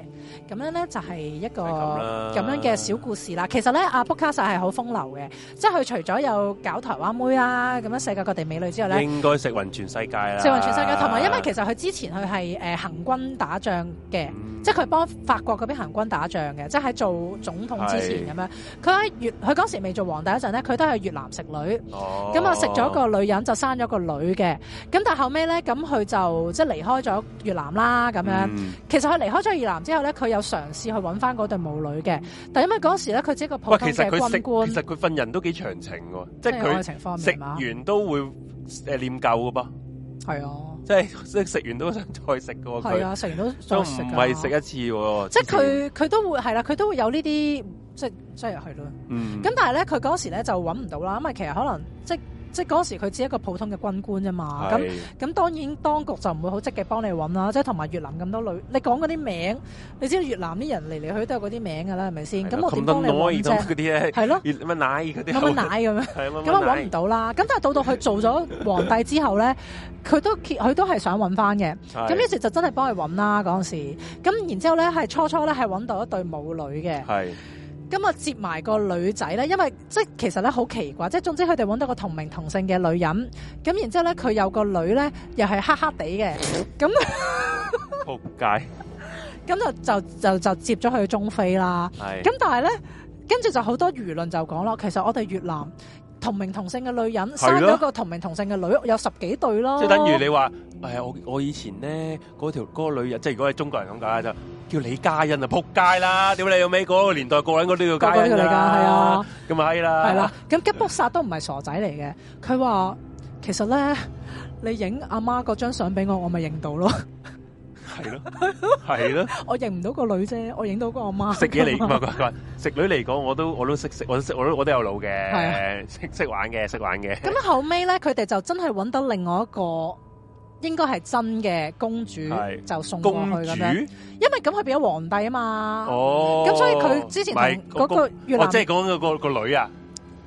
[SPEAKER 2] 咁樣咧就係、是、一個咁樣嘅小故事啦。其實咧，阿布卡薩係好風流嘅，即係佢除咗有搞台灣妹啦、啊，咁樣世界各地美女之外咧，應該
[SPEAKER 1] 食勻全世界啦。食勻全世界，同埋因為其實
[SPEAKER 2] 佢之前佢係行軍打仗嘅、嗯，即係佢幫法國嗰邊行軍打仗嘅，即係喺做總統之前咁樣。佢喺越，佢嗰時未做皇帝嗰陣呢，佢都係越南食女。哦，咁啊食咗個女人就生咗個女嘅。咁但後尾咧，咁佢就即係離開咗越南啦。咁樣、嗯，其實佢離開咗越南之後咧，佢又嘗試去揾翻嗰對母女嘅，但係因為嗰時咧，佢只係個普通嘅軍官，其
[SPEAKER 1] 實佢份人都幾長情嘅，即係佢食完都會誒念舊噶噃係啊即，即係即係食完都想再食嘅，係啊，食
[SPEAKER 2] 完都想食，唔係食
[SPEAKER 1] 一次的，即係佢
[SPEAKER 2] 佢都會係啦，佢都會有呢啲即係入去咯，咁、嗯、但係咧，佢嗰時咧就揾唔到啦，咁啊其實可能即即嗰時佢只係一個普通嘅軍官啫嘛，咁咁當然當局就唔會好積極幫你揾啦。即係同埋越南咁多女，你講嗰啲名，你知道越南啲人嚟嚟去去都有嗰啲名㗎啦，係咪先？咁我點幫你揾啫？係
[SPEAKER 1] 越南奶嗰啲，乜奶咁樣，咁 <laughs> 我揾唔
[SPEAKER 2] 到啦。咁但係到到佢做咗皇帝之後咧，佢都佢都係想揾翻嘅。咁於是就真係幫佢揾啦嗰陣時。咁然之後咧係初初咧係揾到一對母女嘅。咁啊，接埋個女仔咧，因為即係其實咧好奇怪，即係總之佢哋揾到個同名同姓嘅女人，咁然之後咧佢有個女咧又係黑黑地嘅，咁
[SPEAKER 1] <laughs> 撲扛街，
[SPEAKER 2] 咁就就就就接咗佢去中非啦。咁但係咧，跟住就好多輿論就講咯，其實我哋越南同名同姓嘅女人生咗個同名同姓嘅女，有十幾對咯。即係等於你
[SPEAKER 1] 話，我、哎、我以前咧嗰條嗰個女人，即係如果係中國人咁解。就。叫李嘉欣啊，仆街啦！屌你要尾嗰個年代個人都要嘉欣啊，咁咪閪啦！係啦，啊、
[SPEAKER 2] 咁、啊、吉卜殺都唔係傻仔嚟嘅。佢話其實咧，你影阿媽嗰張相俾我，我咪認到咯。
[SPEAKER 1] 係咯，啊，係咯，啊。 <laughs>
[SPEAKER 2] 我認唔到個女啫，我認到個阿媽。食嘢嚟唔嘛，
[SPEAKER 1] 食女嚟講，我都我都識我都我都我都有腦嘅，啊，識識玩嘅，識玩嘅。咁
[SPEAKER 2] 後尾咧，佢哋就真係揾到另外一個。應該係真嘅公主就送過去咁樣，因為咁佢變咗皇帝啊嘛。哦，咁所以佢之前同嗰個、哦、即係
[SPEAKER 1] 講嗰個女啊，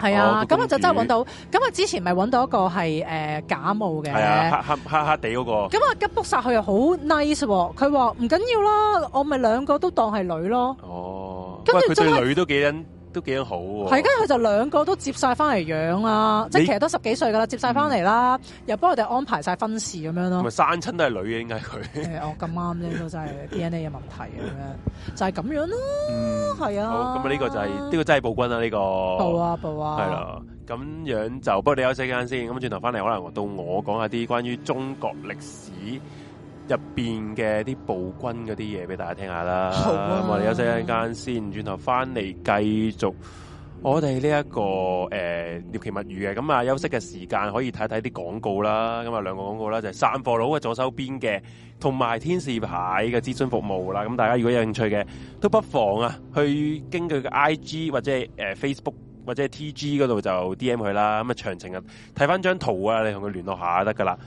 [SPEAKER 1] 係啊。咁、哦、我就真揾到，
[SPEAKER 2] 咁啊之前咪揾到一個係誒、呃、假冒嘅、啊，黑
[SPEAKER 1] 黑黑黑地嗰個。
[SPEAKER 2] 咁啊吉卜塞佢又好 nice 佢話唔緊要啦，我咪兩個都當係女咯。哦，跟住、就是、對女
[SPEAKER 1] 都幾忍。都幾好喎、啊！係，跟住
[SPEAKER 2] 佢就兩個都接晒翻嚟養啦！即係其實都十幾歲噶啦，接晒翻嚟啦，嗯、又幫佢哋安排晒婚事咁樣咯。咪
[SPEAKER 1] 生親都係女嘅，應該係佢。誒，哦咁啱咧，
[SPEAKER 2] 都真係 DNA 嘅問題 <laughs> 就係咁樣啊！咁、嗯、樣、啊、就係咁樣咯，係、呢個啊，呢個、啊。好啊，咁啊，
[SPEAKER 1] 呢個就係呢個真係暴君啦，呢個。暴啊暴啊！係啦，咁樣就不過你休息一陣先，咁轉頭翻嚟可能到我講下啲關於中國歷史。入邊嘅啲暴君嗰啲嘢俾大家聽下啦，咁我哋休息一陣間先，轉頭翻嚟繼續我哋呢一個誒獵、呃、奇物語嘅，咁、嗯、啊休息嘅時間可以睇睇啲廣告啦，咁啊兩個廣告啦，就散、是、貨佬嘅左手邊嘅，同埋天使牌嘅諮詢服務啦，咁、嗯、大家如果有興趣嘅，都不妨啊去經佢嘅 I G 或者係誒、呃、Facebook 或者係 T G 嗰度就 D M 佢啦，咁啊詳情啊睇翻張圖啊，你同佢聯絡下就得噶啦。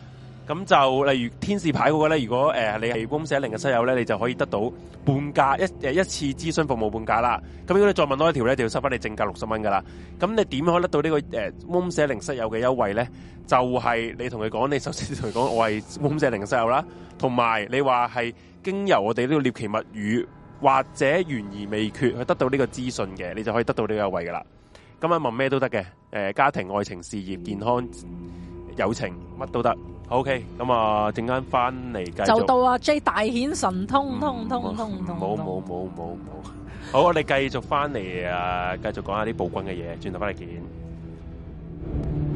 [SPEAKER 1] 咁就例如天使牌嗰個咧，如果誒、呃、你係 Room410 嘅室友咧，你就可以得到半價一、呃、一次諮詢服務半價啦。咁如果你再問多一條咧，就要收翻你正價六十蚊噶啦。咁你點可以得到呢、這個誒 Room410 室友嘅優惠咧？就係、是、你同佢講，你首先同佢講我係 Room410 嘅室友啦，同埋你話係經由我哋呢個獵奇物語或者懸疑未決去得到呢個資訊嘅，你就可以得到呢個優惠噶啦。今晚問咩都得嘅、呃，家庭、愛情、事業、健康、友情，乜都得。OK，咁啊，陣間翻嚟，繼續就到
[SPEAKER 2] 阿 J 大顯神通，通通通通冇冇
[SPEAKER 1] 冇冇冇。 <laughs> 好，我哋繼續翻嚟啊，繼續講下啲暴君嘅嘢，轉頭翻嚟見。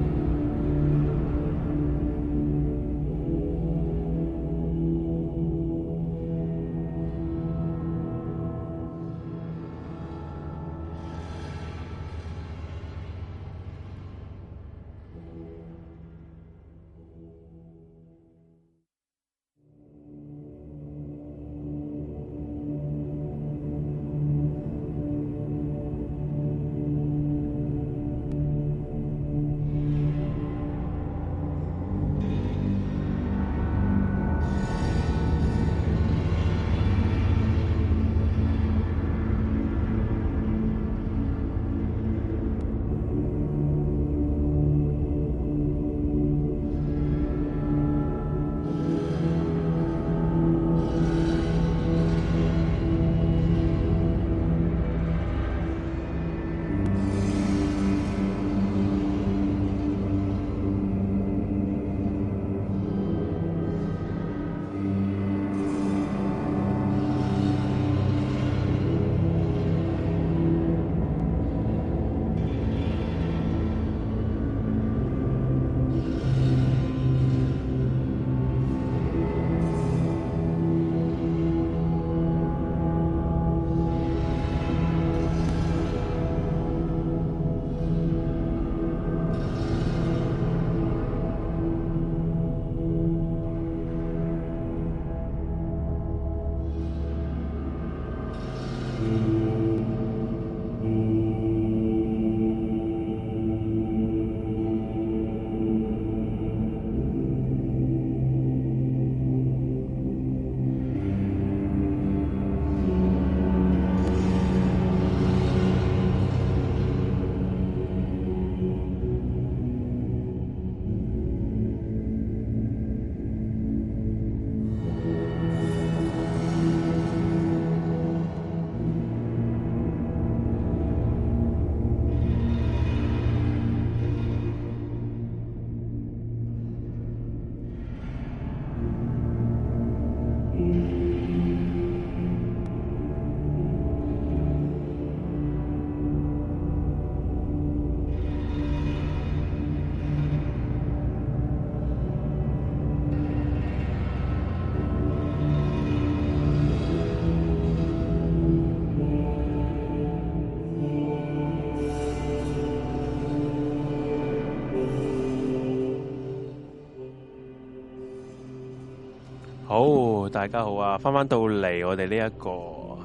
[SPEAKER 1] 大家好啊，翻翻到嚟我哋呢一個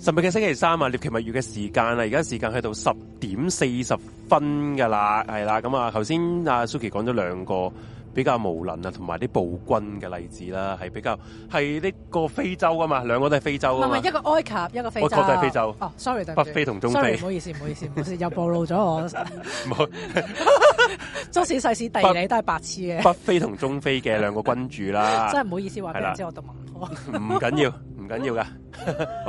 [SPEAKER 1] 神秘嘅星期三啊，獵奇物語嘅時間啦，啊，而家時間去到十點四十分噶啦，係啦，咁啊，頭先阿 Suki 講咗兩個。比較無能啊，同埋啲暴君嘅例子啦，係比較係呢個非洲啊嘛，兩個都係非洲。係咪？一
[SPEAKER 2] 個埃及，一個非洲。我錯晒非洲。哦、oh，sorry，北非同中非。唔好意思，唔好意思，唔好意思，又暴露咗我。唔好，中史世史地理都係白痴嘅。 <laughs> 北
[SPEAKER 1] 非同中非嘅兩個君主啦。 <laughs> 真係唔
[SPEAKER 2] 好意思， <laughs> 話畀你知我讀文。唔
[SPEAKER 1] <laughs> 緊 <laughs> 要，唔緊要噶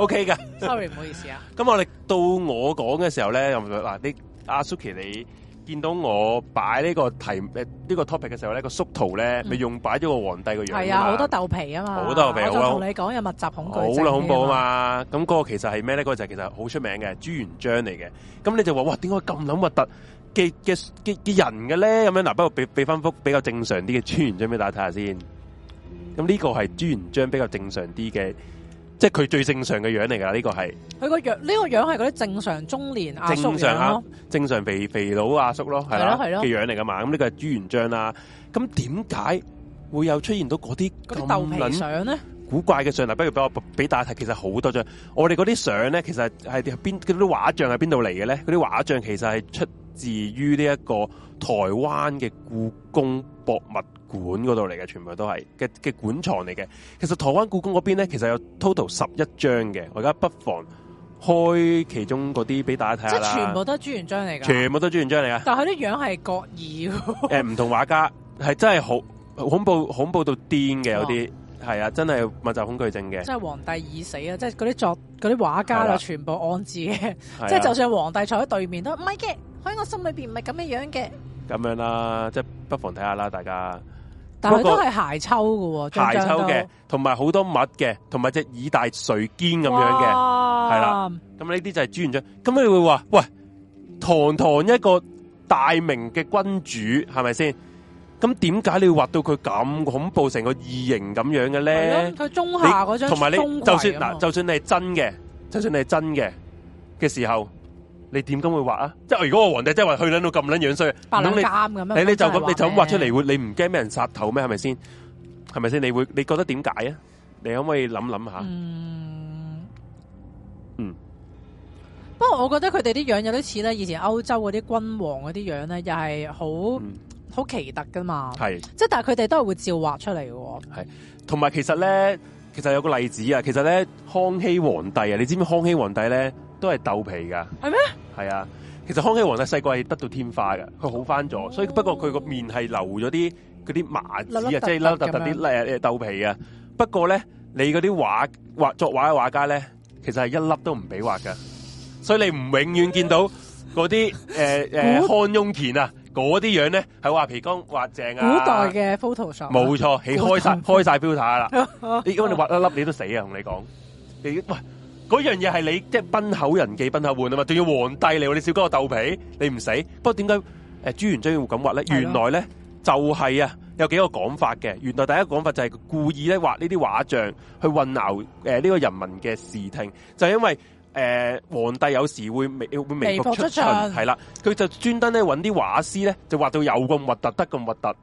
[SPEAKER 1] <laughs> ，OK 噶。Sorry，唔好意思啊。咁我哋到我講嘅時候咧，又唔係嗱，你阿 Suki 你。見到我擺呢個題誒呢、呃這個 topic 嘅時候咧，個縮圖咧咪用擺咗個皇帝嘅樣係啊，好多
[SPEAKER 2] 豆皮啊嘛，好多豆皮，我同你講有密集恐懼，好恐怖啊嘛，
[SPEAKER 1] 咁嗰個其實係咩咧？嗰、個就係其實好出名嘅朱元璋嚟嘅，咁你就話哇，點解咁諗核突嘅嘅嘅嘅人嘅咧？咁樣嗱，不過俾俾翻幅比較正常啲嘅朱元璋俾大家睇下先，咁呢個係朱元璋比較正常啲嘅。即係佢最正常嘅樣嚟噶，呢個係
[SPEAKER 2] 佢個樣，呢個樣係嗰啲正常中年阿
[SPEAKER 1] 叔樣咯，正常肥肥佬阿叔咯，係咯係咯嘅樣嚟噶嘛。咁呢個係朱元璋啊。咁點解會有出現到嗰啲嗰啲豆皮相咧？古怪嘅相啊！不如俾我俾大家睇，其實好多張。我哋嗰啲相咧，其實係邊嗰啲畫像係邊度嚟嘅咧？嗰啲畫像其實係出自於呢一個台灣嘅故宮博物館嗰度嚟嘅，全部都係嘅嘅館藏嚟嘅。其實台灣故宮嗰邊咧，其實有 total 十一張嘅。我而家不妨開其中嗰啲俾大家睇下，即係全部
[SPEAKER 2] 都係朱元璋嚟嘅，
[SPEAKER 1] 全部都係朱元璋嚟啊！
[SPEAKER 2] 但佢啲樣係各異，
[SPEAKER 1] 誒唔同畫家係真係好恐怖，恐怖到癲嘅，有啲係啊！真係密集恐懼症嘅，即
[SPEAKER 2] 係皇帝已死啊！即係嗰啲作啲畫家就、啊、全
[SPEAKER 1] 部安置嘅，即係就算
[SPEAKER 2] 皇帝坐喺對面都唔係嘅，喺我心裏邊唔係咁嘅樣嘅。
[SPEAKER 1] 咁樣啦，即係不妨睇下啦，大家。但係都係鞋
[SPEAKER 2] 抽喎，鞋抽嘅，
[SPEAKER 1] 同埋好多癦嘅，同埋隻耳大垂肩咁樣嘅，係啦。咁呢啲就係朱元璋。咁你會話，喂，堂堂一個大明嘅君主，係咪先？咁點解你要畫到佢咁恐怖成個異形咁樣嘅咧？佢、啊、
[SPEAKER 2] 中下嗰張同埋你，你
[SPEAKER 1] 就算嗱，就算你係真嘅，就算你係真嘅嘅時候。你點解會畫啊？即係如果個皇帝真係話去撚到咁撚樣衰樣，
[SPEAKER 3] 咁你，你，你就咁你就咁畫出嚟，
[SPEAKER 1] 會你唔驚咩人殺頭咩？係咪先？係咪先？你會你覺得點解啊？你可唔可以諗諗下？嗯，嗯。
[SPEAKER 2] 不過我覺得佢哋啲樣有啲似咧，以前歐洲嗰啲君王嗰啲樣咧，又係好好奇特噶嘛。係，即係但係佢哋都係會照畫出嚟嘅。係，
[SPEAKER 1] 同埋其實咧，其實有個例子啊，其實咧，康熙皇帝啊，你知唔知康熙皇帝咧？都係豆皮噶，係咩？係啊，其實康熙皇帝細個係得到天花嘅，佢好返咗，所以不過佢個面係留咗啲嗰啲麻子，即係凹凹凸凸啲誒豆皮啊。不過咧，你嗰啲畫畫作畫嘅畫家咧，其實係一粒都唔俾畫噶，所以你唔永遠見到嗰啲誒誒，康雍乾啊嗰啲樣咧，係畫皮光畫正啊。古代
[SPEAKER 2] 嘅 photoshop，冇
[SPEAKER 1] 錯，起開晒開晒 filter 啦，如果你畫一粒，你都死啊！同你講，你喂。嗰樣嘢係你即係崩口人忌崩口碗啊嘛，仲要皇帝嚟喎，你，你笑嗰個豆皮你唔死。不過點解誒朱元璋要咁畫咧？原來咧就係、是、啊，有幾個講法嘅。原來第一講法就係故意咧畫呢啲畫像去混淆誒呢、呃這個人民嘅視聽，就係、因為誒、呃、皇帝有時會微會微服出巡係啦，佢就專登咧搵啲畫師咧就畫到有咁核突，得咁核突。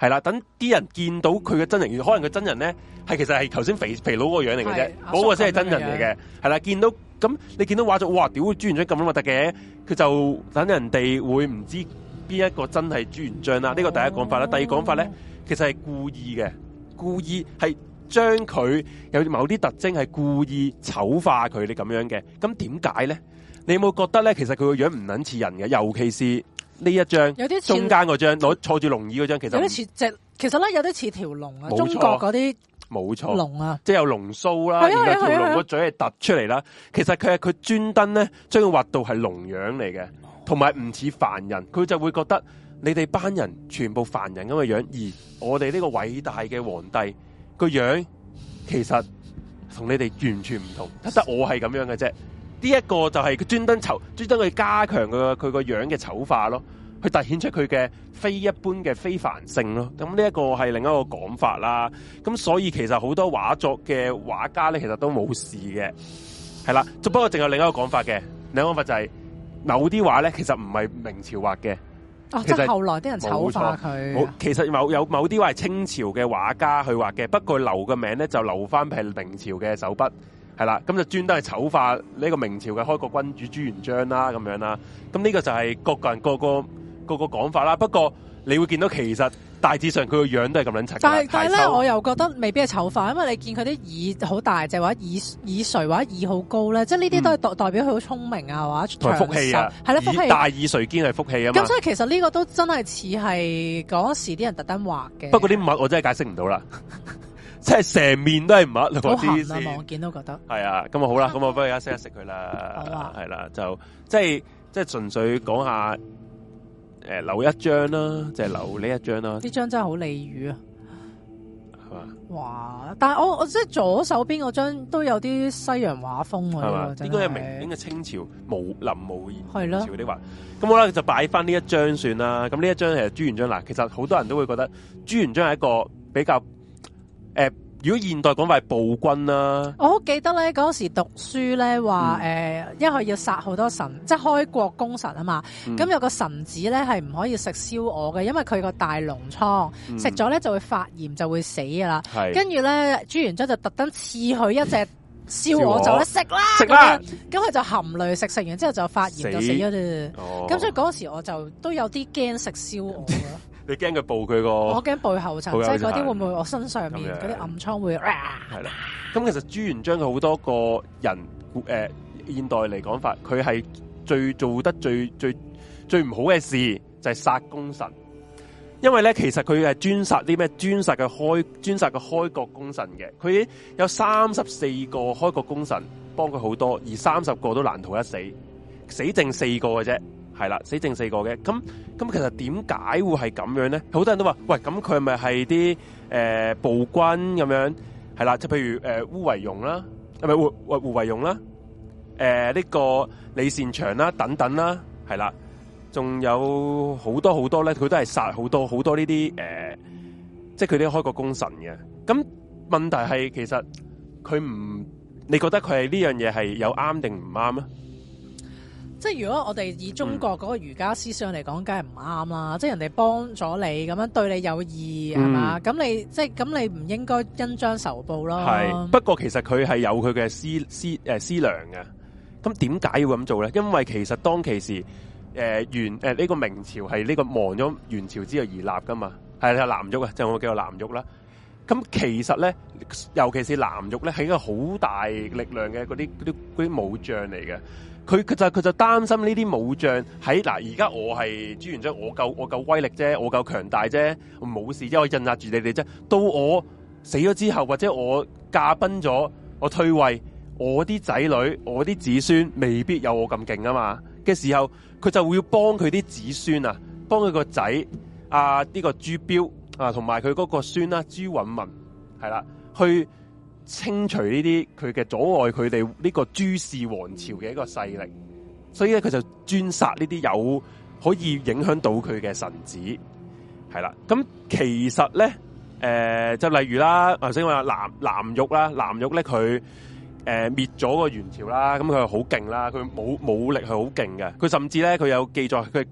[SPEAKER 1] 係啦，等啲人見到佢嘅真人，可能佢真人咧係其實係頭先肥肥佬嗰個樣嚟嘅啫，嗰個先係真人嚟嘅。係啦，見到咁你見到畫作，哇！屌朱元璋咁撚核突嘅，佢就等人哋會唔知邊一個真係朱元璋啦。呢、哦、個第一講法啦，第二講法咧，其實係故意嘅，故意係將佢有某啲特徵係故意醜化佢，你咁樣嘅。咁點解咧？你有冇覺得咧？其實佢個樣唔撚似人嘅，尤其是。呢一張，有啲中間嗰張攞坐住龍椅嗰張，其實有啲似
[SPEAKER 2] 隻，其實咧有啲似條龍啊，中國嗰啲
[SPEAKER 1] 冇錯龍啊，即係有龍鬚啦、啊啊，然後條龍個嘴係凸出嚟啦、啊啊。其實佢係佢專登咧將佢畫到係龍樣嚟嘅，同埋唔似凡人。佢就會覺得你哋班人全部凡人咁嘅樣，而我哋呢個偉大嘅皇帝個樣其實同你哋完全唔同，得我係咁樣嘅啫。呢一個就係佢專登醜，專登去加強佢佢個樣嘅醜化咯，去凸顯出佢嘅非一般嘅非凡性咯。咁呢一個係另一個講法啦。咁所以其實好多畫作嘅畫家咧，其實都冇事嘅。係啦，不過仲有另一個講法嘅，另一個講法就係某啲畫咧，其實唔係明朝畫嘅，
[SPEAKER 3] 即係後來啲人醜化佢。
[SPEAKER 1] 其實某有某啲畫係清朝嘅畫家去畫嘅，不過留嘅名咧就留翻係明朝嘅手筆。係啦，咁就專登係醜化呢個明朝嘅開國君主朱元璋啦、啊，咁樣啦、啊。咁呢個就係各個人各個各個個個講法啦、啊。不過你會見到其實大致上佢個樣都係咁樣。但係但係咧，我
[SPEAKER 2] 又覺得未必係醜化，因為你見佢啲耳好大隻，或者耳耳垂或者耳好高咧，即係呢啲都係代代表佢好聰明啊，或者長壽。係、嗯、咯，福氣啊，耳、啊、大
[SPEAKER 1] 耳垂堅係福氣啊。咁所以
[SPEAKER 2] 其實呢個都真係似係嗰時啲人特登畫嘅。不過
[SPEAKER 1] 啲物我真係解釋唔到啦。 <laughs> 即係成面都係唔合，好痕啊！望
[SPEAKER 2] 見都覺得
[SPEAKER 1] 係啊，咁 <laughs> 啊好啦，咁我不如而家食一食佢啦，係啦、啊，就即係即係純粹講下，誒、呃、留一張啦，就係、是、留呢一張啦。呢
[SPEAKER 2] 張真係好利魚
[SPEAKER 1] 啊，
[SPEAKER 2] 係嘛、啊？哇！但係我我即係左手邊嗰張都有啲西洋畫風喎、啊，係嘛、啊？應該係明，
[SPEAKER 1] 應該係清朝毛林茂、啊、朝啲畫。咁我咧就擺翻呢一張算啦。咁呢一張係朱元璋嗱，其實好多人都會覺得朱元璋係一個比較。誒，如果現代講話暴君啦，啊，我
[SPEAKER 2] 好記得咧嗰時讀書咧話，誒、嗯，因為佢要殺好多神，即係開國功臣啊嘛，咁、嗯、有個神子咧係唔可以食燒鵝嘅，因為佢個大膿瘡，食咗咧就會發炎就會死噶啦，跟住咧朱元璋就特登賜佢一隻。燒鵝就一食啦，食啦，咁佢就含淚食，食完之後就發炎，就死咗啦。咁所以嗰時我就都有啲驚食燒
[SPEAKER 1] 鵝。你驚佢報佢個？我
[SPEAKER 2] 驚背後層，即係嗰啲會唔會我身上面嗰啲暗瘡會？
[SPEAKER 1] 係啦。咁其實朱元璋好多個人，誒，現代嚟講法，佢係最做得最最最唔好嘅事就係殺功臣。因為咧，其實佢係專殺啲咩？專殺嘅開專殺嘅開國功臣嘅，佢有三十四個開國功臣幫佢好多，而三十個都難逃一死，死剩四個嘅啫，係啦，死剩四個嘅。咁咁其實點解會係咁樣咧？好多人都話，喂，咁佢係咪係啲誒暴君咁樣？係啦，即譬如誒、呃、烏惟庸啦，係、呃、咪胡、呃、胡胡惟庸啦？誒、呃，呢、呃這個李善長啦，等等啦，係啦。仲有好多好多咧，佢都係殺好多好多呢啲誒、呃，即係佢哋開國功臣嘅。咁問題係其實佢唔，你覺得佢係呢樣嘢係有啱定唔啱啊？
[SPEAKER 2] 即係如果我哋以中國嗰個儒家思想嚟講，梗係唔啱啦。即係人哋幫咗你咁樣對你有意係嘛？咁、嗯、你即係咁你唔應該因將仇報咯。係
[SPEAKER 1] 不過其實佢係有佢嘅思思誒、呃、思量嘅。咁點解要咁做咧？因為其實當其時。誒、呃、元誒呢、呃這個明朝係呢個亡咗元朝之後而立噶嘛，係係南玉啊，就是、我叫做南玉啦。咁、嗯、其實咧，尤其是南玉咧，係一個好大力量嘅嗰啲啲啲武將嚟嘅。佢佢就佢就擔心呢啲武將喺嗱，而、啊、家我係朱元璋，我夠我夠威力啫，我夠強大啫，我冇事，即係我鎮壓住你哋啫。到我死咗之後，或者我駕崩咗，我退位，我啲仔女，我啲子孫未必有我咁勁啊嘛嘅時候。佢就會要幫佢啲子孫啊，幫、這、佢個仔啊，呢個朱標啊，同埋佢嗰個孫啦，朱允炆係啦，去清除呢啲佢嘅阻礙佢哋呢個朱氏王朝嘅一個勢力，所以咧佢就專殺呢啲有可以影響到佢嘅臣子係啦。咁其實咧，誒、呃、就例如啦，頭先話藍藍玉啦，藍玉咧佢。誒，滅咗個元朝啦，咁佢係好勁啦，佢武武力係好勁嘅，佢甚至咧佢有記載佢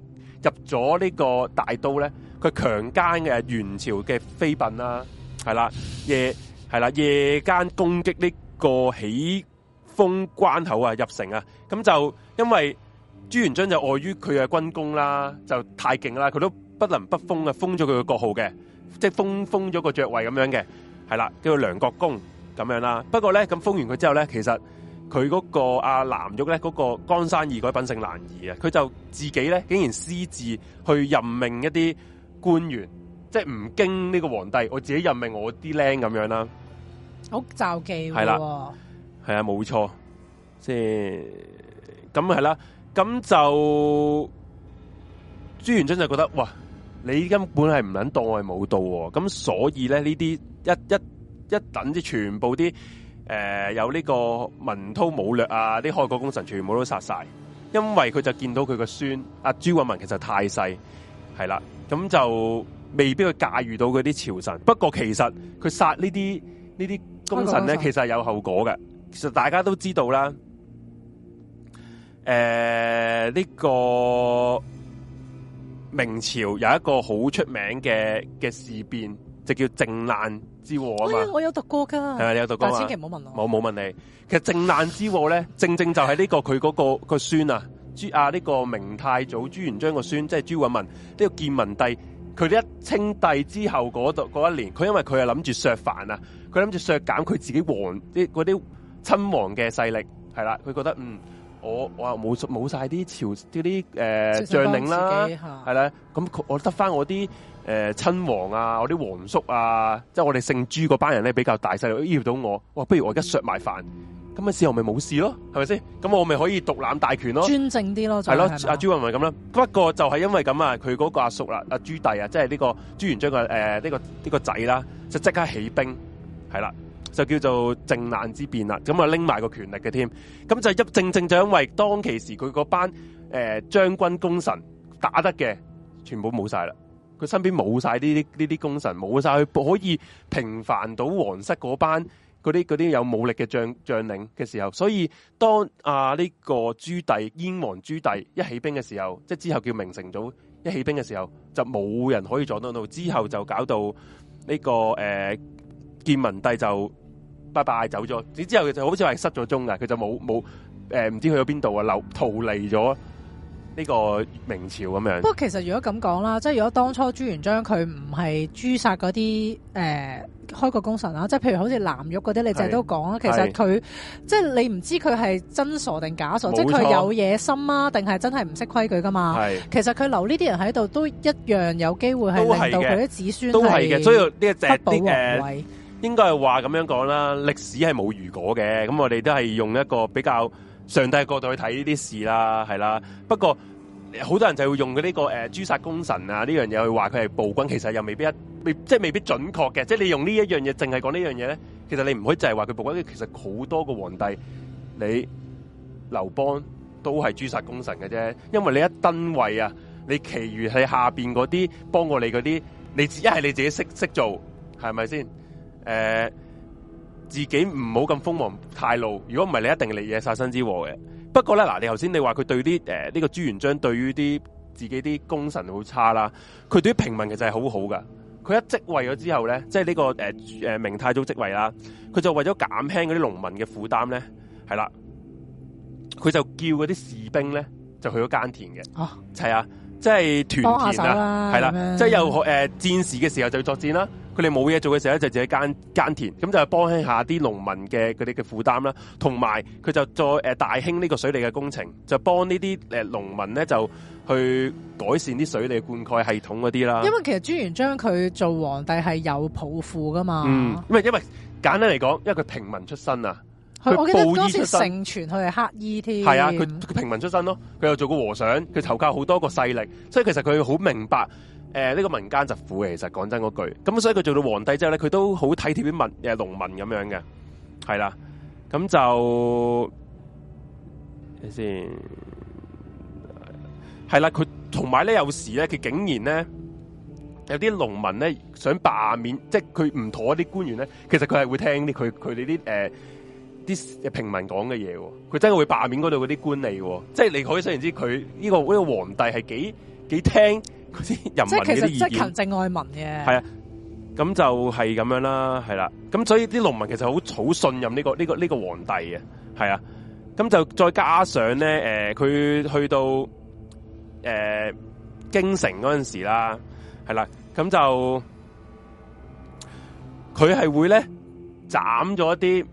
[SPEAKER 1] 入咗呢個大都咧，佢強姦嘅元朝嘅妃嬪啦，係啦夜係啦夜間攻擊呢個喜峰關口啊，入城啊，咁就因為朱元璋就礙於佢嘅軍功啦，就太勁啦，佢都不能不封嘅，封咗佢嘅國號嘅，即係封封咗個爵位咁樣嘅，係啦叫做梁國公。咁樣啦，不過咧，咁封完佢之後咧，其實佢嗰個阿、啊、藍玉咧嗰、那個江山易改，品性難移啊，佢就自己咧竟然私自去任命一啲官員，即係唔經呢個皇帝，我自己任命我啲僆咁樣、哦、是
[SPEAKER 2] 啦，好就忌係啦，
[SPEAKER 1] 係啊，冇錯，即係咁係啦，咁就朱元璋就覺得哇，你根本係唔肯當我係冇到、哦，咁所以咧呢啲一一。一一等啲全部啲，誒、呃、有呢個文韜武略啊，啲開國功臣全部都殺晒，因為佢就見到佢個孫阿朱允文其實太細，係啦，咁就未必去駕馭到嗰啲朝臣。不過其實佢殺呢啲呢啲功臣咧，其實係有後果嘅。其實大家都知道啦，誒、呃、呢、這個明朝有一個好出名嘅嘅事變，就叫靖難。之禍啊嘛，我
[SPEAKER 2] 有讀過噶，但係啊，你有讀過，千祈唔好問
[SPEAKER 1] 我，冇冇問你。其實靖難之禍咧， <laughs> 正正就係呢、這個佢嗰、那個個孫啊，朱啊呢個明太祖朱元璋個孫，即係朱允炆，呢、這個建文帝。佢一稱帝之後嗰度嗰一年，佢因為佢係諗住削藩啊，佢諗住削減佢自己皇啲嗰啲親王嘅勢力，係啦。佢覺得嗯，我我又冇冇晒啲朝啲啲誒將領啦，係啦。咁、啊、佢我得翻我啲。誒，親王啊，我啲皇叔啊，即係我哋姓朱嗰班人咧，比較大細，都到我。哇，不如我而家削埋藩，咁啊，事後咪冇事咯，係咪先？咁我咪可以獨攬大權咯，專
[SPEAKER 2] 政啲咯，係咯。阿
[SPEAKER 1] 朱允炆咪咁啦，不過就係因為咁啊，佢嗰個阿叔啦，阿朱棣啊，弟即係呢、這個朱元璋嘅誒，呢、呃這個呢、這個這個仔啦，就即刻起兵係啦，就叫做靖難之變啦。咁啊，拎埋個權力嘅添，咁就一正正就因為當其時佢嗰班誒將、呃、軍功臣打得嘅全部冇晒啦。佢身邊冇晒呢啲呢啲功臣，冇晒佢可以平凡到皇室嗰班嗰啲嗰啲有武力嘅將將領嘅時候，所以當啊呢個朱棣燕王朱棣一起兵嘅時候，即係之後叫明成祖一起兵嘅時候，就冇人可以撞到到，之後就搞到呢個誒、呃、建文帝就拜拜走咗，只之後佢就好似係失咗蹤嘅，佢就冇冇誒唔知去咗邊度啊，流逃離咗。呢、這個明朝咁樣，不過
[SPEAKER 2] 其實如果咁講啦，即係如果當初朱元璋佢唔係誅殺嗰啲誒開國功臣啦，即係譬如好似藍玉嗰啲，你係都講啦，其實佢即係你唔知佢係真傻定假傻，即係佢有野心啊，定係真係唔識規矩噶嘛？其實佢留呢啲人喺度都一樣有機會係令到佢啲子孫都係嘅，
[SPEAKER 1] 所以呢一隻啲位應該係話咁樣講啦。歷史係冇如果嘅，咁我哋都係用一個比較。上帝嘅角度去睇呢啲事啦，係啦。不過好多人就會用佢、這、呢個誒誅殺功臣啊呢樣嘢去話佢係暴君，其實又未必一，即係未必準確嘅。即係你用呢一樣嘢，淨係講呢樣嘢咧，其實你唔可以就係話佢暴君。其實好多個皇帝，你劉邦都係誅殺功臣嘅啫。因為你一登位啊，你其餘喺下邊嗰啲幫過你嗰啲，你一係你自己識識做，係咪先？誒。自己唔好咁鋒芒太露，如果唔係你一定嚟惹殺身之禍嘅。不過咧，嗱你頭先你話佢對啲誒呢個朱元璋對於啲自己啲功臣好差啦，佢對於平民其實係好好㗎。佢一職位咗之後咧，即係呢、呢個誒誒、呃、明太祖職位啦，佢就為咗減輕嗰啲農民嘅負擔咧，係啦，佢就叫嗰啲士兵咧就去咗耕田嘅。哦，係啊，即係屯田啦，係啦，即係又誒戰士嘅時候就要作戰啦。佢哋冇嘢做嘅時候咧就自己耕耕田，咁就係幫輕下啲農民嘅佢哋嘅負擔啦。同埋佢就再誒大興呢個水利嘅工程，就幫呢啲誒農民咧就去改善啲水利灌溉系統嗰啲啦。因為
[SPEAKER 2] 其實朱元璋佢做皇帝係有抱負噶嘛。嗯，
[SPEAKER 1] 因為因為簡單嚟講，因為佢平民出身啊。佢布衣出身，盛
[SPEAKER 2] 傳佢係乞兒添。係啊，佢
[SPEAKER 1] 佢平民出身咯。佢又做過和尚，佢投靠好多個勢力，所以其實佢好明白。誒、呃、呢、這個民間疾苦嘅，其實講真嗰句，咁所以佢做到皇帝之後咧，佢都好體貼啲、呃、民誒農民咁樣嘅，係啦，咁就睇先，係啦，佢同埋咧有時咧，佢竟然咧有啲農民咧想罷免，即係佢唔妥啲官員咧，其實佢係會聽啲佢佢哋啲誒啲平民講嘅嘢，佢真係會罷免嗰度嗰啲官吏，即係你可以想像知佢呢、這個呢、這個皇帝係幾幾聽。嗰啲 <laughs> 人民啲意見，即係其實即係勤
[SPEAKER 2] 政愛民嘅。係
[SPEAKER 1] 啊，咁就係咁樣啦，係啦、啊。咁所以啲農民其實好好信任呢、這個呢、這個呢、這個皇帝嘅，係啊。咁就再加上咧，誒、呃，佢去到誒、呃、京城嗰陣時啦，係啦、啊，咁就佢係會咧斬咗一啲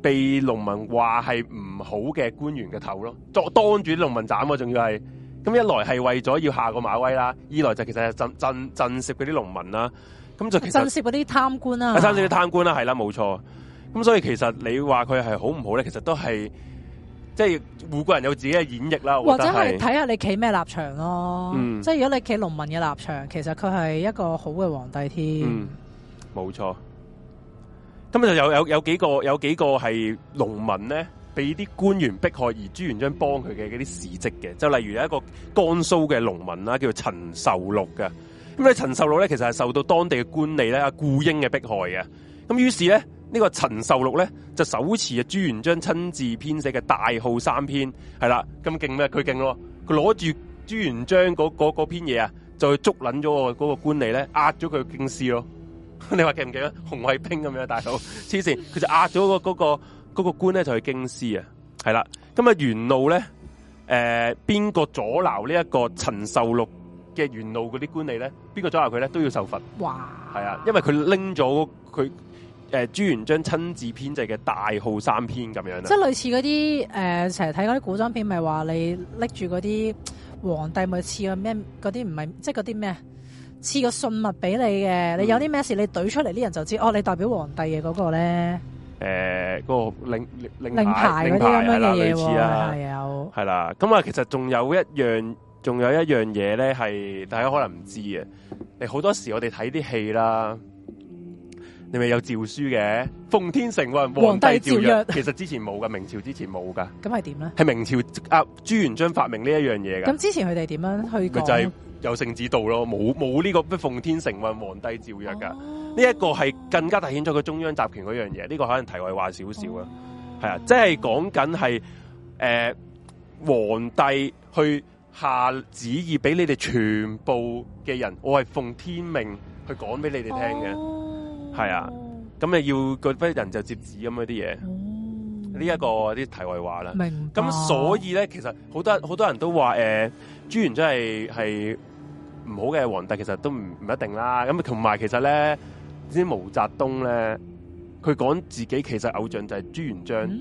[SPEAKER 1] 被農民話係唔好嘅官員嘅頭咯，當住啲農民斬，仲要係。咁一來係為咗要下個馬威啦，二來就其實係震懾嗰啲農民啦。咁就其實震懾
[SPEAKER 2] 嗰啲貪官，啊貪官啊、啦。阿
[SPEAKER 1] 生，啲貪官啦，係啦，冇錯。咁所以其實你話佢係好唔好咧，其實都係即係每個人有自己嘅演繹啦。或者係睇
[SPEAKER 2] 下你企咩立場咯。即、嗯、係如果你企農民嘅立場，其實佢係一個好嘅皇帝
[SPEAKER 1] 添。冇、嗯、錯。咁就有有有幾個有幾個係農民咧？被啲官員迫害而朱元璋幫佢嘅嗰啲事跡嘅，就例如有一個江蘇嘅農民啦，叫做陳壽六嘅。咁咧，陳壽六咧其實係受到當地嘅官吏咧阿顧英嘅迫害嘅。咁於是咧，呢、這個陳壽六咧就手持啊朱元璋親自編寫嘅大號三篇，係啦，咁勁咩？佢勁咯，佢攞住朱元璋嗰篇嘢啊，那個、就去捉撚咗嗰個官吏咧，壓咗佢京師咯。你話記唔記得？紅衛兵咁樣，大佬黐線，佢就壓咗、那個嗰嗰、那個官咧就去京師啊，係啦。咁啊，沿路咧，誒、呃，邊個阻撓呢一個陳秀祿嘅沿路嗰啲官吏咧？邊個阻撓佢咧？都要受罰。哇！係啊，因為佢拎咗佢誒朱元璋親自編制嘅大號三篇咁樣。即係類
[SPEAKER 2] 似嗰啲誒，成日睇嗰啲古裝片，咪話你拎住嗰啲皇帝咪賜個咩？嗰啲唔係即係嗰啲咩啊？賜個信物俾你嘅，你有啲咩事你懟出嚟，啲人就知道。嗯、哦，你代表皇帝嘅嗰個咧。
[SPEAKER 1] 誒、呃，嗰、那個領領牌嗰啲咁樣嘅嘢喎，係啦，係有係啦。咁啊、嗯，其實仲有一樣，仲有一樣嘢咧，係大家可能唔知嘅、嗯。你好多時我哋睇啲戲啦，你咪有詔書嘅，奉天承運，皇帝詔曰。 <laughs> 其實之前冇噶，明朝之前冇噶。咁係點咧？係明朝啊，朱元璋發明呢一樣嘢噶。咁、 <laughs> 嗯、之
[SPEAKER 2] 前佢哋點樣去講？
[SPEAKER 1] 有聖旨度咯，冇冇呢個奉天承運，皇帝詔曰噶，呢、哦、一個係更加凸顯咗個中央集權嗰樣嘢。呢、這個可能題外話少少啊，係、哦、啊，即係講緊係誒皇帝去下旨意俾你哋全部嘅人，我係奉天命去講俾你哋聽嘅，係、哦、啊，咁你要嗰班人就接旨咁嗰啲嘢。呢、哦、一、這個啲題外話啦，明。咁所以咧，其實好多好多人都話誒、呃、朱元璋係係。唔好嘅皇帝其實都唔唔一定啦，咁同埋其實咧，知毛澤東咧，佢講自己其實偶像就係朱元璋，係、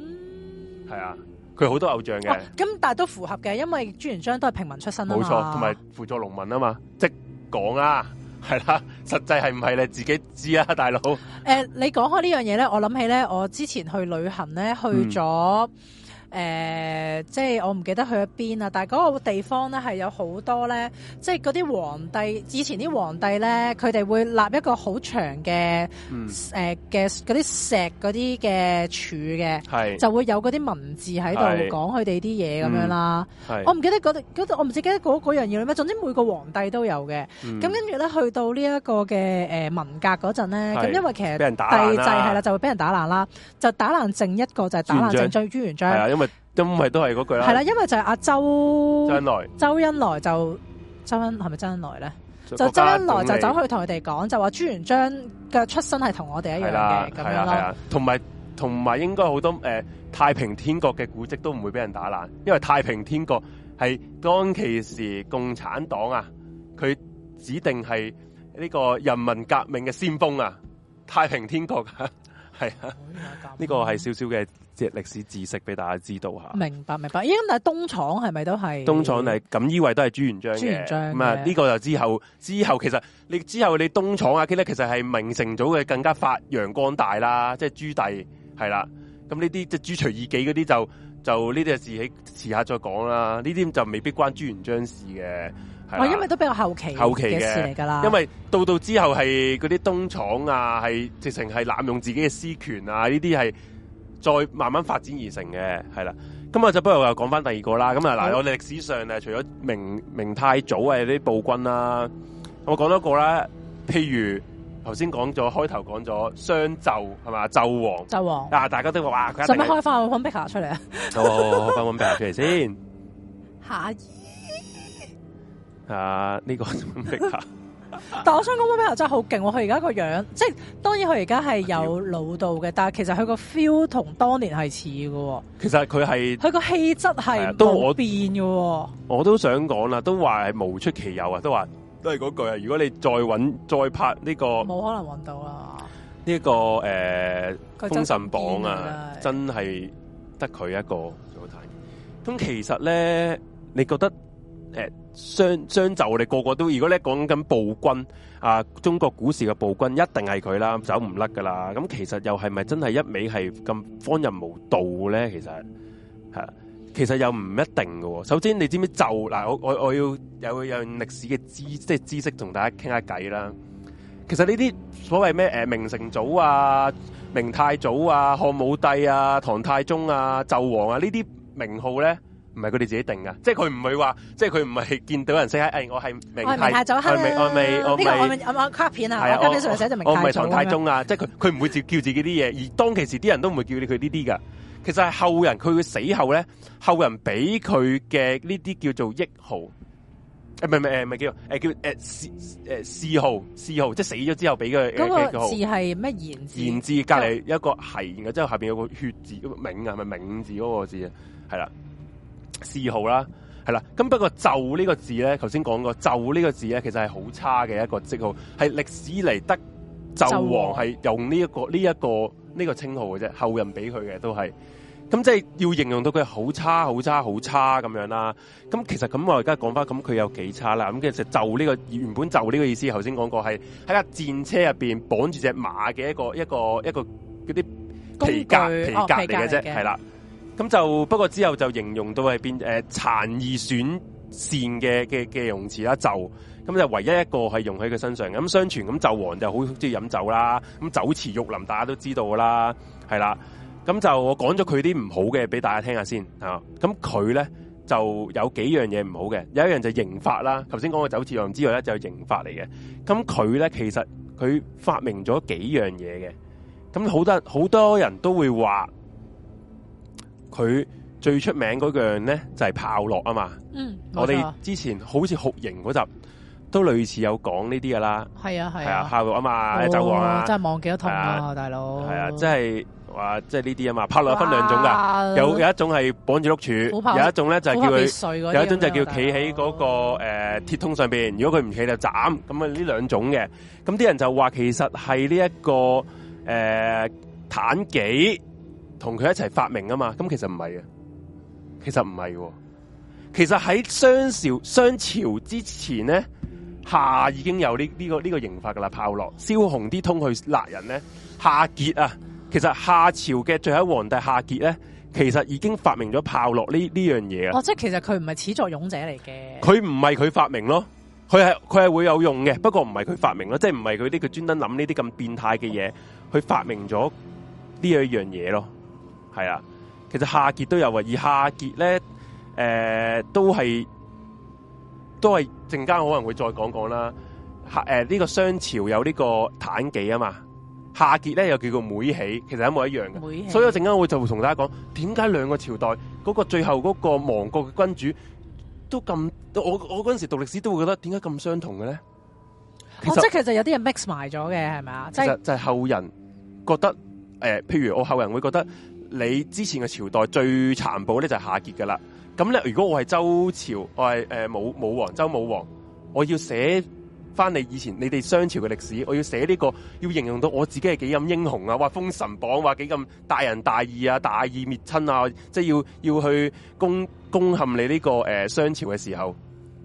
[SPEAKER 1] 嗯、啊，佢好多偶像嘅。
[SPEAKER 2] 咁、哦、但係都符合嘅，因為朱元璋都係平民
[SPEAKER 1] 出身，冇錯，同埋輔助農民啊嘛，即講啊，係啦、啊，實際係唔係你自己知啊，大佬。
[SPEAKER 2] 誒、呃，你講開呢樣嘢咧，我諗起咧，我之前去旅行咧，去咗、嗯。誒、呃，即係我唔記得去咗邊啦。但係嗰個地方咧，係有好多咧，即係嗰啲皇帝以前啲皇帝咧，佢哋會立一個好長嘅誒嘅嗰啲石嗰啲嘅柱嘅，就會有嗰啲文字喺度講佢哋啲嘢咁樣啦。我唔記得嗰度，我唔記得嗰樣嘢咩？總之每個皇帝都有嘅。咁跟住咧，去到呢一個嘅文革嗰陣咧，咁因為其實帝制係啦，就會俾人打爛啦，就打爛剩一個就係、是、打爛剩張朱元璋。
[SPEAKER 1] 因為，因為都係嗰句啦。係啦、啊，因
[SPEAKER 2] 為就係阿周周恩來就周恩，係咪周恩來咧？就周恩來就走去同佢哋講，就話朱元璋嘅出身係同我哋一樣嘅咁、啊、樣
[SPEAKER 1] 咯。同埋、啊，同埋、啊、應該好多誒、呃、太平天國嘅古跡都唔會俾人打爛，因為太平天國係當其時共產黨啊，佢指定係呢個人民革命嘅先鋒啊，太平天國。呵呵係啊，呢個係少少嘅，即係歷史知識俾大家知道吓。
[SPEAKER 2] 明白明白。咦，咁但係東廠係咪都係？東
[SPEAKER 1] 廠係錦衣衛都係朱元璋嘅。咁啊，呢個就之後之後其實你之後你東廠啊，呢其實係明成祖嘅，更加發揚光大啦。即係朱棣係啦。咁呢啲即係誅除異己嗰啲就就呢啲事遲下再講啦。呢啲就未必關朱元璋的事嘅。啊、因為都比
[SPEAKER 2] 較後期嘅事嚟噶啦，因為
[SPEAKER 1] 到到之後係嗰啲東廠啊，係直情係濫用自己嘅私權啊，呢啲係再慢慢發展而成嘅，係啦。咁啊，就不如又講翻第二個啦。咁啊，嗱，我哋歷史上除咗明明太祖啊啲暴君啦，我講多一個啦，譬如頭先講咗開頭講咗商紂係嘛，紂王，紂王啊，大家都話哇，使乜
[SPEAKER 2] 開翻個粉出嚟？
[SPEAKER 1] 啊，好，粉筆出嚟先，
[SPEAKER 2] 下。
[SPEAKER 1] 啊！呢、這個 Michael
[SPEAKER 2] 但我想講 Michael 真係好勁喎、哦。佢而家個樣子，即係當然佢而家係有老到嘅，但係其實佢個 feel 同當年係似嘅、
[SPEAKER 1] 哦。其實佢係佢
[SPEAKER 2] 個氣質係都冇
[SPEAKER 1] 變嘅。我都想講啦，都話係無出其右啊，都話都係嗰句啊。如果你再揾再拍呢、這個，冇
[SPEAKER 2] 可能揾到
[SPEAKER 1] 啦。呢、這個誒《封、呃、神榜》啊，是的是的真係得佢一個最好睇。咁其實咧，你覺得誒？呃相相就，我哋個個都。如果你講緊暴君啊，中國古時嘅暴君一定係佢啦，走唔甩噶啦。咁其實又係咪真係一味係咁荒淫無道咧？其實係、啊，其實又唔一定嘅、哦。首先，你知唔知就嗱？我我我要有樣歷史嘅知即係知識同大家傾下偈啦。其實呢啲所謂咩誒明成祖啊、明太祖啊、漢武帝啊、唐太宗啊、紂王啊呢啲名號咧？唔係佢哋自己定噶，即係佢唔會話，即係佢唔係見到人死。開，誒，我係明太，我係、啊、明太，我未我未
[SPEAKER 2] 唐太啊！呢個我我卡片啊，上面寫就唐太宗
[SPEAKER 1] 啊，即係佢佢唔會叫叫自己啲嘢，而當其時啲人都唔會叫你叫佢呢啲噶。其實係後人，佢佢死後咧，後人俾佢嘅呢啲叫做益號，誒、哎，唔係叫，誒叫誒諡誒諡號，諡號，即係死咗之後俾佢嗰個字係
[SPEAKER 2] 乜言字？言
[SPEAKER 1] 字隔籬一個係，然之後下邊有一個血字，名啊，係咪名字嗰個字啊？係啦。諡號啦，係啦，咁不過就呢個字咧，頭先講過，就呢個字咧，其實係好差嘅一個稱號，係歷史嚟得，這個，紂王係用呢一個呢一個呢個稱號嘅啫，後人俾佢嘅都係，咁即係要形容到佢好差好差好差咁樣啦，咁其實咁我而家講翻咁佢有幾差啦，咁其實就呢，這個原本就呢個意思，頭先講過係喺架戰車入邊綁住隻馬嘅一個一個一個嗰啲皮革皮革嚟嘅啫，係、哦、啦。咁就不過之後就形容到係變誒、呃、殘而損善嘅嘅嘅用詞啦，就咁就唯一一個係用喺佢身上。咁相傳咁，紂王就好中意飲酒啦，咁酒池肉林大家都知道噶啦，係啦，咁就我講咗佢啲唔好嘅俾大家聽下先，係嘛？咁佢咧就有幾樣嘢唔好嘅，有一樣就刑罰啦。頭先講嘅酒池肉林之外咧就刑罰嚟嘅。咁佢咧其實佢發明咗幾樣嘢嘅，咁好多好多人都會話。佢最出名嗰樣咧就係、是、炮烙啊嘛，
[SPEAKER 3] 嗯，我哋
[SPEAKER 1] 之前、啊、好似酷刑嗰集都類似有講呢啲噶啦，
[SPEAKER 3] 係啊係啊，炮、
[SPEAKER 1] 啊啊、烙啊嘛，紂、哦、王啊，真係忘幾多套啊，大佬，係啊，即係話即係呢啲啊嘛，炮烙分兩種噶，有有一種係綁住碌柱，有一種咧就係叫佢，有一種就叫企喺嗰個誒鐵通上邊，如果佢唔企就斬，咁啊呢兩種嘅，咁啲人就話其實係呢一個誒、呃、妲己。同佢一齊發明啊嘛，咁其實唔係啊。其實唔係嘅，其實喺商朝商朝之前咧，夏已經有呢呢個呢個刑法噶啦，炮烙、燒紅啲通去焫人咧。夏桀啊，其實夏朝嘅最後皇帝夏桀咧，其實已經發明咗炮烙呢呢樣嘢啊。哦，
[SPEAKER 2] 即係其實佢唔係始作俑者嚟嘅，
[SPEAKER 1] 佢唔係佢發明咯，佢係佢係會有用嘅，不過唔係佢發明咯，即係唔係佢呢個佢專登諗呢啲咁變態嘅嘢去發明咗呢樣樣嘢咯。係啊，其實夏桀都有啊。而夏桀咧，誒、呃，都係都係陣間可能會再講講啦。夏誒，呢、呃這個商朝有呢個妲己啊嘛。夏桀咧又叫做妹喜，其實一模一樣嘅。所以我陣間我會同大家講，點解兩個朝代嗰個最後嗰個亡國嘅君主都咁？我我嗰陣時讀歷史都會覺得，點解咁相同嘅咧？
[SPEAKER 2] 其實、哦、即係就，有啲人 mix 埋咗嘅，係
[SPEAKER 3] 咪啊？就是、
[SPEAKER 1] 就係、是、後人覺得誒、呃，譬如我後人會覺得。你之前嘅朝代最殘暴咧就係夏桀噶啦。咁咧，如果我係周朝，我係誒武武王周武王，我要寫翻你以前你哋商朝嘅歷史，我要寫呢個，要形容到我自己係幾咁英雄啊！話封神榜話幾咁大仁大義啊，大義滅親啊，即係要要去攻攻陷你呢個誒商朝嘅時候，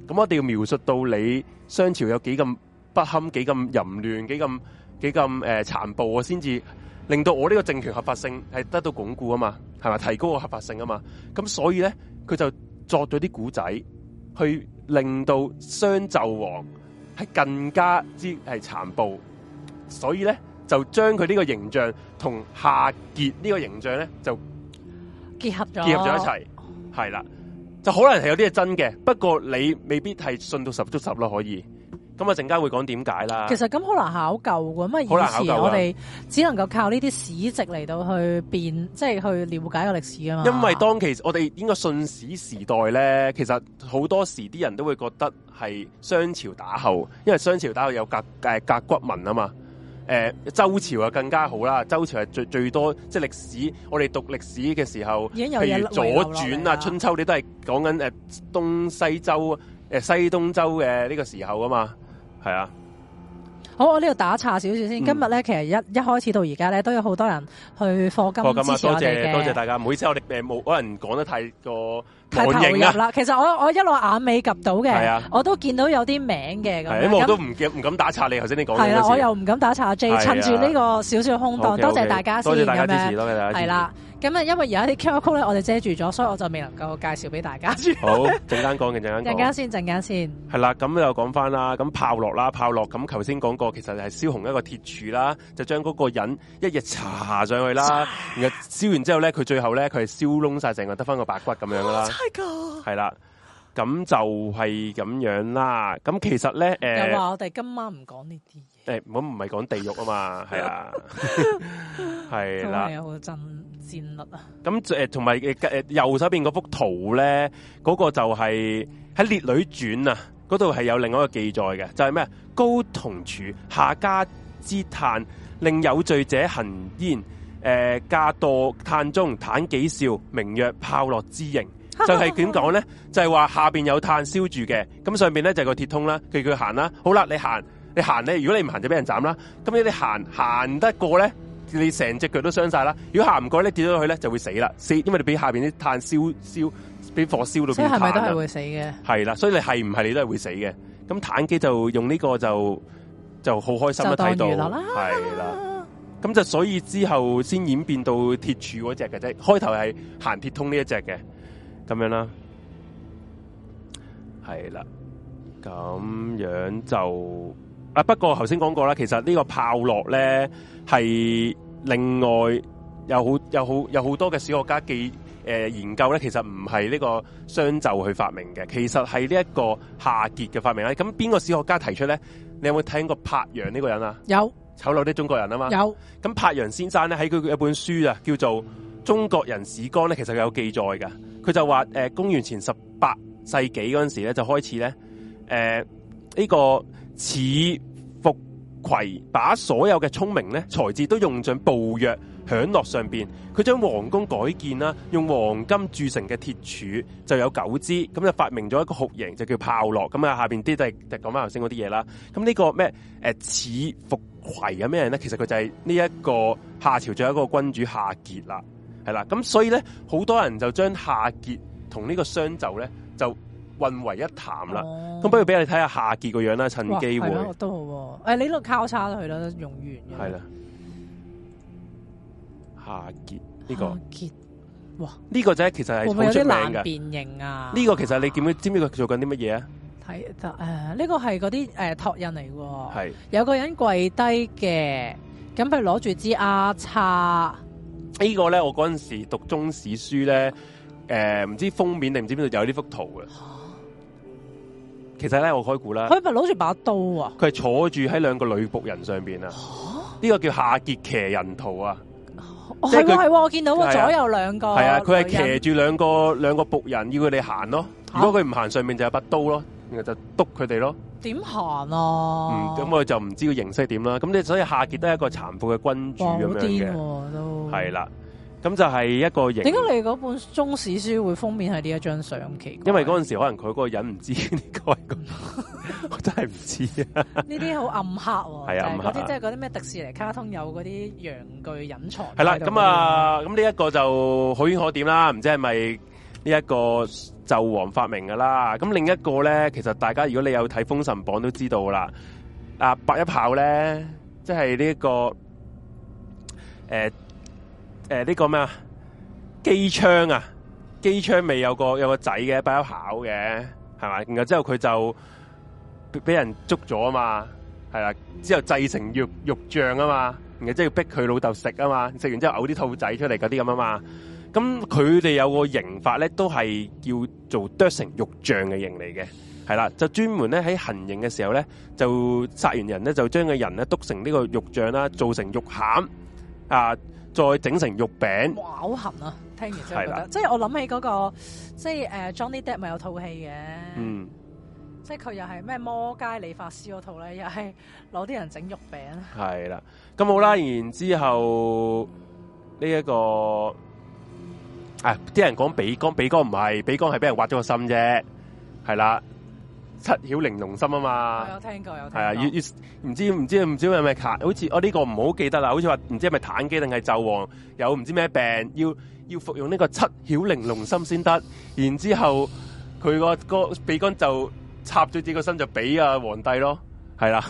[SPEAKER 1] 咁我一定要描述到你商朝有幾咁不堪、幾咁淫亂、幾咁幾咁誒殘暴啊，先至，令到我呢個政權合法性係得到鞏固啊嘛，係咪提高個合法性啊嘛，咁所以咧佢就作咗啲古仔，去令到商紂王係更加之係殘暴，所以咧就將佢呢個形象同夏桀呢個形象咧就
[SPEAKER 2] 結合咗，結合咗一齊，
[SPEAKER 1] 係啦，就可能係有啲係真嘅，不過你未必係信到十足十咯，可以。咁啊，陣間會講點解啦？其實
[SPEAKER 2] 咁好難考究噶，咁啊以前我哋只能夠靠呢啲史籍嚟到去變，即係去了解個歷史啊嘛。因為
[SPEAKER 1] 當其時我哋應該信史時代咧，其實好多時啲人都會覺得係商朝打後，因為商朝打後有甲誒甲骨文啊嘛、呃。周朝啊更加好啦，周朝係最最多即係歷史，我哋讀歷史嘅時候，譬如左傳啊、春秋你都係講緊東西周西東周嘅呢個時候啊嘛。係啊，
[SPEAKER 2] 好，我呢度打岔少少先。今日咧，其實一一開始到而家咧，都有好多人去課金支持我哋，哦啊，多謝多謝
[SPEAKER 1] 大家。唔好意思，我哋誒冇可能講得太過。太投入啦，
[SPEAKER 2] 其實我我一路眼尾 𥄫 到嘅，啊、我都見到有啲名嘅咁。啊、那我都
[SPEAKER 1] 唔唔敢打岔你頭先你講。係啦、啊，我又
[SPEAKER 2] 唔敢打岔阿、啊、J，趁住呢個少少空檔，多謝大家支持。啊、多謝大家先咁樣。係啦、啊，咁啊因為而家啲曲曲咧，我哋遮住咗，所以我就未能夠介紹俾大家。好，
[SPEAKER 1] 陣間講嘅陣間。陣間先，陣間先。係啦、啊，咁又講翻啦，咁炮落啦，炮落咁，頭先講過，其實係燒紅一個鐵柱啦，就將嗰個人一日插上去啦，然後燒完之後咧，佢最後咧，佢係燒燶晒成個得翻個白骨咁樣啦。 <laughs> 係、oh、啦，咁就係咁樣啦。咁其實咧，誒、呃，又話
[SPEAKER 2] 我哋今晚唔講呢啲嘢，
[SPEAKER 1] 誒、欸，唔好唔係講地獄啊嘛，係 <laughs> 啦， <laughs> 係啦，有好
[SPEAKER 2] 多陣戰律啊。
[SPEAKER 1] 咁誒，同埋誒誒，右手邊嗰幅圖咧，嗰、那個就係、是、喺《列女傳》啊，嗰度係有另外一個記載嘅，就係、是、咩高同處下家之嘆，令有罪者行焉。誒、呃，嫁墮嘆中嘆幾笑，名曰炮落之刑。就係點講咧？就係話下邊有炭燒住嘅，咁上邊咧就係個鐵通啦。佢佢行，啦，好啦，你行，你行咧。如果你唔行就俾人斬啦。咁你你行行得過咧，你成隻腳都傷晒啦。如果行唔過咧，跌咗落去咧，就會死啦。死，因為你俾下邊啲炭燒燒，俾火燒到變炭啦。係咪都係會死嘅？係啦，所以你係唔係你都係會死嘅。咁坦機就用呢個就就好開心啊睇到，就當娛樂啦。係啦，咁就所以之後先演變到鐵柱嗰隻嘅啫。開頭係行鐵通呢一隻嘅。咁樣啦，係啦，咁樣就啊，不過頭先講過啦，其實呢個炮落咧係另外有好有好有好多嘅史學家記誒、呃、研究咧，其實唔係呢個商紂去發明嘅，其實係呢一個夏桀嘅發明啦。咁邊個史學家提出咧？你有冇聽過柏楊呢個人啊？有醜陋的中國人啊嘛。有，咁柏楊先生咧喺佢有一本書啊，叫做。中國人史綱咧，其實有記載噶。佢就話：誒、呃，公元前十八世紀嗰陣時咧，就開始咧，誒、呃、呢、這個始伏葵把所有嘅聰明咧、才智都用盡暴虐享樂上邊。佢將皇宮改建啦，用黃金鑄成嘅鐵柱就有九支。咁就發明咗一個酷刑，就叫炮烙。咁啊，下邊啲就講翻頭先嗰啲嘢啦。咁、呃、呢個咩？誒，始伏葵係咩人咧？其實佢就係呢一個夏朝最後一個君主夏桀啦。係啦，咁所以咧，好多人就將夏桀同呢個商紂咧就混為一談啦。咁不如俾你睇下夏桀個樣啦，趁機會，啊
[SPEAKER 2] 啊。都好，啊、誒、哎，你度交叉去啦，用
[SPEAKER 1] 完。係啦，夏桀呢，這個。桀。哇、呢，這個仔其實係好出名嘅。會唔會啲難辨
[SPEAKER 2] 認啊？呢，這個
[SPEAKER 1] 其實你點樣知唔知佢做緊啲乜嘢？
[SPEAKER 2] 啊？睇得誒、呢，呃這個係嗰啲誒拓印嚟嘅。係、呃。有個人跪低嘅，咁佢攞住支啊叉。
[SPEAKER 1] 這個、呢個咧，我嗰陣時讀中史書咧，誒、呃，唔知封面定唔知邊度有呢幅圖嘅。其實咧，我開估啦，佢唔
[SPEAKER 2] 係攞住把刀啊，
[SPEAKER 1] 佢係坐住喺兩個女僕人上邊啊。呢、這個叫夏桀騎人圖、哦、是是啊，係係、啊，我見到個左右
[SPEAKER 2] 兩個，係啊，佢係騎住
[SPEAKER 1] 兩個兩個僕人，要佢哋行咯。如果佢唔行上面，就係把刀咯。然後就督佢哋咯。
[SPEAKER 2] 點行啊？嗯，咁
[SPEAKER 1] 我就唔知個形式點啦。咁你所以夏桀都係一個殘酷嘅君主咁樣喎，都係啦，咁就係一個型。點解
[SPEAKER 2] 你嗰本《中史》書會封面係呢一張相咁奇怪？
[SPEAKER 1] 因為嗰陣時可能佢嗰個人唔知呢點解咁，這個那個、 <laughs> <laughs> 我真係唔知呀。呢
[SPEAKER 2] 啲好暗黑喎、哦。係啊，暗黑。嗰啲即係嗰啲咩迪士尼卡通有嗰啲陽具隱藏。係、嗯、啦，咁啊、
[SPEAKER 1] 嗯，咁呢一個就好冤可點啦，唔知係咪呢一個？紂王發明噶啦，咁另一個咧，其實大家如果你有睇《封神榜》都知道啦。啊，八一炮咧，即係呢、呢個誒誒呢個咩啊？機槍啊，機槍未有個有個仔嘅八一炮嘅係咪？然後之後佢就俾人捉咗啊嘛，係啦，之後製成肉肉醬啊嘛，然後即係要逼佢老豆食啊嘛，食完之後嘔啲兔仔出嚟嗰啲咁啊嘛。咁佢哋有個刑法咧，都係叫做剁成肉醬嘅刑嚟嘅，係啦，就專門咧喺行刑嘅時候咧，就殺完人咧，就將個人咧剁成呢個肉醬啦，做成肉餡啊，再整成肉餅。
[SPEAKER 2] 嘩，好痕啊！聽完係啦，嗯、即係我諗起嗰、那個，即係誒、uh，Johnny Depp 咪有套戲嘅，嗯，即係佢又係咩魔街理髮師嗰套咧，又係攞啲人整肉餅。
[SPEAKER 1] 係、嗯、啦，咁好啦，然之後呢一、嗯這個。誒、哎，啲人講比干，比干唔係，比干係俾人挖咗個心啫，係啦，七竅玲瓏心啊嘛，我有聽過，有係啊，要要唔知唔知唔知係咪卡，好似，哦這個，我呢個唔好記得啦，好似話唔知係咪妲己定係紂王有唔知咩病，要要服用呢個七竅玲瓏心先得，然之後佢個個比干就插咗自己個身，就俾呀皇帝咯，係啦。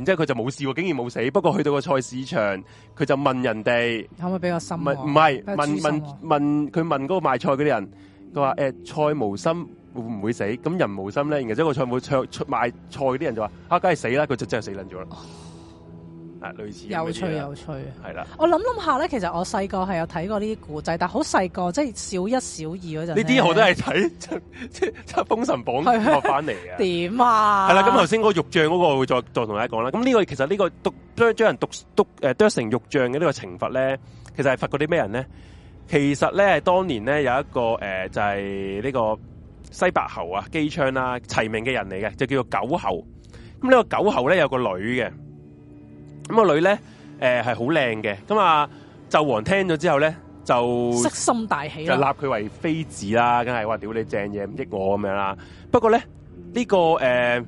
[SPEAKER 1] 然之後佢就冇事喎，竟然冇死。不過去到個菜市場，佢就問人哋，
[SPEAKER 2] 可唔可以俾個心，啊？唔係問問
[SPEAKER 1] 問，佢、啊、問嗰個賣菜嗰啲人，佢話誒菜無心會唔會死？咁人無心咧，然之後個菜冇菜賣菜嗰啲人就話：啊，梗係死啦！佢就真係死撚咗啦。哦類似有趣，有趣，有趣，係啦。我
[SPEAKER 2] 諗諗下咧，其實我細個係有睇過呢啲古仔，但好細、 <laughs> 啊個，個，這個，即係小一、小二嗰陣。呃、呢啲我都
[SPEAKER 1] 係睇《封神榜》學翻嚟嘅。
[SPEAKER 2] 點啊？係啦，咁頭
[SPEAKER 1] 先個個肉醬嗰個我會再再同大家講啦。咁呢個其實呢個將人讀讀誒剁成肉醬嘅呢個懲罰咧，其實係罰嗰啲咩人咧？其實咧當年咧有一個誒、呃、就係、是，呢個西伯侯啊、姬昌啊齊名嘅人嚟嘅，就叫做九侯。咁呢個九侯咧有個女嘅。咁、那個女咧，誒係好靚嘅。咁啊，紂、呃、王聽咗之後咧，就色
[SPEAKER 2] 心大喜，就立
[SPEAKER 1] 佢為妃子啦。梗係，話屌你正嘢唔益我咁樣啦。不過咧，呢、這個誒、呃、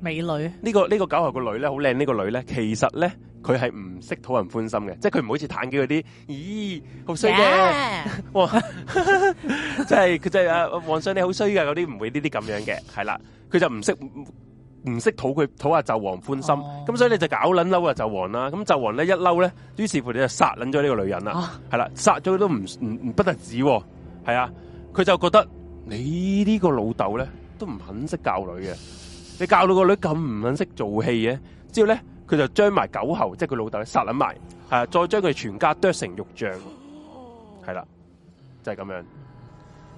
[SPEAKER 1] 美女，這個這個、女呢個呢個九后個女咧好靚。呢個女咧，其實咧佢係唔識討人歡心嘅，即係佢唔好似妲己嗰啲，咦好衰嘅，即係佢就誒、是，皇上、就是啊、你好衰嘅嗰啲，唔會呢啲咁樣嘅。係啦，佢就唔識。唔識討佢討下紂王歡心，咁、啊、所以你就搞捻嬲阿紂王啦。咁紂王咧一嬲咧，於是乎你就殺捻咗呢個女人啦。係啦，殺咗佢都唔唔唔不得止。係啊，佢、啊、就覺得你個爸爸呢個老豆咧都唔肯識教女嘅，你教到個女咁唔肯識做戲嘅，之後咧佢就將埋九侯，即係佢老豆殺捻埋，係再將佢全家剁成肉醬。係啦，就係、是、咁樣。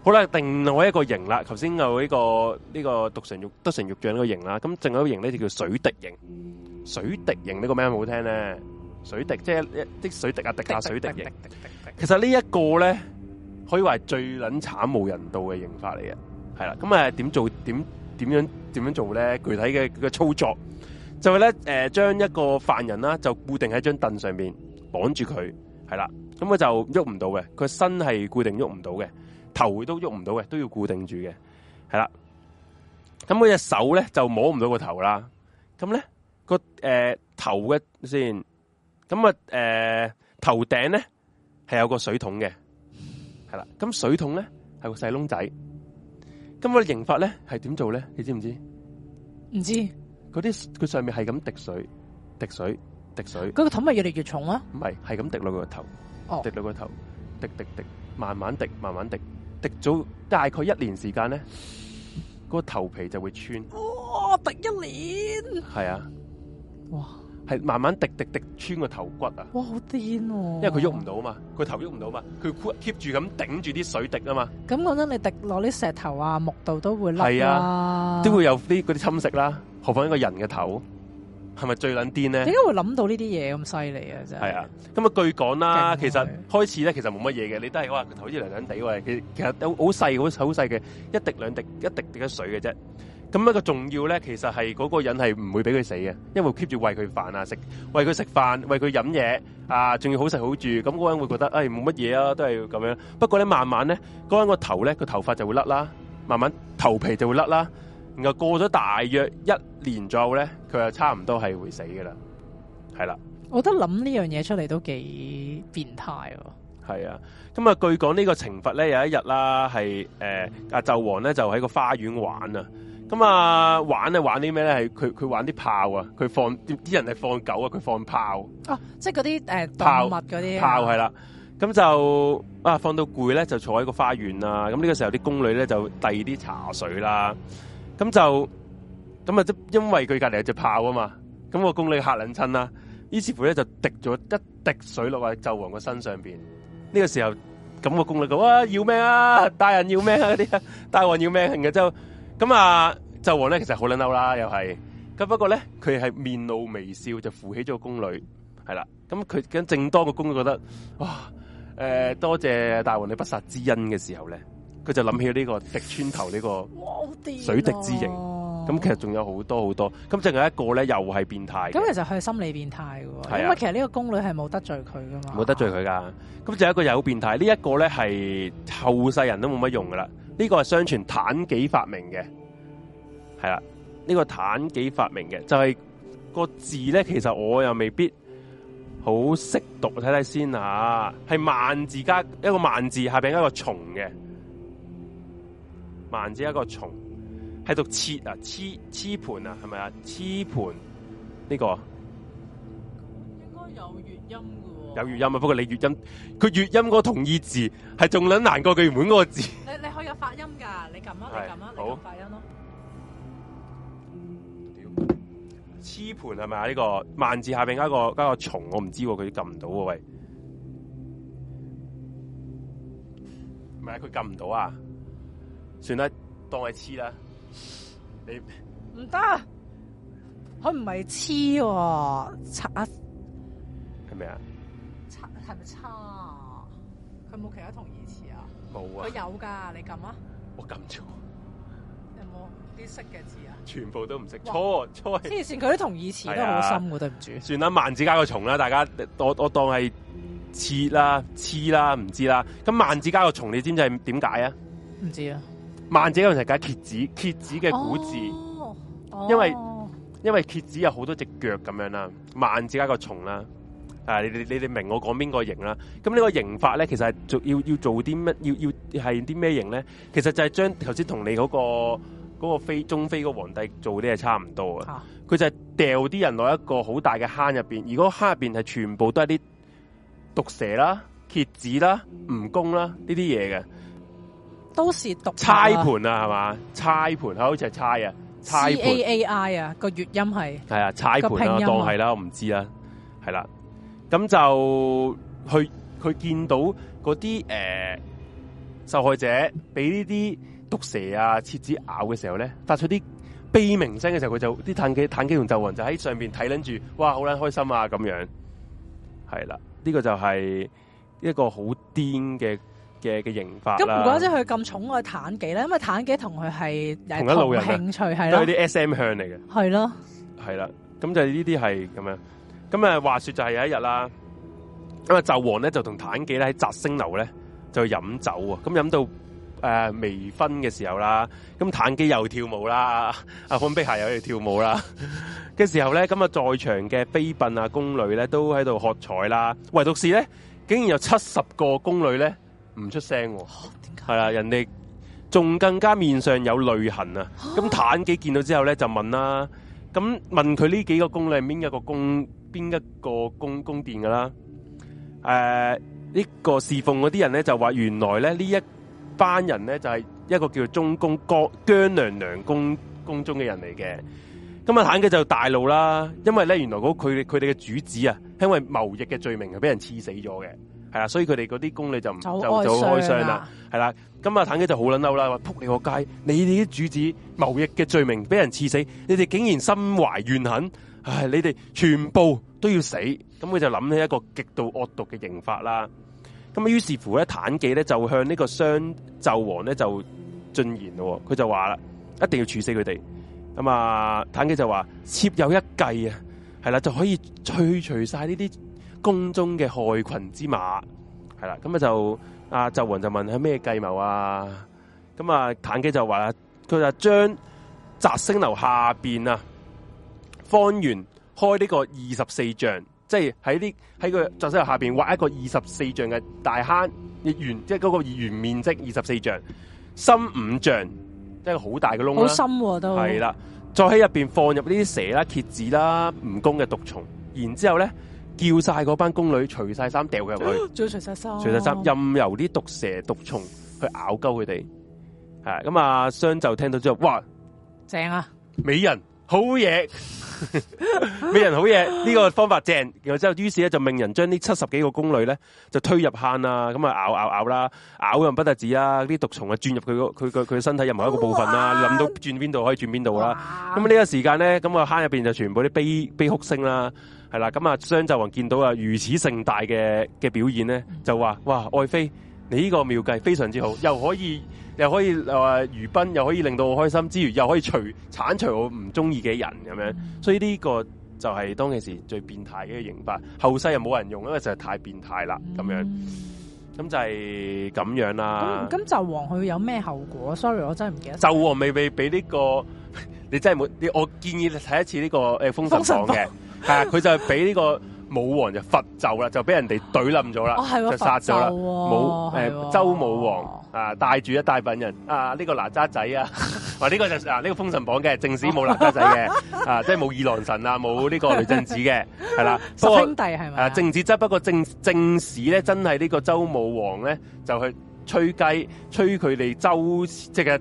[SPEAKER 1] 好啦，定另外一個型啦。頭先有呢、這個呢、這個獨成，成肉、獨成肉醬一個型啦。咁另有一個型咧就叫水滴型。水滴型呢個名好聽咧？水滴即係一滴水滴啊，滴下、啊、水滴型。滴滴滴滴滴滴滴。其實呢一個咧可以話係最撚慘無人道嘅刑法嚟嘅，係啦。咁啊，點做？點點樣點樣做咧？具體嘅操作就係、是、咧，誒、呃，將一個犯人啦，就固定喺張凳上邊綁住佢，係啦。咁佢就喐唔到嘅，佢身係固定喐唔到嘅。頭都喐唔到嘅，都要固定住嘅，係啦。咁佢隻手咧就摸唔到個頭啦。咁咧個誒頭嘅先，咁啊誒頭頂咧係有個水桶嘅，係啦。咁水桶咧係個細窿仔。咁佢個刑罰咧係點做咧？你知唔知？唔知。嗰啲佢上面係咁滴水，滴水，滴水。嗰個桶咪越嚟越重啊？唔係，係咁滴落個頭，滴落個頭，滴滴滴，慢慢滴，慢慢滴。滴咗大概一年時間咧，嗰個頭皮就會穿。
[SPEAKER 2] 哇！滴一年。
[SPEAKER 1] 係啊。哇。係慢慢滴滴滴穿個頭骨啊。哇！好
[SPEAKER 2] 癲，啊。因為佢喐唔
[SPEAKER 1] 到嘛，佢頭喐唔到嘛，佢 keep 住咁頂住啲水滴啊嘛。
[SPEAKER 2] 咁講真，你滴落啲石頭啊、木度都會甩啊，係啊！都
[SPEAKER 1] 會有啲啲侵蝕啦，何況一個人嘅頭。係咪最撚癲咧？點解
[SPEAKER 2] 會諗到呢啲嘢咁犀
[SPEAKER 3] 利啊？真係啊！
[SPEAKER 1] 咁啊，據講啦，其實開始咧，其實冇乜嘢嘅，你都係話佢頭好似涼涼地喎。其其實都好細，好細，好細嘅一滴兩滴，一滴滴嘅水嘅啫。咁一個重要咧，其實係嗰個人係唔會俾佢死嘅，因為 keep 住餵佢飯啊，食餵佢食飯，餵佢飲嘢啊，仲要好食好住。咁嗰個人會覺得，哎，冇乜嘢啊，都係要咁樣。不過咧，慢慢咧，嗰個人個頭咧個頭髮就會甩啦，慢慢頭皮就會甩啦。然後過咗大約一年左右咧，佢就差唔多係會死噶啦，係啦。
[SPEAKER 2] 我覺得諗呢樣嘢出嚟都幾變態喎。
[SPEAKER 1] 係啊，咁啊，據講呢個懲罰咧，有一日啦，係誒阿紂王咧就喺個花園玩啊。咁啊玩咧玩啲咩咧？係佢佢玩啲炮啊，佢放啲人係放狗啊，佢放炮啊，
[SPEAKER 2] 即係嗰啲誒動物嗰啲炮係
[SPEAKER 1] 啦。咁就啊放到攰咧，就坐喺個花園啊。咁呢個時候啲宮女咧就遞啲茶水啦。咁就咁啊！即因為佢隔籬有隻豹啊嘛，咁個宮女吓撚親啦，於是乎咧就滴咗一滴水落喺紂王個身上邊。呢、這個時候咁個宮女講：啊「嘩，要命啊！大人要命啊！嗰啲大王要命啊！紂咁啊！紂王咧其實好撚嬲啦，又係咁，不過咧佢係面露微笑就扶起咗個宮女，係啦。咁佢跟正當個宮女覺得哇誒、哦呃、多謝大王你不殺之恩嘅時候咧。佢就諗起呢個滴穿頭呢個水滴之形，咁、啊、其實仲有好多好多，咁仲有一個咧又係變態。咁其
[SPEAKER 2] 實佢係心理變態嘅喎，啊、因為其實呢個宮女係冇得罪佢噶嘛，
[SPEAKER 1] 冇得罪佢噶。咁就有一個又好變態，這個、呢一個咧係後世人都冇乜用噶啦。呢、這個係相傳妲己發明嘅，係啦，呢、這個妲己發明嘅就係、是、個字咧，其實我又未必好識讀，睇睇先吓，係萬字，加一,萬字加一個萬字下邊一個蟲嘅。萬字一個蟲，喺度「切啊，黐黐盤啊，係咪啊？黐盤呢個應該有
[SPEAKER 2] 粵音嘅，
[SPEAKER 1] 哦，有粵音啊！不過你粵音，佢粵音嗰個同義字係仲捻難過佢原本嗰個字。
[SPEAKER 2] 你你可以有發音噶，你撳啊，你撳啊，你撳發
[SPEAKER 1] 音咯。黐盤係咪啊？呢，這個萬字下邊加一個加一個蟲，我唔知，佢撳唔到喎，喂！唔係佢撳唔到啊？算啦，當係黐啦。你唔
[SPEAKER 2] 得，佢唔係黐，差係咪啊？差係咪差啊？佢冇其他同義詞啊？
[SPEAKER 1] 冇啊？佢有
[SPEAKER 2] 噶，你撳啊？
[SPEAKER 1] 我撳錯。你
[SPEAKER 2] 有冇啲識嘅字啊？
[SPEAKER 1] 全部都唔識。錯錯黐綫，佢啲同義詞、哎、都好深嘅，對唔住。算啦，萬字加個虫啦，大家我我當係黐啦，黐啦，唔知啦。咁萬字加個虫，你知唔知係點解啊？
[SPEAKER 2] 唔知啊。
[SPEAKER 1] 萬字嗰陣時解蠍子，蠍子嘅古字，哦哦、因為因為蠍子有好多隻腳咁樣啦，萬字加個虫啦，啊你你你哋明我講邊、啊、個形啦？咁呢個刑法咧，其實係做要要做啲乜？要要係啲咩刑咧？其實就係將頭先同你嗰、嗰個嗰、嗰個非中非個皇帝做啲係差唔多啊。佢就係掉啲人落一個好大嘅坑入邊，而嗰坑入邊係全部都係啲毒蛇啦、蠍子啦、蜈蚣啦呢啲嘢嘅。都是讀猜盤啊，係嘛？猜盤，好似係猜啊，猜盤。C、A A I 啊，啊
[SPEAKER 2] 啊啊啊個粵音係係
[SPEAKER 1] 啊，猜盤啊，啊，啊，當係啦，我唔知啦，啊，係，啊，啦。咁就去佢見到嗰啲誒受害者俾呢啲毒蛇啊、蠍子咬嘅時候咧，發出啲悲鳴聲嘅時候，佢就啲嘆氣、嘆氣同咒魂就喺上邊睇捻住，哇，好捻開心啊，咁樣係啦。呢，啊這個就係一個好癲嘅嘅嘅刑罰啦，咁唔怪之佢
[SPEAKER 2] 咁寵愛妲己咧，因為妲己同佢係同一路人嘅興趣係啦，有啲 S
[SPEAKER 1] M 向嚟嘅係咯，係啦，咁就呢啲係咁樣。咁啊，話說就係有一日啦，咁啊，紂王咧就同妲己咧喺摘星樓咧就飲酒啊，咁飲到誒微醺嘅時候啦，咁妲己又跳舞啦，阿鳳碧霞又嚟跳舞啦嘅時候咧，咁啊，在場嘅妃嬪啊、宮女咧都喺度喝彩啦，唯獨是咧，竟然有七十個宮女咧。唔出聲、啊，係、哦、啦、啊，人哋仲更加面上有淚痕啊！咁、啊、妲己見到之後咧，就問，、啊嗯、問啦，咁問佢呢幾個宮裏，邊一個宮，邊一個宮宮殿噶啦？誒，呢個侍奉嗰啲人咧就話，原來咧呢一班人咧就係、是、一個叫中宮姜姜娘娘宮宮中嘅人嚟嘅。咁啊，妲己就大怒啦，因為咧原來嗰佢佢哋嘅主子啊，因為謀逆嘅罪名係俾人刺死咗嘅。係啊，所以佢哋嗰啲宮女就唔就就，就開箱啦，係啦、啊。咁、嗯、啊，妲己就好撚嬲啦，話扑你個街！你哋啲主子謀逆嘅罪名俾人刺死，你哋竟然心懷怨恨，唉！你哋全部都要死，咁佢、嗯、就諗起一個極度惡毒嘅刑法啦。咁、嗯、啊，於是乎咧，妲己咧就向呢個商紂王咧就進言咯，佢就話啦，一定要處死佢哋。咁、嗯、啊，妲己就話妾有一計啊，係啦，就可以去除晒呢啲。宮中嘅害群之馬，係啦，咁啊就阿紂王就問係咩計謀啊，咁啊妲己就話佢就將摘星樓下邊啊，方圓開呢個二十四丈，即係喺啲喺個摘星樓下邊挖一個二十四丈嘅大坑，圓即係嗰個圓面積二十四丈，深五丈，即係一個好大嘅窿好深都係啦，再喺入邊放入呢啲蛇啦、蠍子啦、蜈蚣嘅毒蟲，然之後咧。叫晒嗰班宮女除晒衫，掉入去，除晒
[SPEAKER 3] 衫，除晒衫，
[SPEAKER 1] 任由啲毒蛇毒蟲去咬鳩佢哋。係咁、嗯、啊，商紂就聽到之後，哇，
[SPEAKER 2] 正啊，
[SPEAKER 1] 美人好嘢， <laughs> 美人好嘢，呢 <laughs> 個方法正。然後之後，於是咧就命人將呢七十幾個宮女咧就推入坑啊，咁啊咬咬咬啦，咬又不得止啊，啲毒蟲啊轉入佢個佢佢身體任何一個部分啦，諗到轉邊度可以轉邊度啦。咁呢、嗯這個時間咧，咁個坑入邊就全部啲悲悲哭聲啦。係啦，咁啊，商紂王見到啊如此盛大嘅嘅表演咧，嗯、就話：，哇，愛妃，你呢個妙計非常之好，又可以又可以誒，如、呃、賓，又可以令到我開心之餘，之餘又可以除鏟除我唔中意嘅人咁樣。嗯、所以呢個就係當其時最變態嘅刑法。後世又冇人用，因為實在太變態啦。咁樣，咁、嗯、就係咁樣啦。咁
[SPEAKER 2] 紂王佢有咩後果？sorry，我真係唔記得。
[SPEAKER 1] 紂王未未俾呢、這個，你真係冇。你我建議你睇一次呢個誒封神榜嘅。係 <laughs> 啊，佢就俾呢個武王就伐紂啦，就俾人哋懟冧咗啦，就殺咗啦。武誒周武王啊，帶住一大份人啊，呢、這個哪吒仔啊，話、啊、呢、這個就嗱、是、呢、 <laughs> 啊這個封神榜嘅正史冇哪吒仔嘅 <laughs> 啊，即係冇二郎神啊，冇呢個雷震子嘅係啦 <laughs> 不過、 <laughs> 啊政。不過誒正，正史真不過正正史咧，真係呢個周武王咧就去吹雞，吹佢哋周即係。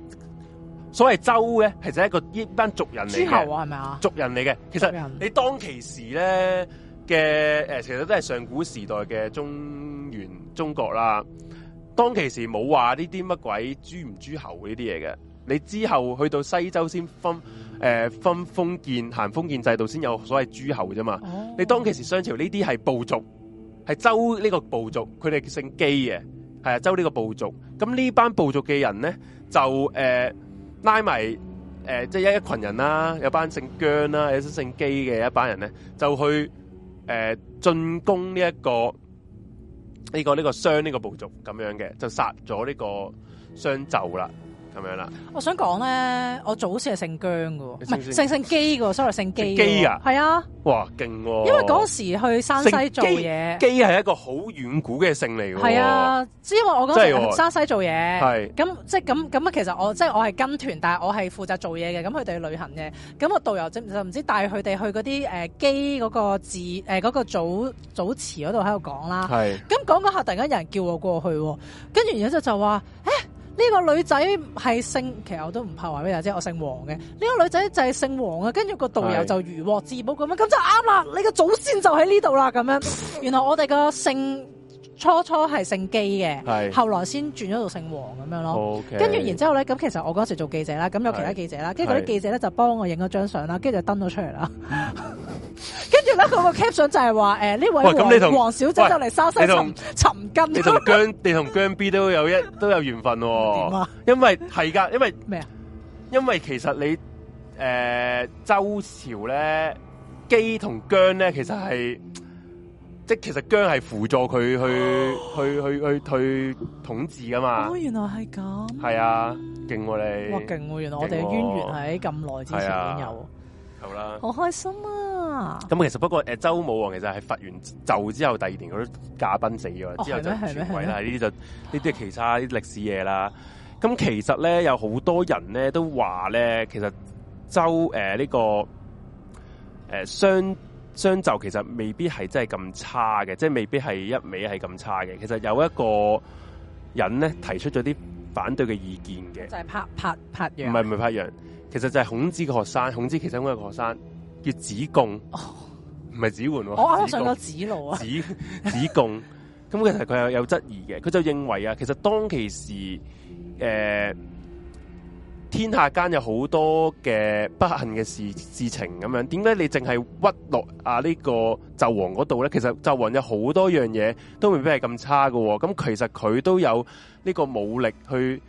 [SPEAKER 1] 所謂周嘅，其實係一個一班族人嚟嘅，族人嚟嘅。其實你當其時咧嘅，誒，其實都係上古時代嘅中原中國啦。當其時冇話呢啲乜鬼諸唔諸侯呢啲嘢嘅。你之後去到西周先分，誒、嗯啊、分封建行封建制度先有所謂諸侯啫嘛。你當其時商朝呢啲係部族，係周呢個部族，佢哋姓姬嘅，係啊，周呢個部族。咁呢班部族嘅人咧就誒。啊拉埋誒，即係一一群人啦，有班姓姜啦，有啲姓姬嘅一班人咧，就去誒、呃、進攻呢、呢、一個呢、呢個呢、呢個商呢個部族咁樣嘅，就殺咗呢個商紂啦。咁樣啦、
[SPEAKER 2] 啊，我想講咧，我祖先係姓姜嘅，唔係姓姓姬嘅，sorry，姓姬啊？係啊，
[SPEAKER 1] 哇勁、哦！因為嗰
[SPEAKER 2] 時去山西做嘢，姬
[SPEAKER 1] 係一個好遠古嘅姓嚟嘅、哦，
[SPEAKER 2] 係啊，因為我嗰時去山西做嘢，係、就、咁、是嗯、即係咁咁啊，其實我即係我係跟團，但係我係負責做嘢嘅，咁佢哋去旅行嘅，咁個導遊就唔知帶佢哋去嗰啲誒姬嗰個字誒嗰、呃嗰個祖祖祠嗰度喺度講啦，係咁講嗰下突然間有人叫我過去，跟住然後就就話。呢、這個女仔係姓，其實我都唔怕話俾大家知，我姓黃嘅。呢、這個女仔就係姓黃啊，跟住個導遊就如獲至寶咁樣，咁就啱啦。你個祖先就喺呢度啦，咁樣。原來我哋個姓初初係姓姬嘅，係後來先轉咗到姓黃咁樣咯。跟、okay、住然之後咧，咁其實我嗰時做記者啦，咁有其他記者啦，跟住啲記者咧就幫我影咗張相啦，跟住就登咗出嚟啦。 <laughs> 跟住咧，佢個 caption 就係話，誒、呃、呢位黃小姐就嚟沙沙尋尋根你同姜，
[SPEAKER 1] <laughs> 你同姜 B 都有一都有緣分，哦啊，因為係噶，因為咩啊？因為其實你誒、呃、周朝咧，姬同姜咧，其實係即其實姜係輔助佢去，啊、去去去去，去統治噶嘛。哦，原
[SPEAKER 2] 來係咁。
[SPEAKER 1] 係啊，勁喎你，哇勁喎，啊！原來我哋嘅淵源喺
[SPEAKER 2] 咁耐之前已經有。好啦，好開心啊！
[SPEAKER 1] 咁其實不過誒、呃，周武王其實係伐完紂之後第二年嗰啲駕崩死咗、哦，之後就傳位啦。呢啲就呢啲係其他啲歷史嘢啦。咁其實咧有好多人咧都話咧，其實周誒呢、呃這個誒商紂、呃、其實未必係真係咁差嘅，即、就、係、是、未必係一味係咁差嘅。其實有一個人咧提出咗啲反對嘅意見嘅，
[SPEAKER 2] 就係、是、柏、柏、柏楊，唔係唔
[SPEAKER 1] 係柏楊。其實就係孔子嘅學生，孔子其實我有個學生叫子貢，唔係子桓，我啱啱上個子路啊，子子貢，咁、oh. <laughs> 其實佢有有質疑嘅，佢就認為啊，其實當其時，誒、呃，天下間有好多嘅不幸嘅事事情咁樣，點解你淨係屈落啊呢個紂王嗰度咧？其實紂王有好多樣嘢都未必係咁差噶、哦，咁其實佢都有呢個武力去。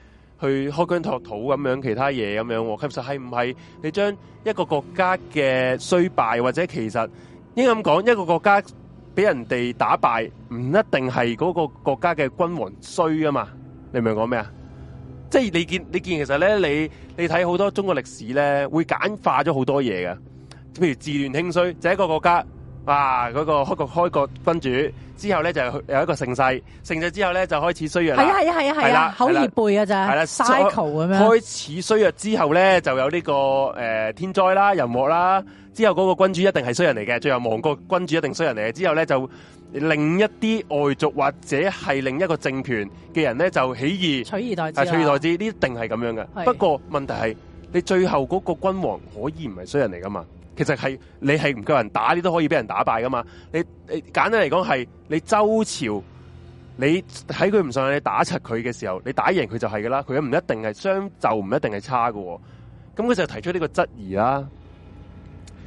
[SPEAKER 1] 去開疆拓土咁樣，其他嘢咁樣。其實係唔係你將一個國家嘅衰敗，或者其實應該咁講，一個國家俾人哋打敗，唔一定係嗰個國家嘅君王衰啊嘛。你明唔明講咩啊？即係你見你見，你見其實咧，你你睇好多中國歷史咧，會簡化咗好多嘢㗎。譬如自亂興衰，就係、一個國家啊，嗰、嗰個開國開國君主。之後咧就有一個盛世，盛世之後咧就開始衰弱啦。係啊係啊係啊係啊，口而
[SPEAKER 2] 背啊，咋？係啦 cycle 咁樣。開
[SPEAKER 1] 始衰弱之後咧，就有呢、這個誒、呃、天災啦、人禍啦。之後嗰個君主一定係衰人嚟嘅，最後亡國君主一定衰人嚟嘅。之後咧就另一啲外族或者係另一個政權嘅人咧就起義，取而代之、啊，取而代之呢？一定係咁樣嘅。不過問題係你最後嗰個君王可以唔係衰人嚟噶嘛？其實係你係唔夠人打，你都可以俾人打敗噶嘛。你你簡單嚟講係你周朝，你喺佢唔上你打柒佢嘅時候，你打贏佢就係噶啦。佢唔一定係相，就唔一定係差噶、哦。咁佢就提出呢個質疑啦、啊。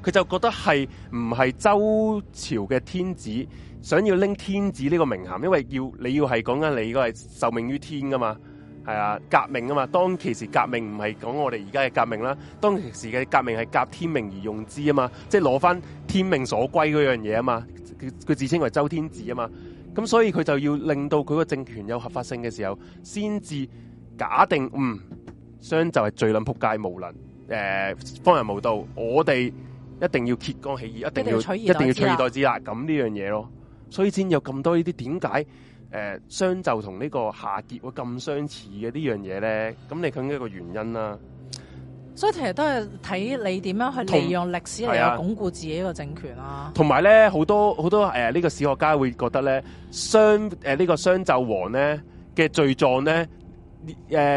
[SPEAKER 1] 佢就覺得係唔係周朝嘅天子想要拎天子呢個名銜，因為要你要係講緊你個係受命於天噶嘛。係啊，革命啊嘛！當其時革命唔係講我哋而家嘅革命啦，當其時嘅革命係革天命而用之啊嘛，即係攞翻天命所歸嗰樣嘢啊嘛，佢自稱為周天子啊嘛，咁所以佢就要令到佢個政權有合法性嘅時候，先至假定嗯商就係最撚仆街無能，誒荒淫無道，我哋一定要揭竿起義，一定要一定要取而代之啦，咁呢樣嘢咯，所以先有咁多呢啲點解？誒、呃，商紂同呢個夏桀會咁相似嘅呢樣嘢咧，咁你究竟一個原因啦、啊。
[SPEAKER 2] 所以其實都係睇你點樣去利用歷史嚟去鞏固自己個政權啦、啊。
[SPEAKER 1] 同埋咧，好多好多誒，呢、呃這個史學家會覺得咧，商誒、呃這個、呢個商紂王咧嘅罪狀咧，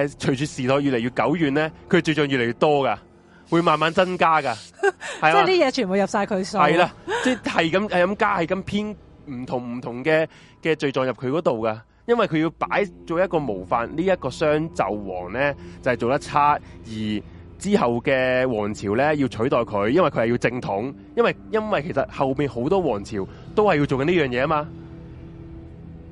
[SPEAKER 1] 誒隨住時代越嚟越久遠咧，佢罪狀越嚟越多噶，會慢慢增加噶。 <laughs> 是嗎 <laughs> 即係呢嘢
[SPEAKER 2] 全部入晒佢數。係啦，
[SPEAKER 1] 即係咁係咁加，係咁偏。唔同唔同嘅嘅罪狀入佢嗰度噶，因為佢要擺做一個模範。呢、這、一個商紂王呢，就係、是、做得差，而之後嘅王朝呢，要取代佢，因為佢係要正統。因為因為其實後面好多王朝都係要做緊呢樣嘢啊嘛。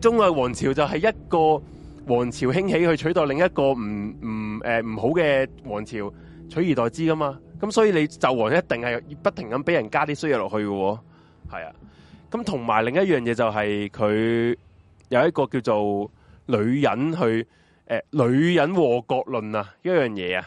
[SPEAKER 1] 中外王朝就係一個王朝興起去取代另一個唔唔誒唔好嘅王朝取而代之噶嘛。咁所以你紂王一定係要不停咁俾人加啲衰嘢落去嘅，哦，係啊。咁同埋另一樣嘢就係佢有一個叫做女人去、呃、女人禍國論啊，一樣嘢啊，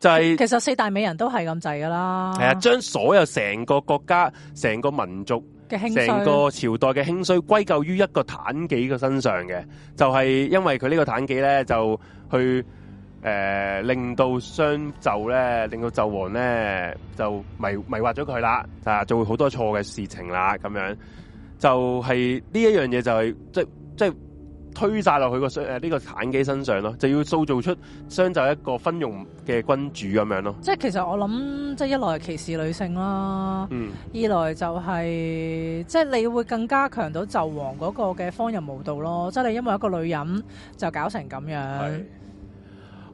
[SPEAKER 1] 就係其實
[SPEAKER 2] 四大美人都係咁滯噶啦，係啊，
[SPEAKER 1] 將所有成個國家、成個民族嘅興衰、成個朝代嘅興衰歸咎於一個妲己嘅身上嘅，就係、是、因為佢呢個妲己咧就去。誒、呃，令到商紂咧，令到紂王咧就迷迷惑咗佢啦，就做好多錯嘅事情啦，咁樣就係呢一樣嘢就係即即推晒落去個誒呢個妲己身上咯，就要塑造出商紂一個昏庸嘅君主咁樣咯。
[SPEAKER 2] 即係其實我諗，即係一來歧視女性啦，嗯，二來就係、是、即係你會更加強到紂王嗰個嘅荒淫無道咯。即係你因為一個女人就搞成咁樣。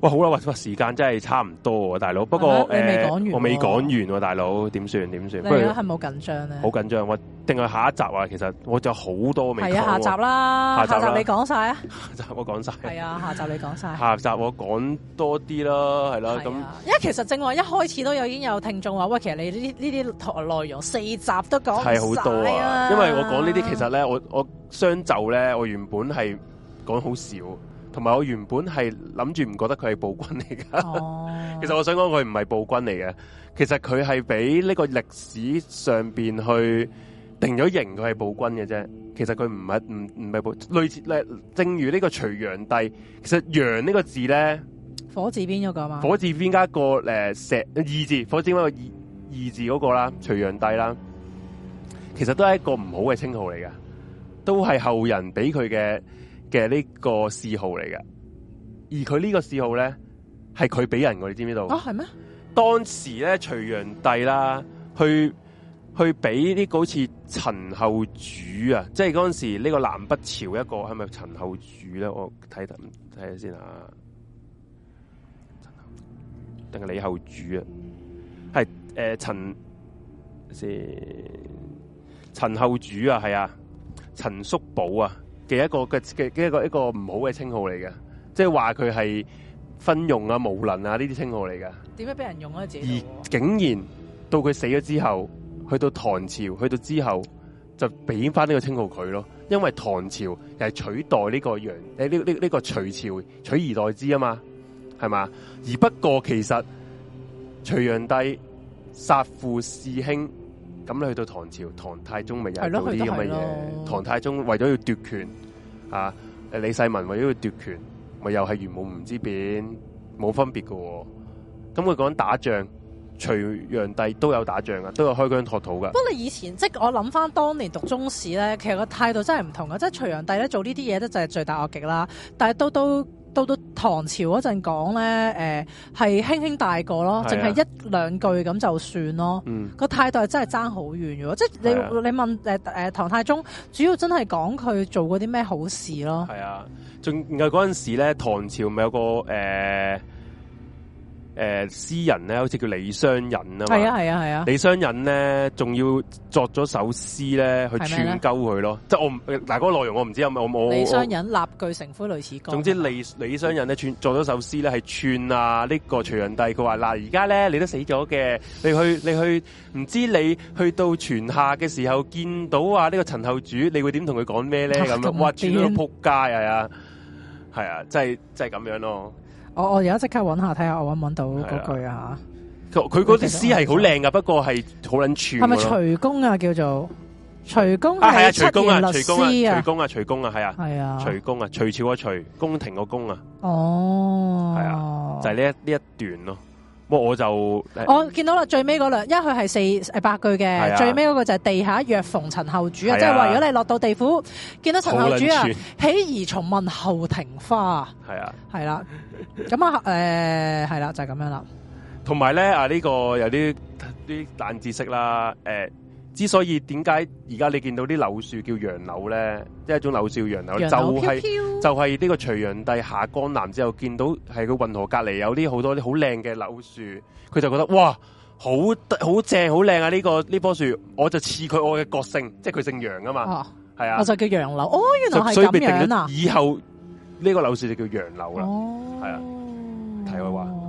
[SPEAKER 1] 哇，好啦，喂，時間真係差唔多，大佬。不過誒、啊啊欸，我未講完、啊，大佬，點算？點算？你係
[SPEAKER 2] 冇緊張咧？好
[SPEAKER 1] 緊張，我定係下一集啊！其實我仲有好多未講、啊。係啊，下集啦，下集你講晒啊！下集，講、啊、下集我講晒。係啊，
[SPEAKER 2] 下集你講
[SPEAKER 1] 晒。下集我講多啲啦，係啦、啊，咁、啊。
[SPEAKER 2] 因為其實正話一開始都有已經有聽眾話，喂，其實你呢呢啲內容四集都講唔晒。係好多啊，因為我講呢
[SPEAKER 1] 啲其實咧，我我雙就咧，我原本係講好少。同埋我原本係諗住唔覺得佢係暴君嚟㗎，其實我想講佢唔係暴君嚟嘅，其實佢係俾呢個歷史上邊去定咗型，佢係暴君嘅啫。其實佢唔係唔唔係暴，類似咧，正如呢個隋煬帝，其實“煬”呢個字咧，
[SPEAKER 2] 火字邊嗰個嘛，火
[SPEAKER 1] 字邊加一個誒、呃、石二字，火字邊個二二字嗰，那個啦，隋煬帝啦，其實都係一個唔好嘅稱號嚟嘅，都係後人俾佢嘅。嘅呢個嗜好嚟嘅，而佢呢個嗜好咧，係佢俾人我，你知唔知道？啊、哦，係咩？當時咧，隋煬帝啦，去去俾呢、這個好似陳後主啊，即係嗰陣時呢個南北朝一個係咪陳後主咧？我睇睇下先啊，陳後定係李後主啊？係，誒陳先陳後主啊？係啊，陳叔寶啊？嘅一個嘅嘅一個一個唔好嘅稱號嚟嘅，即係話佢係昏庸啊、無能啊呢啲稱號嚟嘅。
[SPEAKER 2] 點解俾人用啊？自己而
[SPEAKER 1] 竟然到佢死咗之後，去到唐朝，去到之後就俾翻呢個稱號佢咯。因為唐朝又係取代呢、這個楊誒呢呢呢個隋、這個這個、朝取而代之啊嘛，係嘛？而不過其實隋煬帝殺父弑兄。咁你去到唐朝，唐太宗咪又做啲咁嘅嘢，唐太宗為咗要奪權，啊，誒李世民為咗要奪權，咪又係玄武門之變，冇分別噶。咁佢講打仗，隋煬帝都有打仗呀，都有開疆拓土噶。
[SPEAKER 2] 不過以前即係我諗翻當年讀中史咧，其實個態度真係唔同㗎。即係隋煬帝咧做呢啲嘢咧就係罪大惡極啦，但係都都。到到唐朝嗰陣講咧，誒、呃、係輕輕帶過咯，淨係一兩句咁就算咯。個、啊嗯、態度係真係爭好遠咗，即係你你問誒、呃呃、唐太宗，主要真係講佢做過啲咩好事咯？
[SPEAKER 1] 係啊，仲係嗰陣時咧，唐朝咪有個誒。呃誒詩人咧，好似叫李商隱啊嘛，係啊，係啊，係啊。李商隱咧，仲要作咗首詩咧，去串鳩佢咯。即係我，嗱、呃、嗰、那個內容我唔知有冇。李商隱
[SPEAKER 2] 蠟炬成灰類似。總之
[SPEAKER 1] 李李商隱咧串作咗首詩咧，係串啊呢、這個隋煬帝。佢話嗱，而家咧你都死咗嘅，你去你去，唔知你去，知你去到泉下嘅時候，見到啊呢、這個陳後主，你會點同佢講咩咧？咁啊，屈住喺度撲街係啊，係啊，即係即係咁樣咯。
[SPEAKER 2] 我現在看看我而家即刻揾下睇下我揾唔揾到嗰句啊，
[SPEAKER 1] 佢嗰啲詩係好靚噶，不過係好捻串。係咪徐
[SPEAKER 2] 公啊？叫做徐公啊？係啊，徐公啊，徐公啊，徐
[SPEAKER 1] 公啊，徐公啊，係啊，係啊，啊，徐公啊，徐朝啊，徐啊，宮、啊、廷個宮啊。哦，係啊，就係、是、呢一呢一段咯、啊。我我就 <noise> 我
[SPEAKER 2] 見到啦，最尾嗰兩，一佢係四係八句嘅、啊，最尾嗰個就係地下若逢陳後主，係啊，即係話如果你落到地府，見到陳後主 <noise> 起啊，喜而重問後庭花，係啊，係 <laughs> 啦，咁、呃、啊誒係啦，就係、係、咁樣啦，
[SPEAKER 1] 同埋咧啊呢、呢個有啲啲冷知識啦，誒、呃。之所以點解而家你見到啲柳樹叫楊柳咧，即、就、係、是、一種柳樹叫楊柳，就係、是、就係、是、呢、就是、個隋煬帝下江南之後，見到係個運河隔籬有啲好多啲好靚嘅柳樹，佢就覺得哇，好好正好靚啊！呢、這個呢棵樹，我就似佢我嘅國、就是、姓，即係佢姓楊啊嘛，係啊，啊，我就叫楊柳。哦，原來係咁、啊、以，以後呢、這個柳樹就叫楊柳啦，係、哦、啊，睇佢話。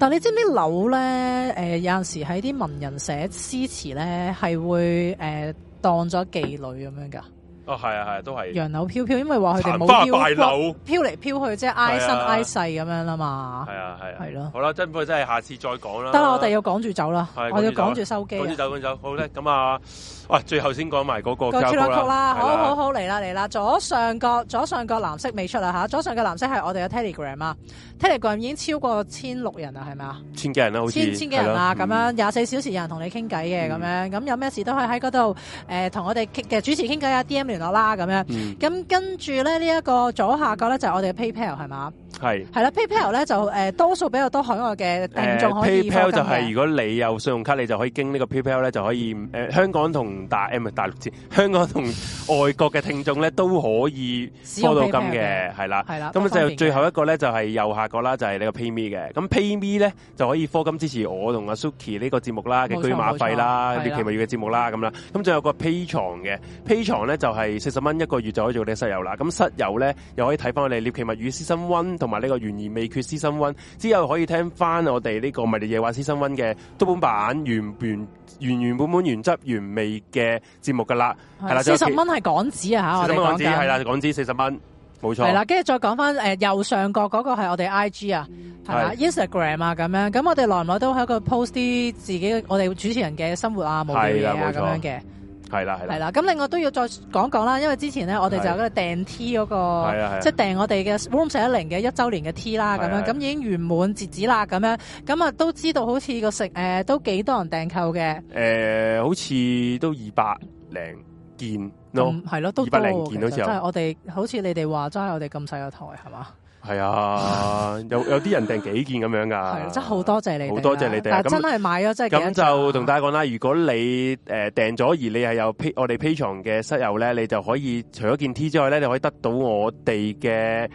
[SPEAKER 2] 但你知唔知樓咧？有陣時喺啲文人寫詩詞咧，係會誒、呃、當咗妓女咁樣噶。
[SPEAKER 1] 哦，係啊，係都係。楊
[SPEAKER 2] 柳飄飄，因為話佢哋冇。殘花敗柳。飄嚟飄去，即係、啊、挨身挨細咁樣啦嘛。
[SPEAKER 1] 係啊，係啊，係咯、啊。好啦，真不過真係下次再講啦。得啦，我哋要
[SPEAKER 2] 趕住走啦，我要趕住收機。趕住走，
[SPEAKER 1] 趕住走，好咧。咁啊，喂、啊，最後先講埋嗰個。個主題曲啦，好好好，
[SPEAKER 2] 嚟啦嚟啦，左上角左上角藍色未出啦吓左上角藍色係我哋嘅 Telegram 啊。Telegram 已經超過 1, 千六人啦係咪啊？
[SPEAKER 1] 千幾人啦，好似千千幾人啦，咁樣
[SPEAKER 2] 廿四、嗯、小時有人同你傾偈嘅咁樣，咁有咩事都可以喺嗰度誒同我哋嘅主持傾偈啊，DM 聯絡啦咁樣。咁、嗯、跟住咧呢一、呢個左下角咧就係、是、我哋嘅 PayPal 係嘛？係係啦，PayPal 咧就、呃、多數比較多海外嘅聽眾可以課金嘅。PayPal 就係如
[SPEAKER 1] 果你有信用卡，你就可以經呢個 PayPal 咧就可以香港同大誒大陸接，香港同外國嘅聽眾咧都可以課金嘅，係啦。係啦。咁就最後一個咧就係、是、右下。個啦就係、是、呢個 pay me 嘅，咁 pay me 咧就可以科金支持我同阿 Suki 呢個節目啦嘅駒馬費啦，獵奇物語嘅節目啦咁啦，咁仲有個 pay 床嘅，pay 床咧就係四十蚊一個月就可以做你室友啦，咁室友咧又可以睇翻我哋獵奇物語私心温，同埋呢個懸疑未決私心温，之後可以聽翻我哋呢、這個迷你夜話私心温嘅 d 本版，原原原原本本原汁原味嘅節目噶啦，係啦，四十
[SPEAKER 2] 蚊係港紙啊吓，係啦，
[SPEAKER 1] 港紙四十蚊。冇錯，係啦，
[SPEAKER 2] 跟住再講返，誒，右上角嗰個係我哋 I G 啊，係啦 Instagram 啊，咁樣，咁我哋耐唔耐都喺度 post 啲自己，我哋主持人嘅生活啊，冇嘢啊，咁樣嘅，
[SPEAKER 1] 係啦係啦，係啦，
[SPEAKER 2] 咁另外都要再講講啦，因為之前咧，我哋就嗰個訂 T 嗰、嗰個，即係訂我哋嘅 Room 四一零嘅一周年嘅 T 啦，咁樣，咁已經圓滿截止啦，咁樣，咁啊都知道好似個食，誒、呃、都幾多人訂購嘅，
[SPEAKER 1] 誒，好似都二百零件。係、no? 咯、嗯，都二百零件好似。即係我
[SPEAKER 2] 哋，好似你哋話齋，我哋咁細個台係嘛？
[SPEAKER 1] 係啊， <laughs> 有有啲人訂幾件咁樣噶。係、 <laughs> 啊啊，真
[SPEAKER 2] 好多謝你，好多謝你哋。但係真係買咗真係。咁
[SPEAKER 1] 就同大家講啦，如果你誒訂咗而你係有 p, 我哋 Patreon 嘅室友咧，你就可以除咗件 T 之外咧，你可以得到我哋嘅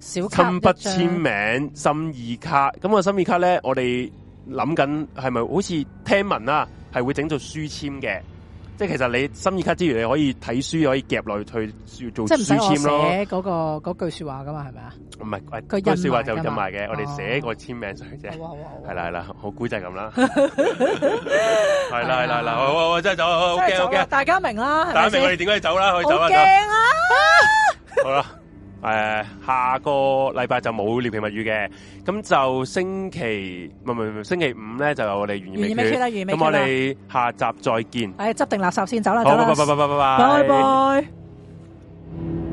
[SPEAKER 1] 親筆簽名心意卡。咁、那個心意卡咧，我哋諗緊係咪好似聽聞啦、啊，係會整做書籤嘅。即係其實你心意卡之餘，你可以睇書，可以夾落去書做書籤、嗰個、咯。我、那、
[SPEAKER 2] 嗰個嗰句說話噶嘛，係咪啊？
[SPEAKER 1] 唔係，佢說話就印埋嘅。我哋寫個簽名上去啫、哦。好好好啊。係啦係啦，好估就係咁啦。係啦係啦真係走。OK OK，
[SPEAKER 2] 大家明啦、okay.。大家明我哋點解要走啦？可以走
[SPEAKER 1] 啦、啊，走。好啦。誒、呃、下個禮拜就冇獵奇物語嘅，咁就星期唔唔唔星期五呢就有我哋懸疑未決，咁我哋下集再見。
[SPEAKER 2] 係執定垃圾先走啦，好，拜拜拜拜拜拜。拜拜。拜拜拜拜拜拜拜拜。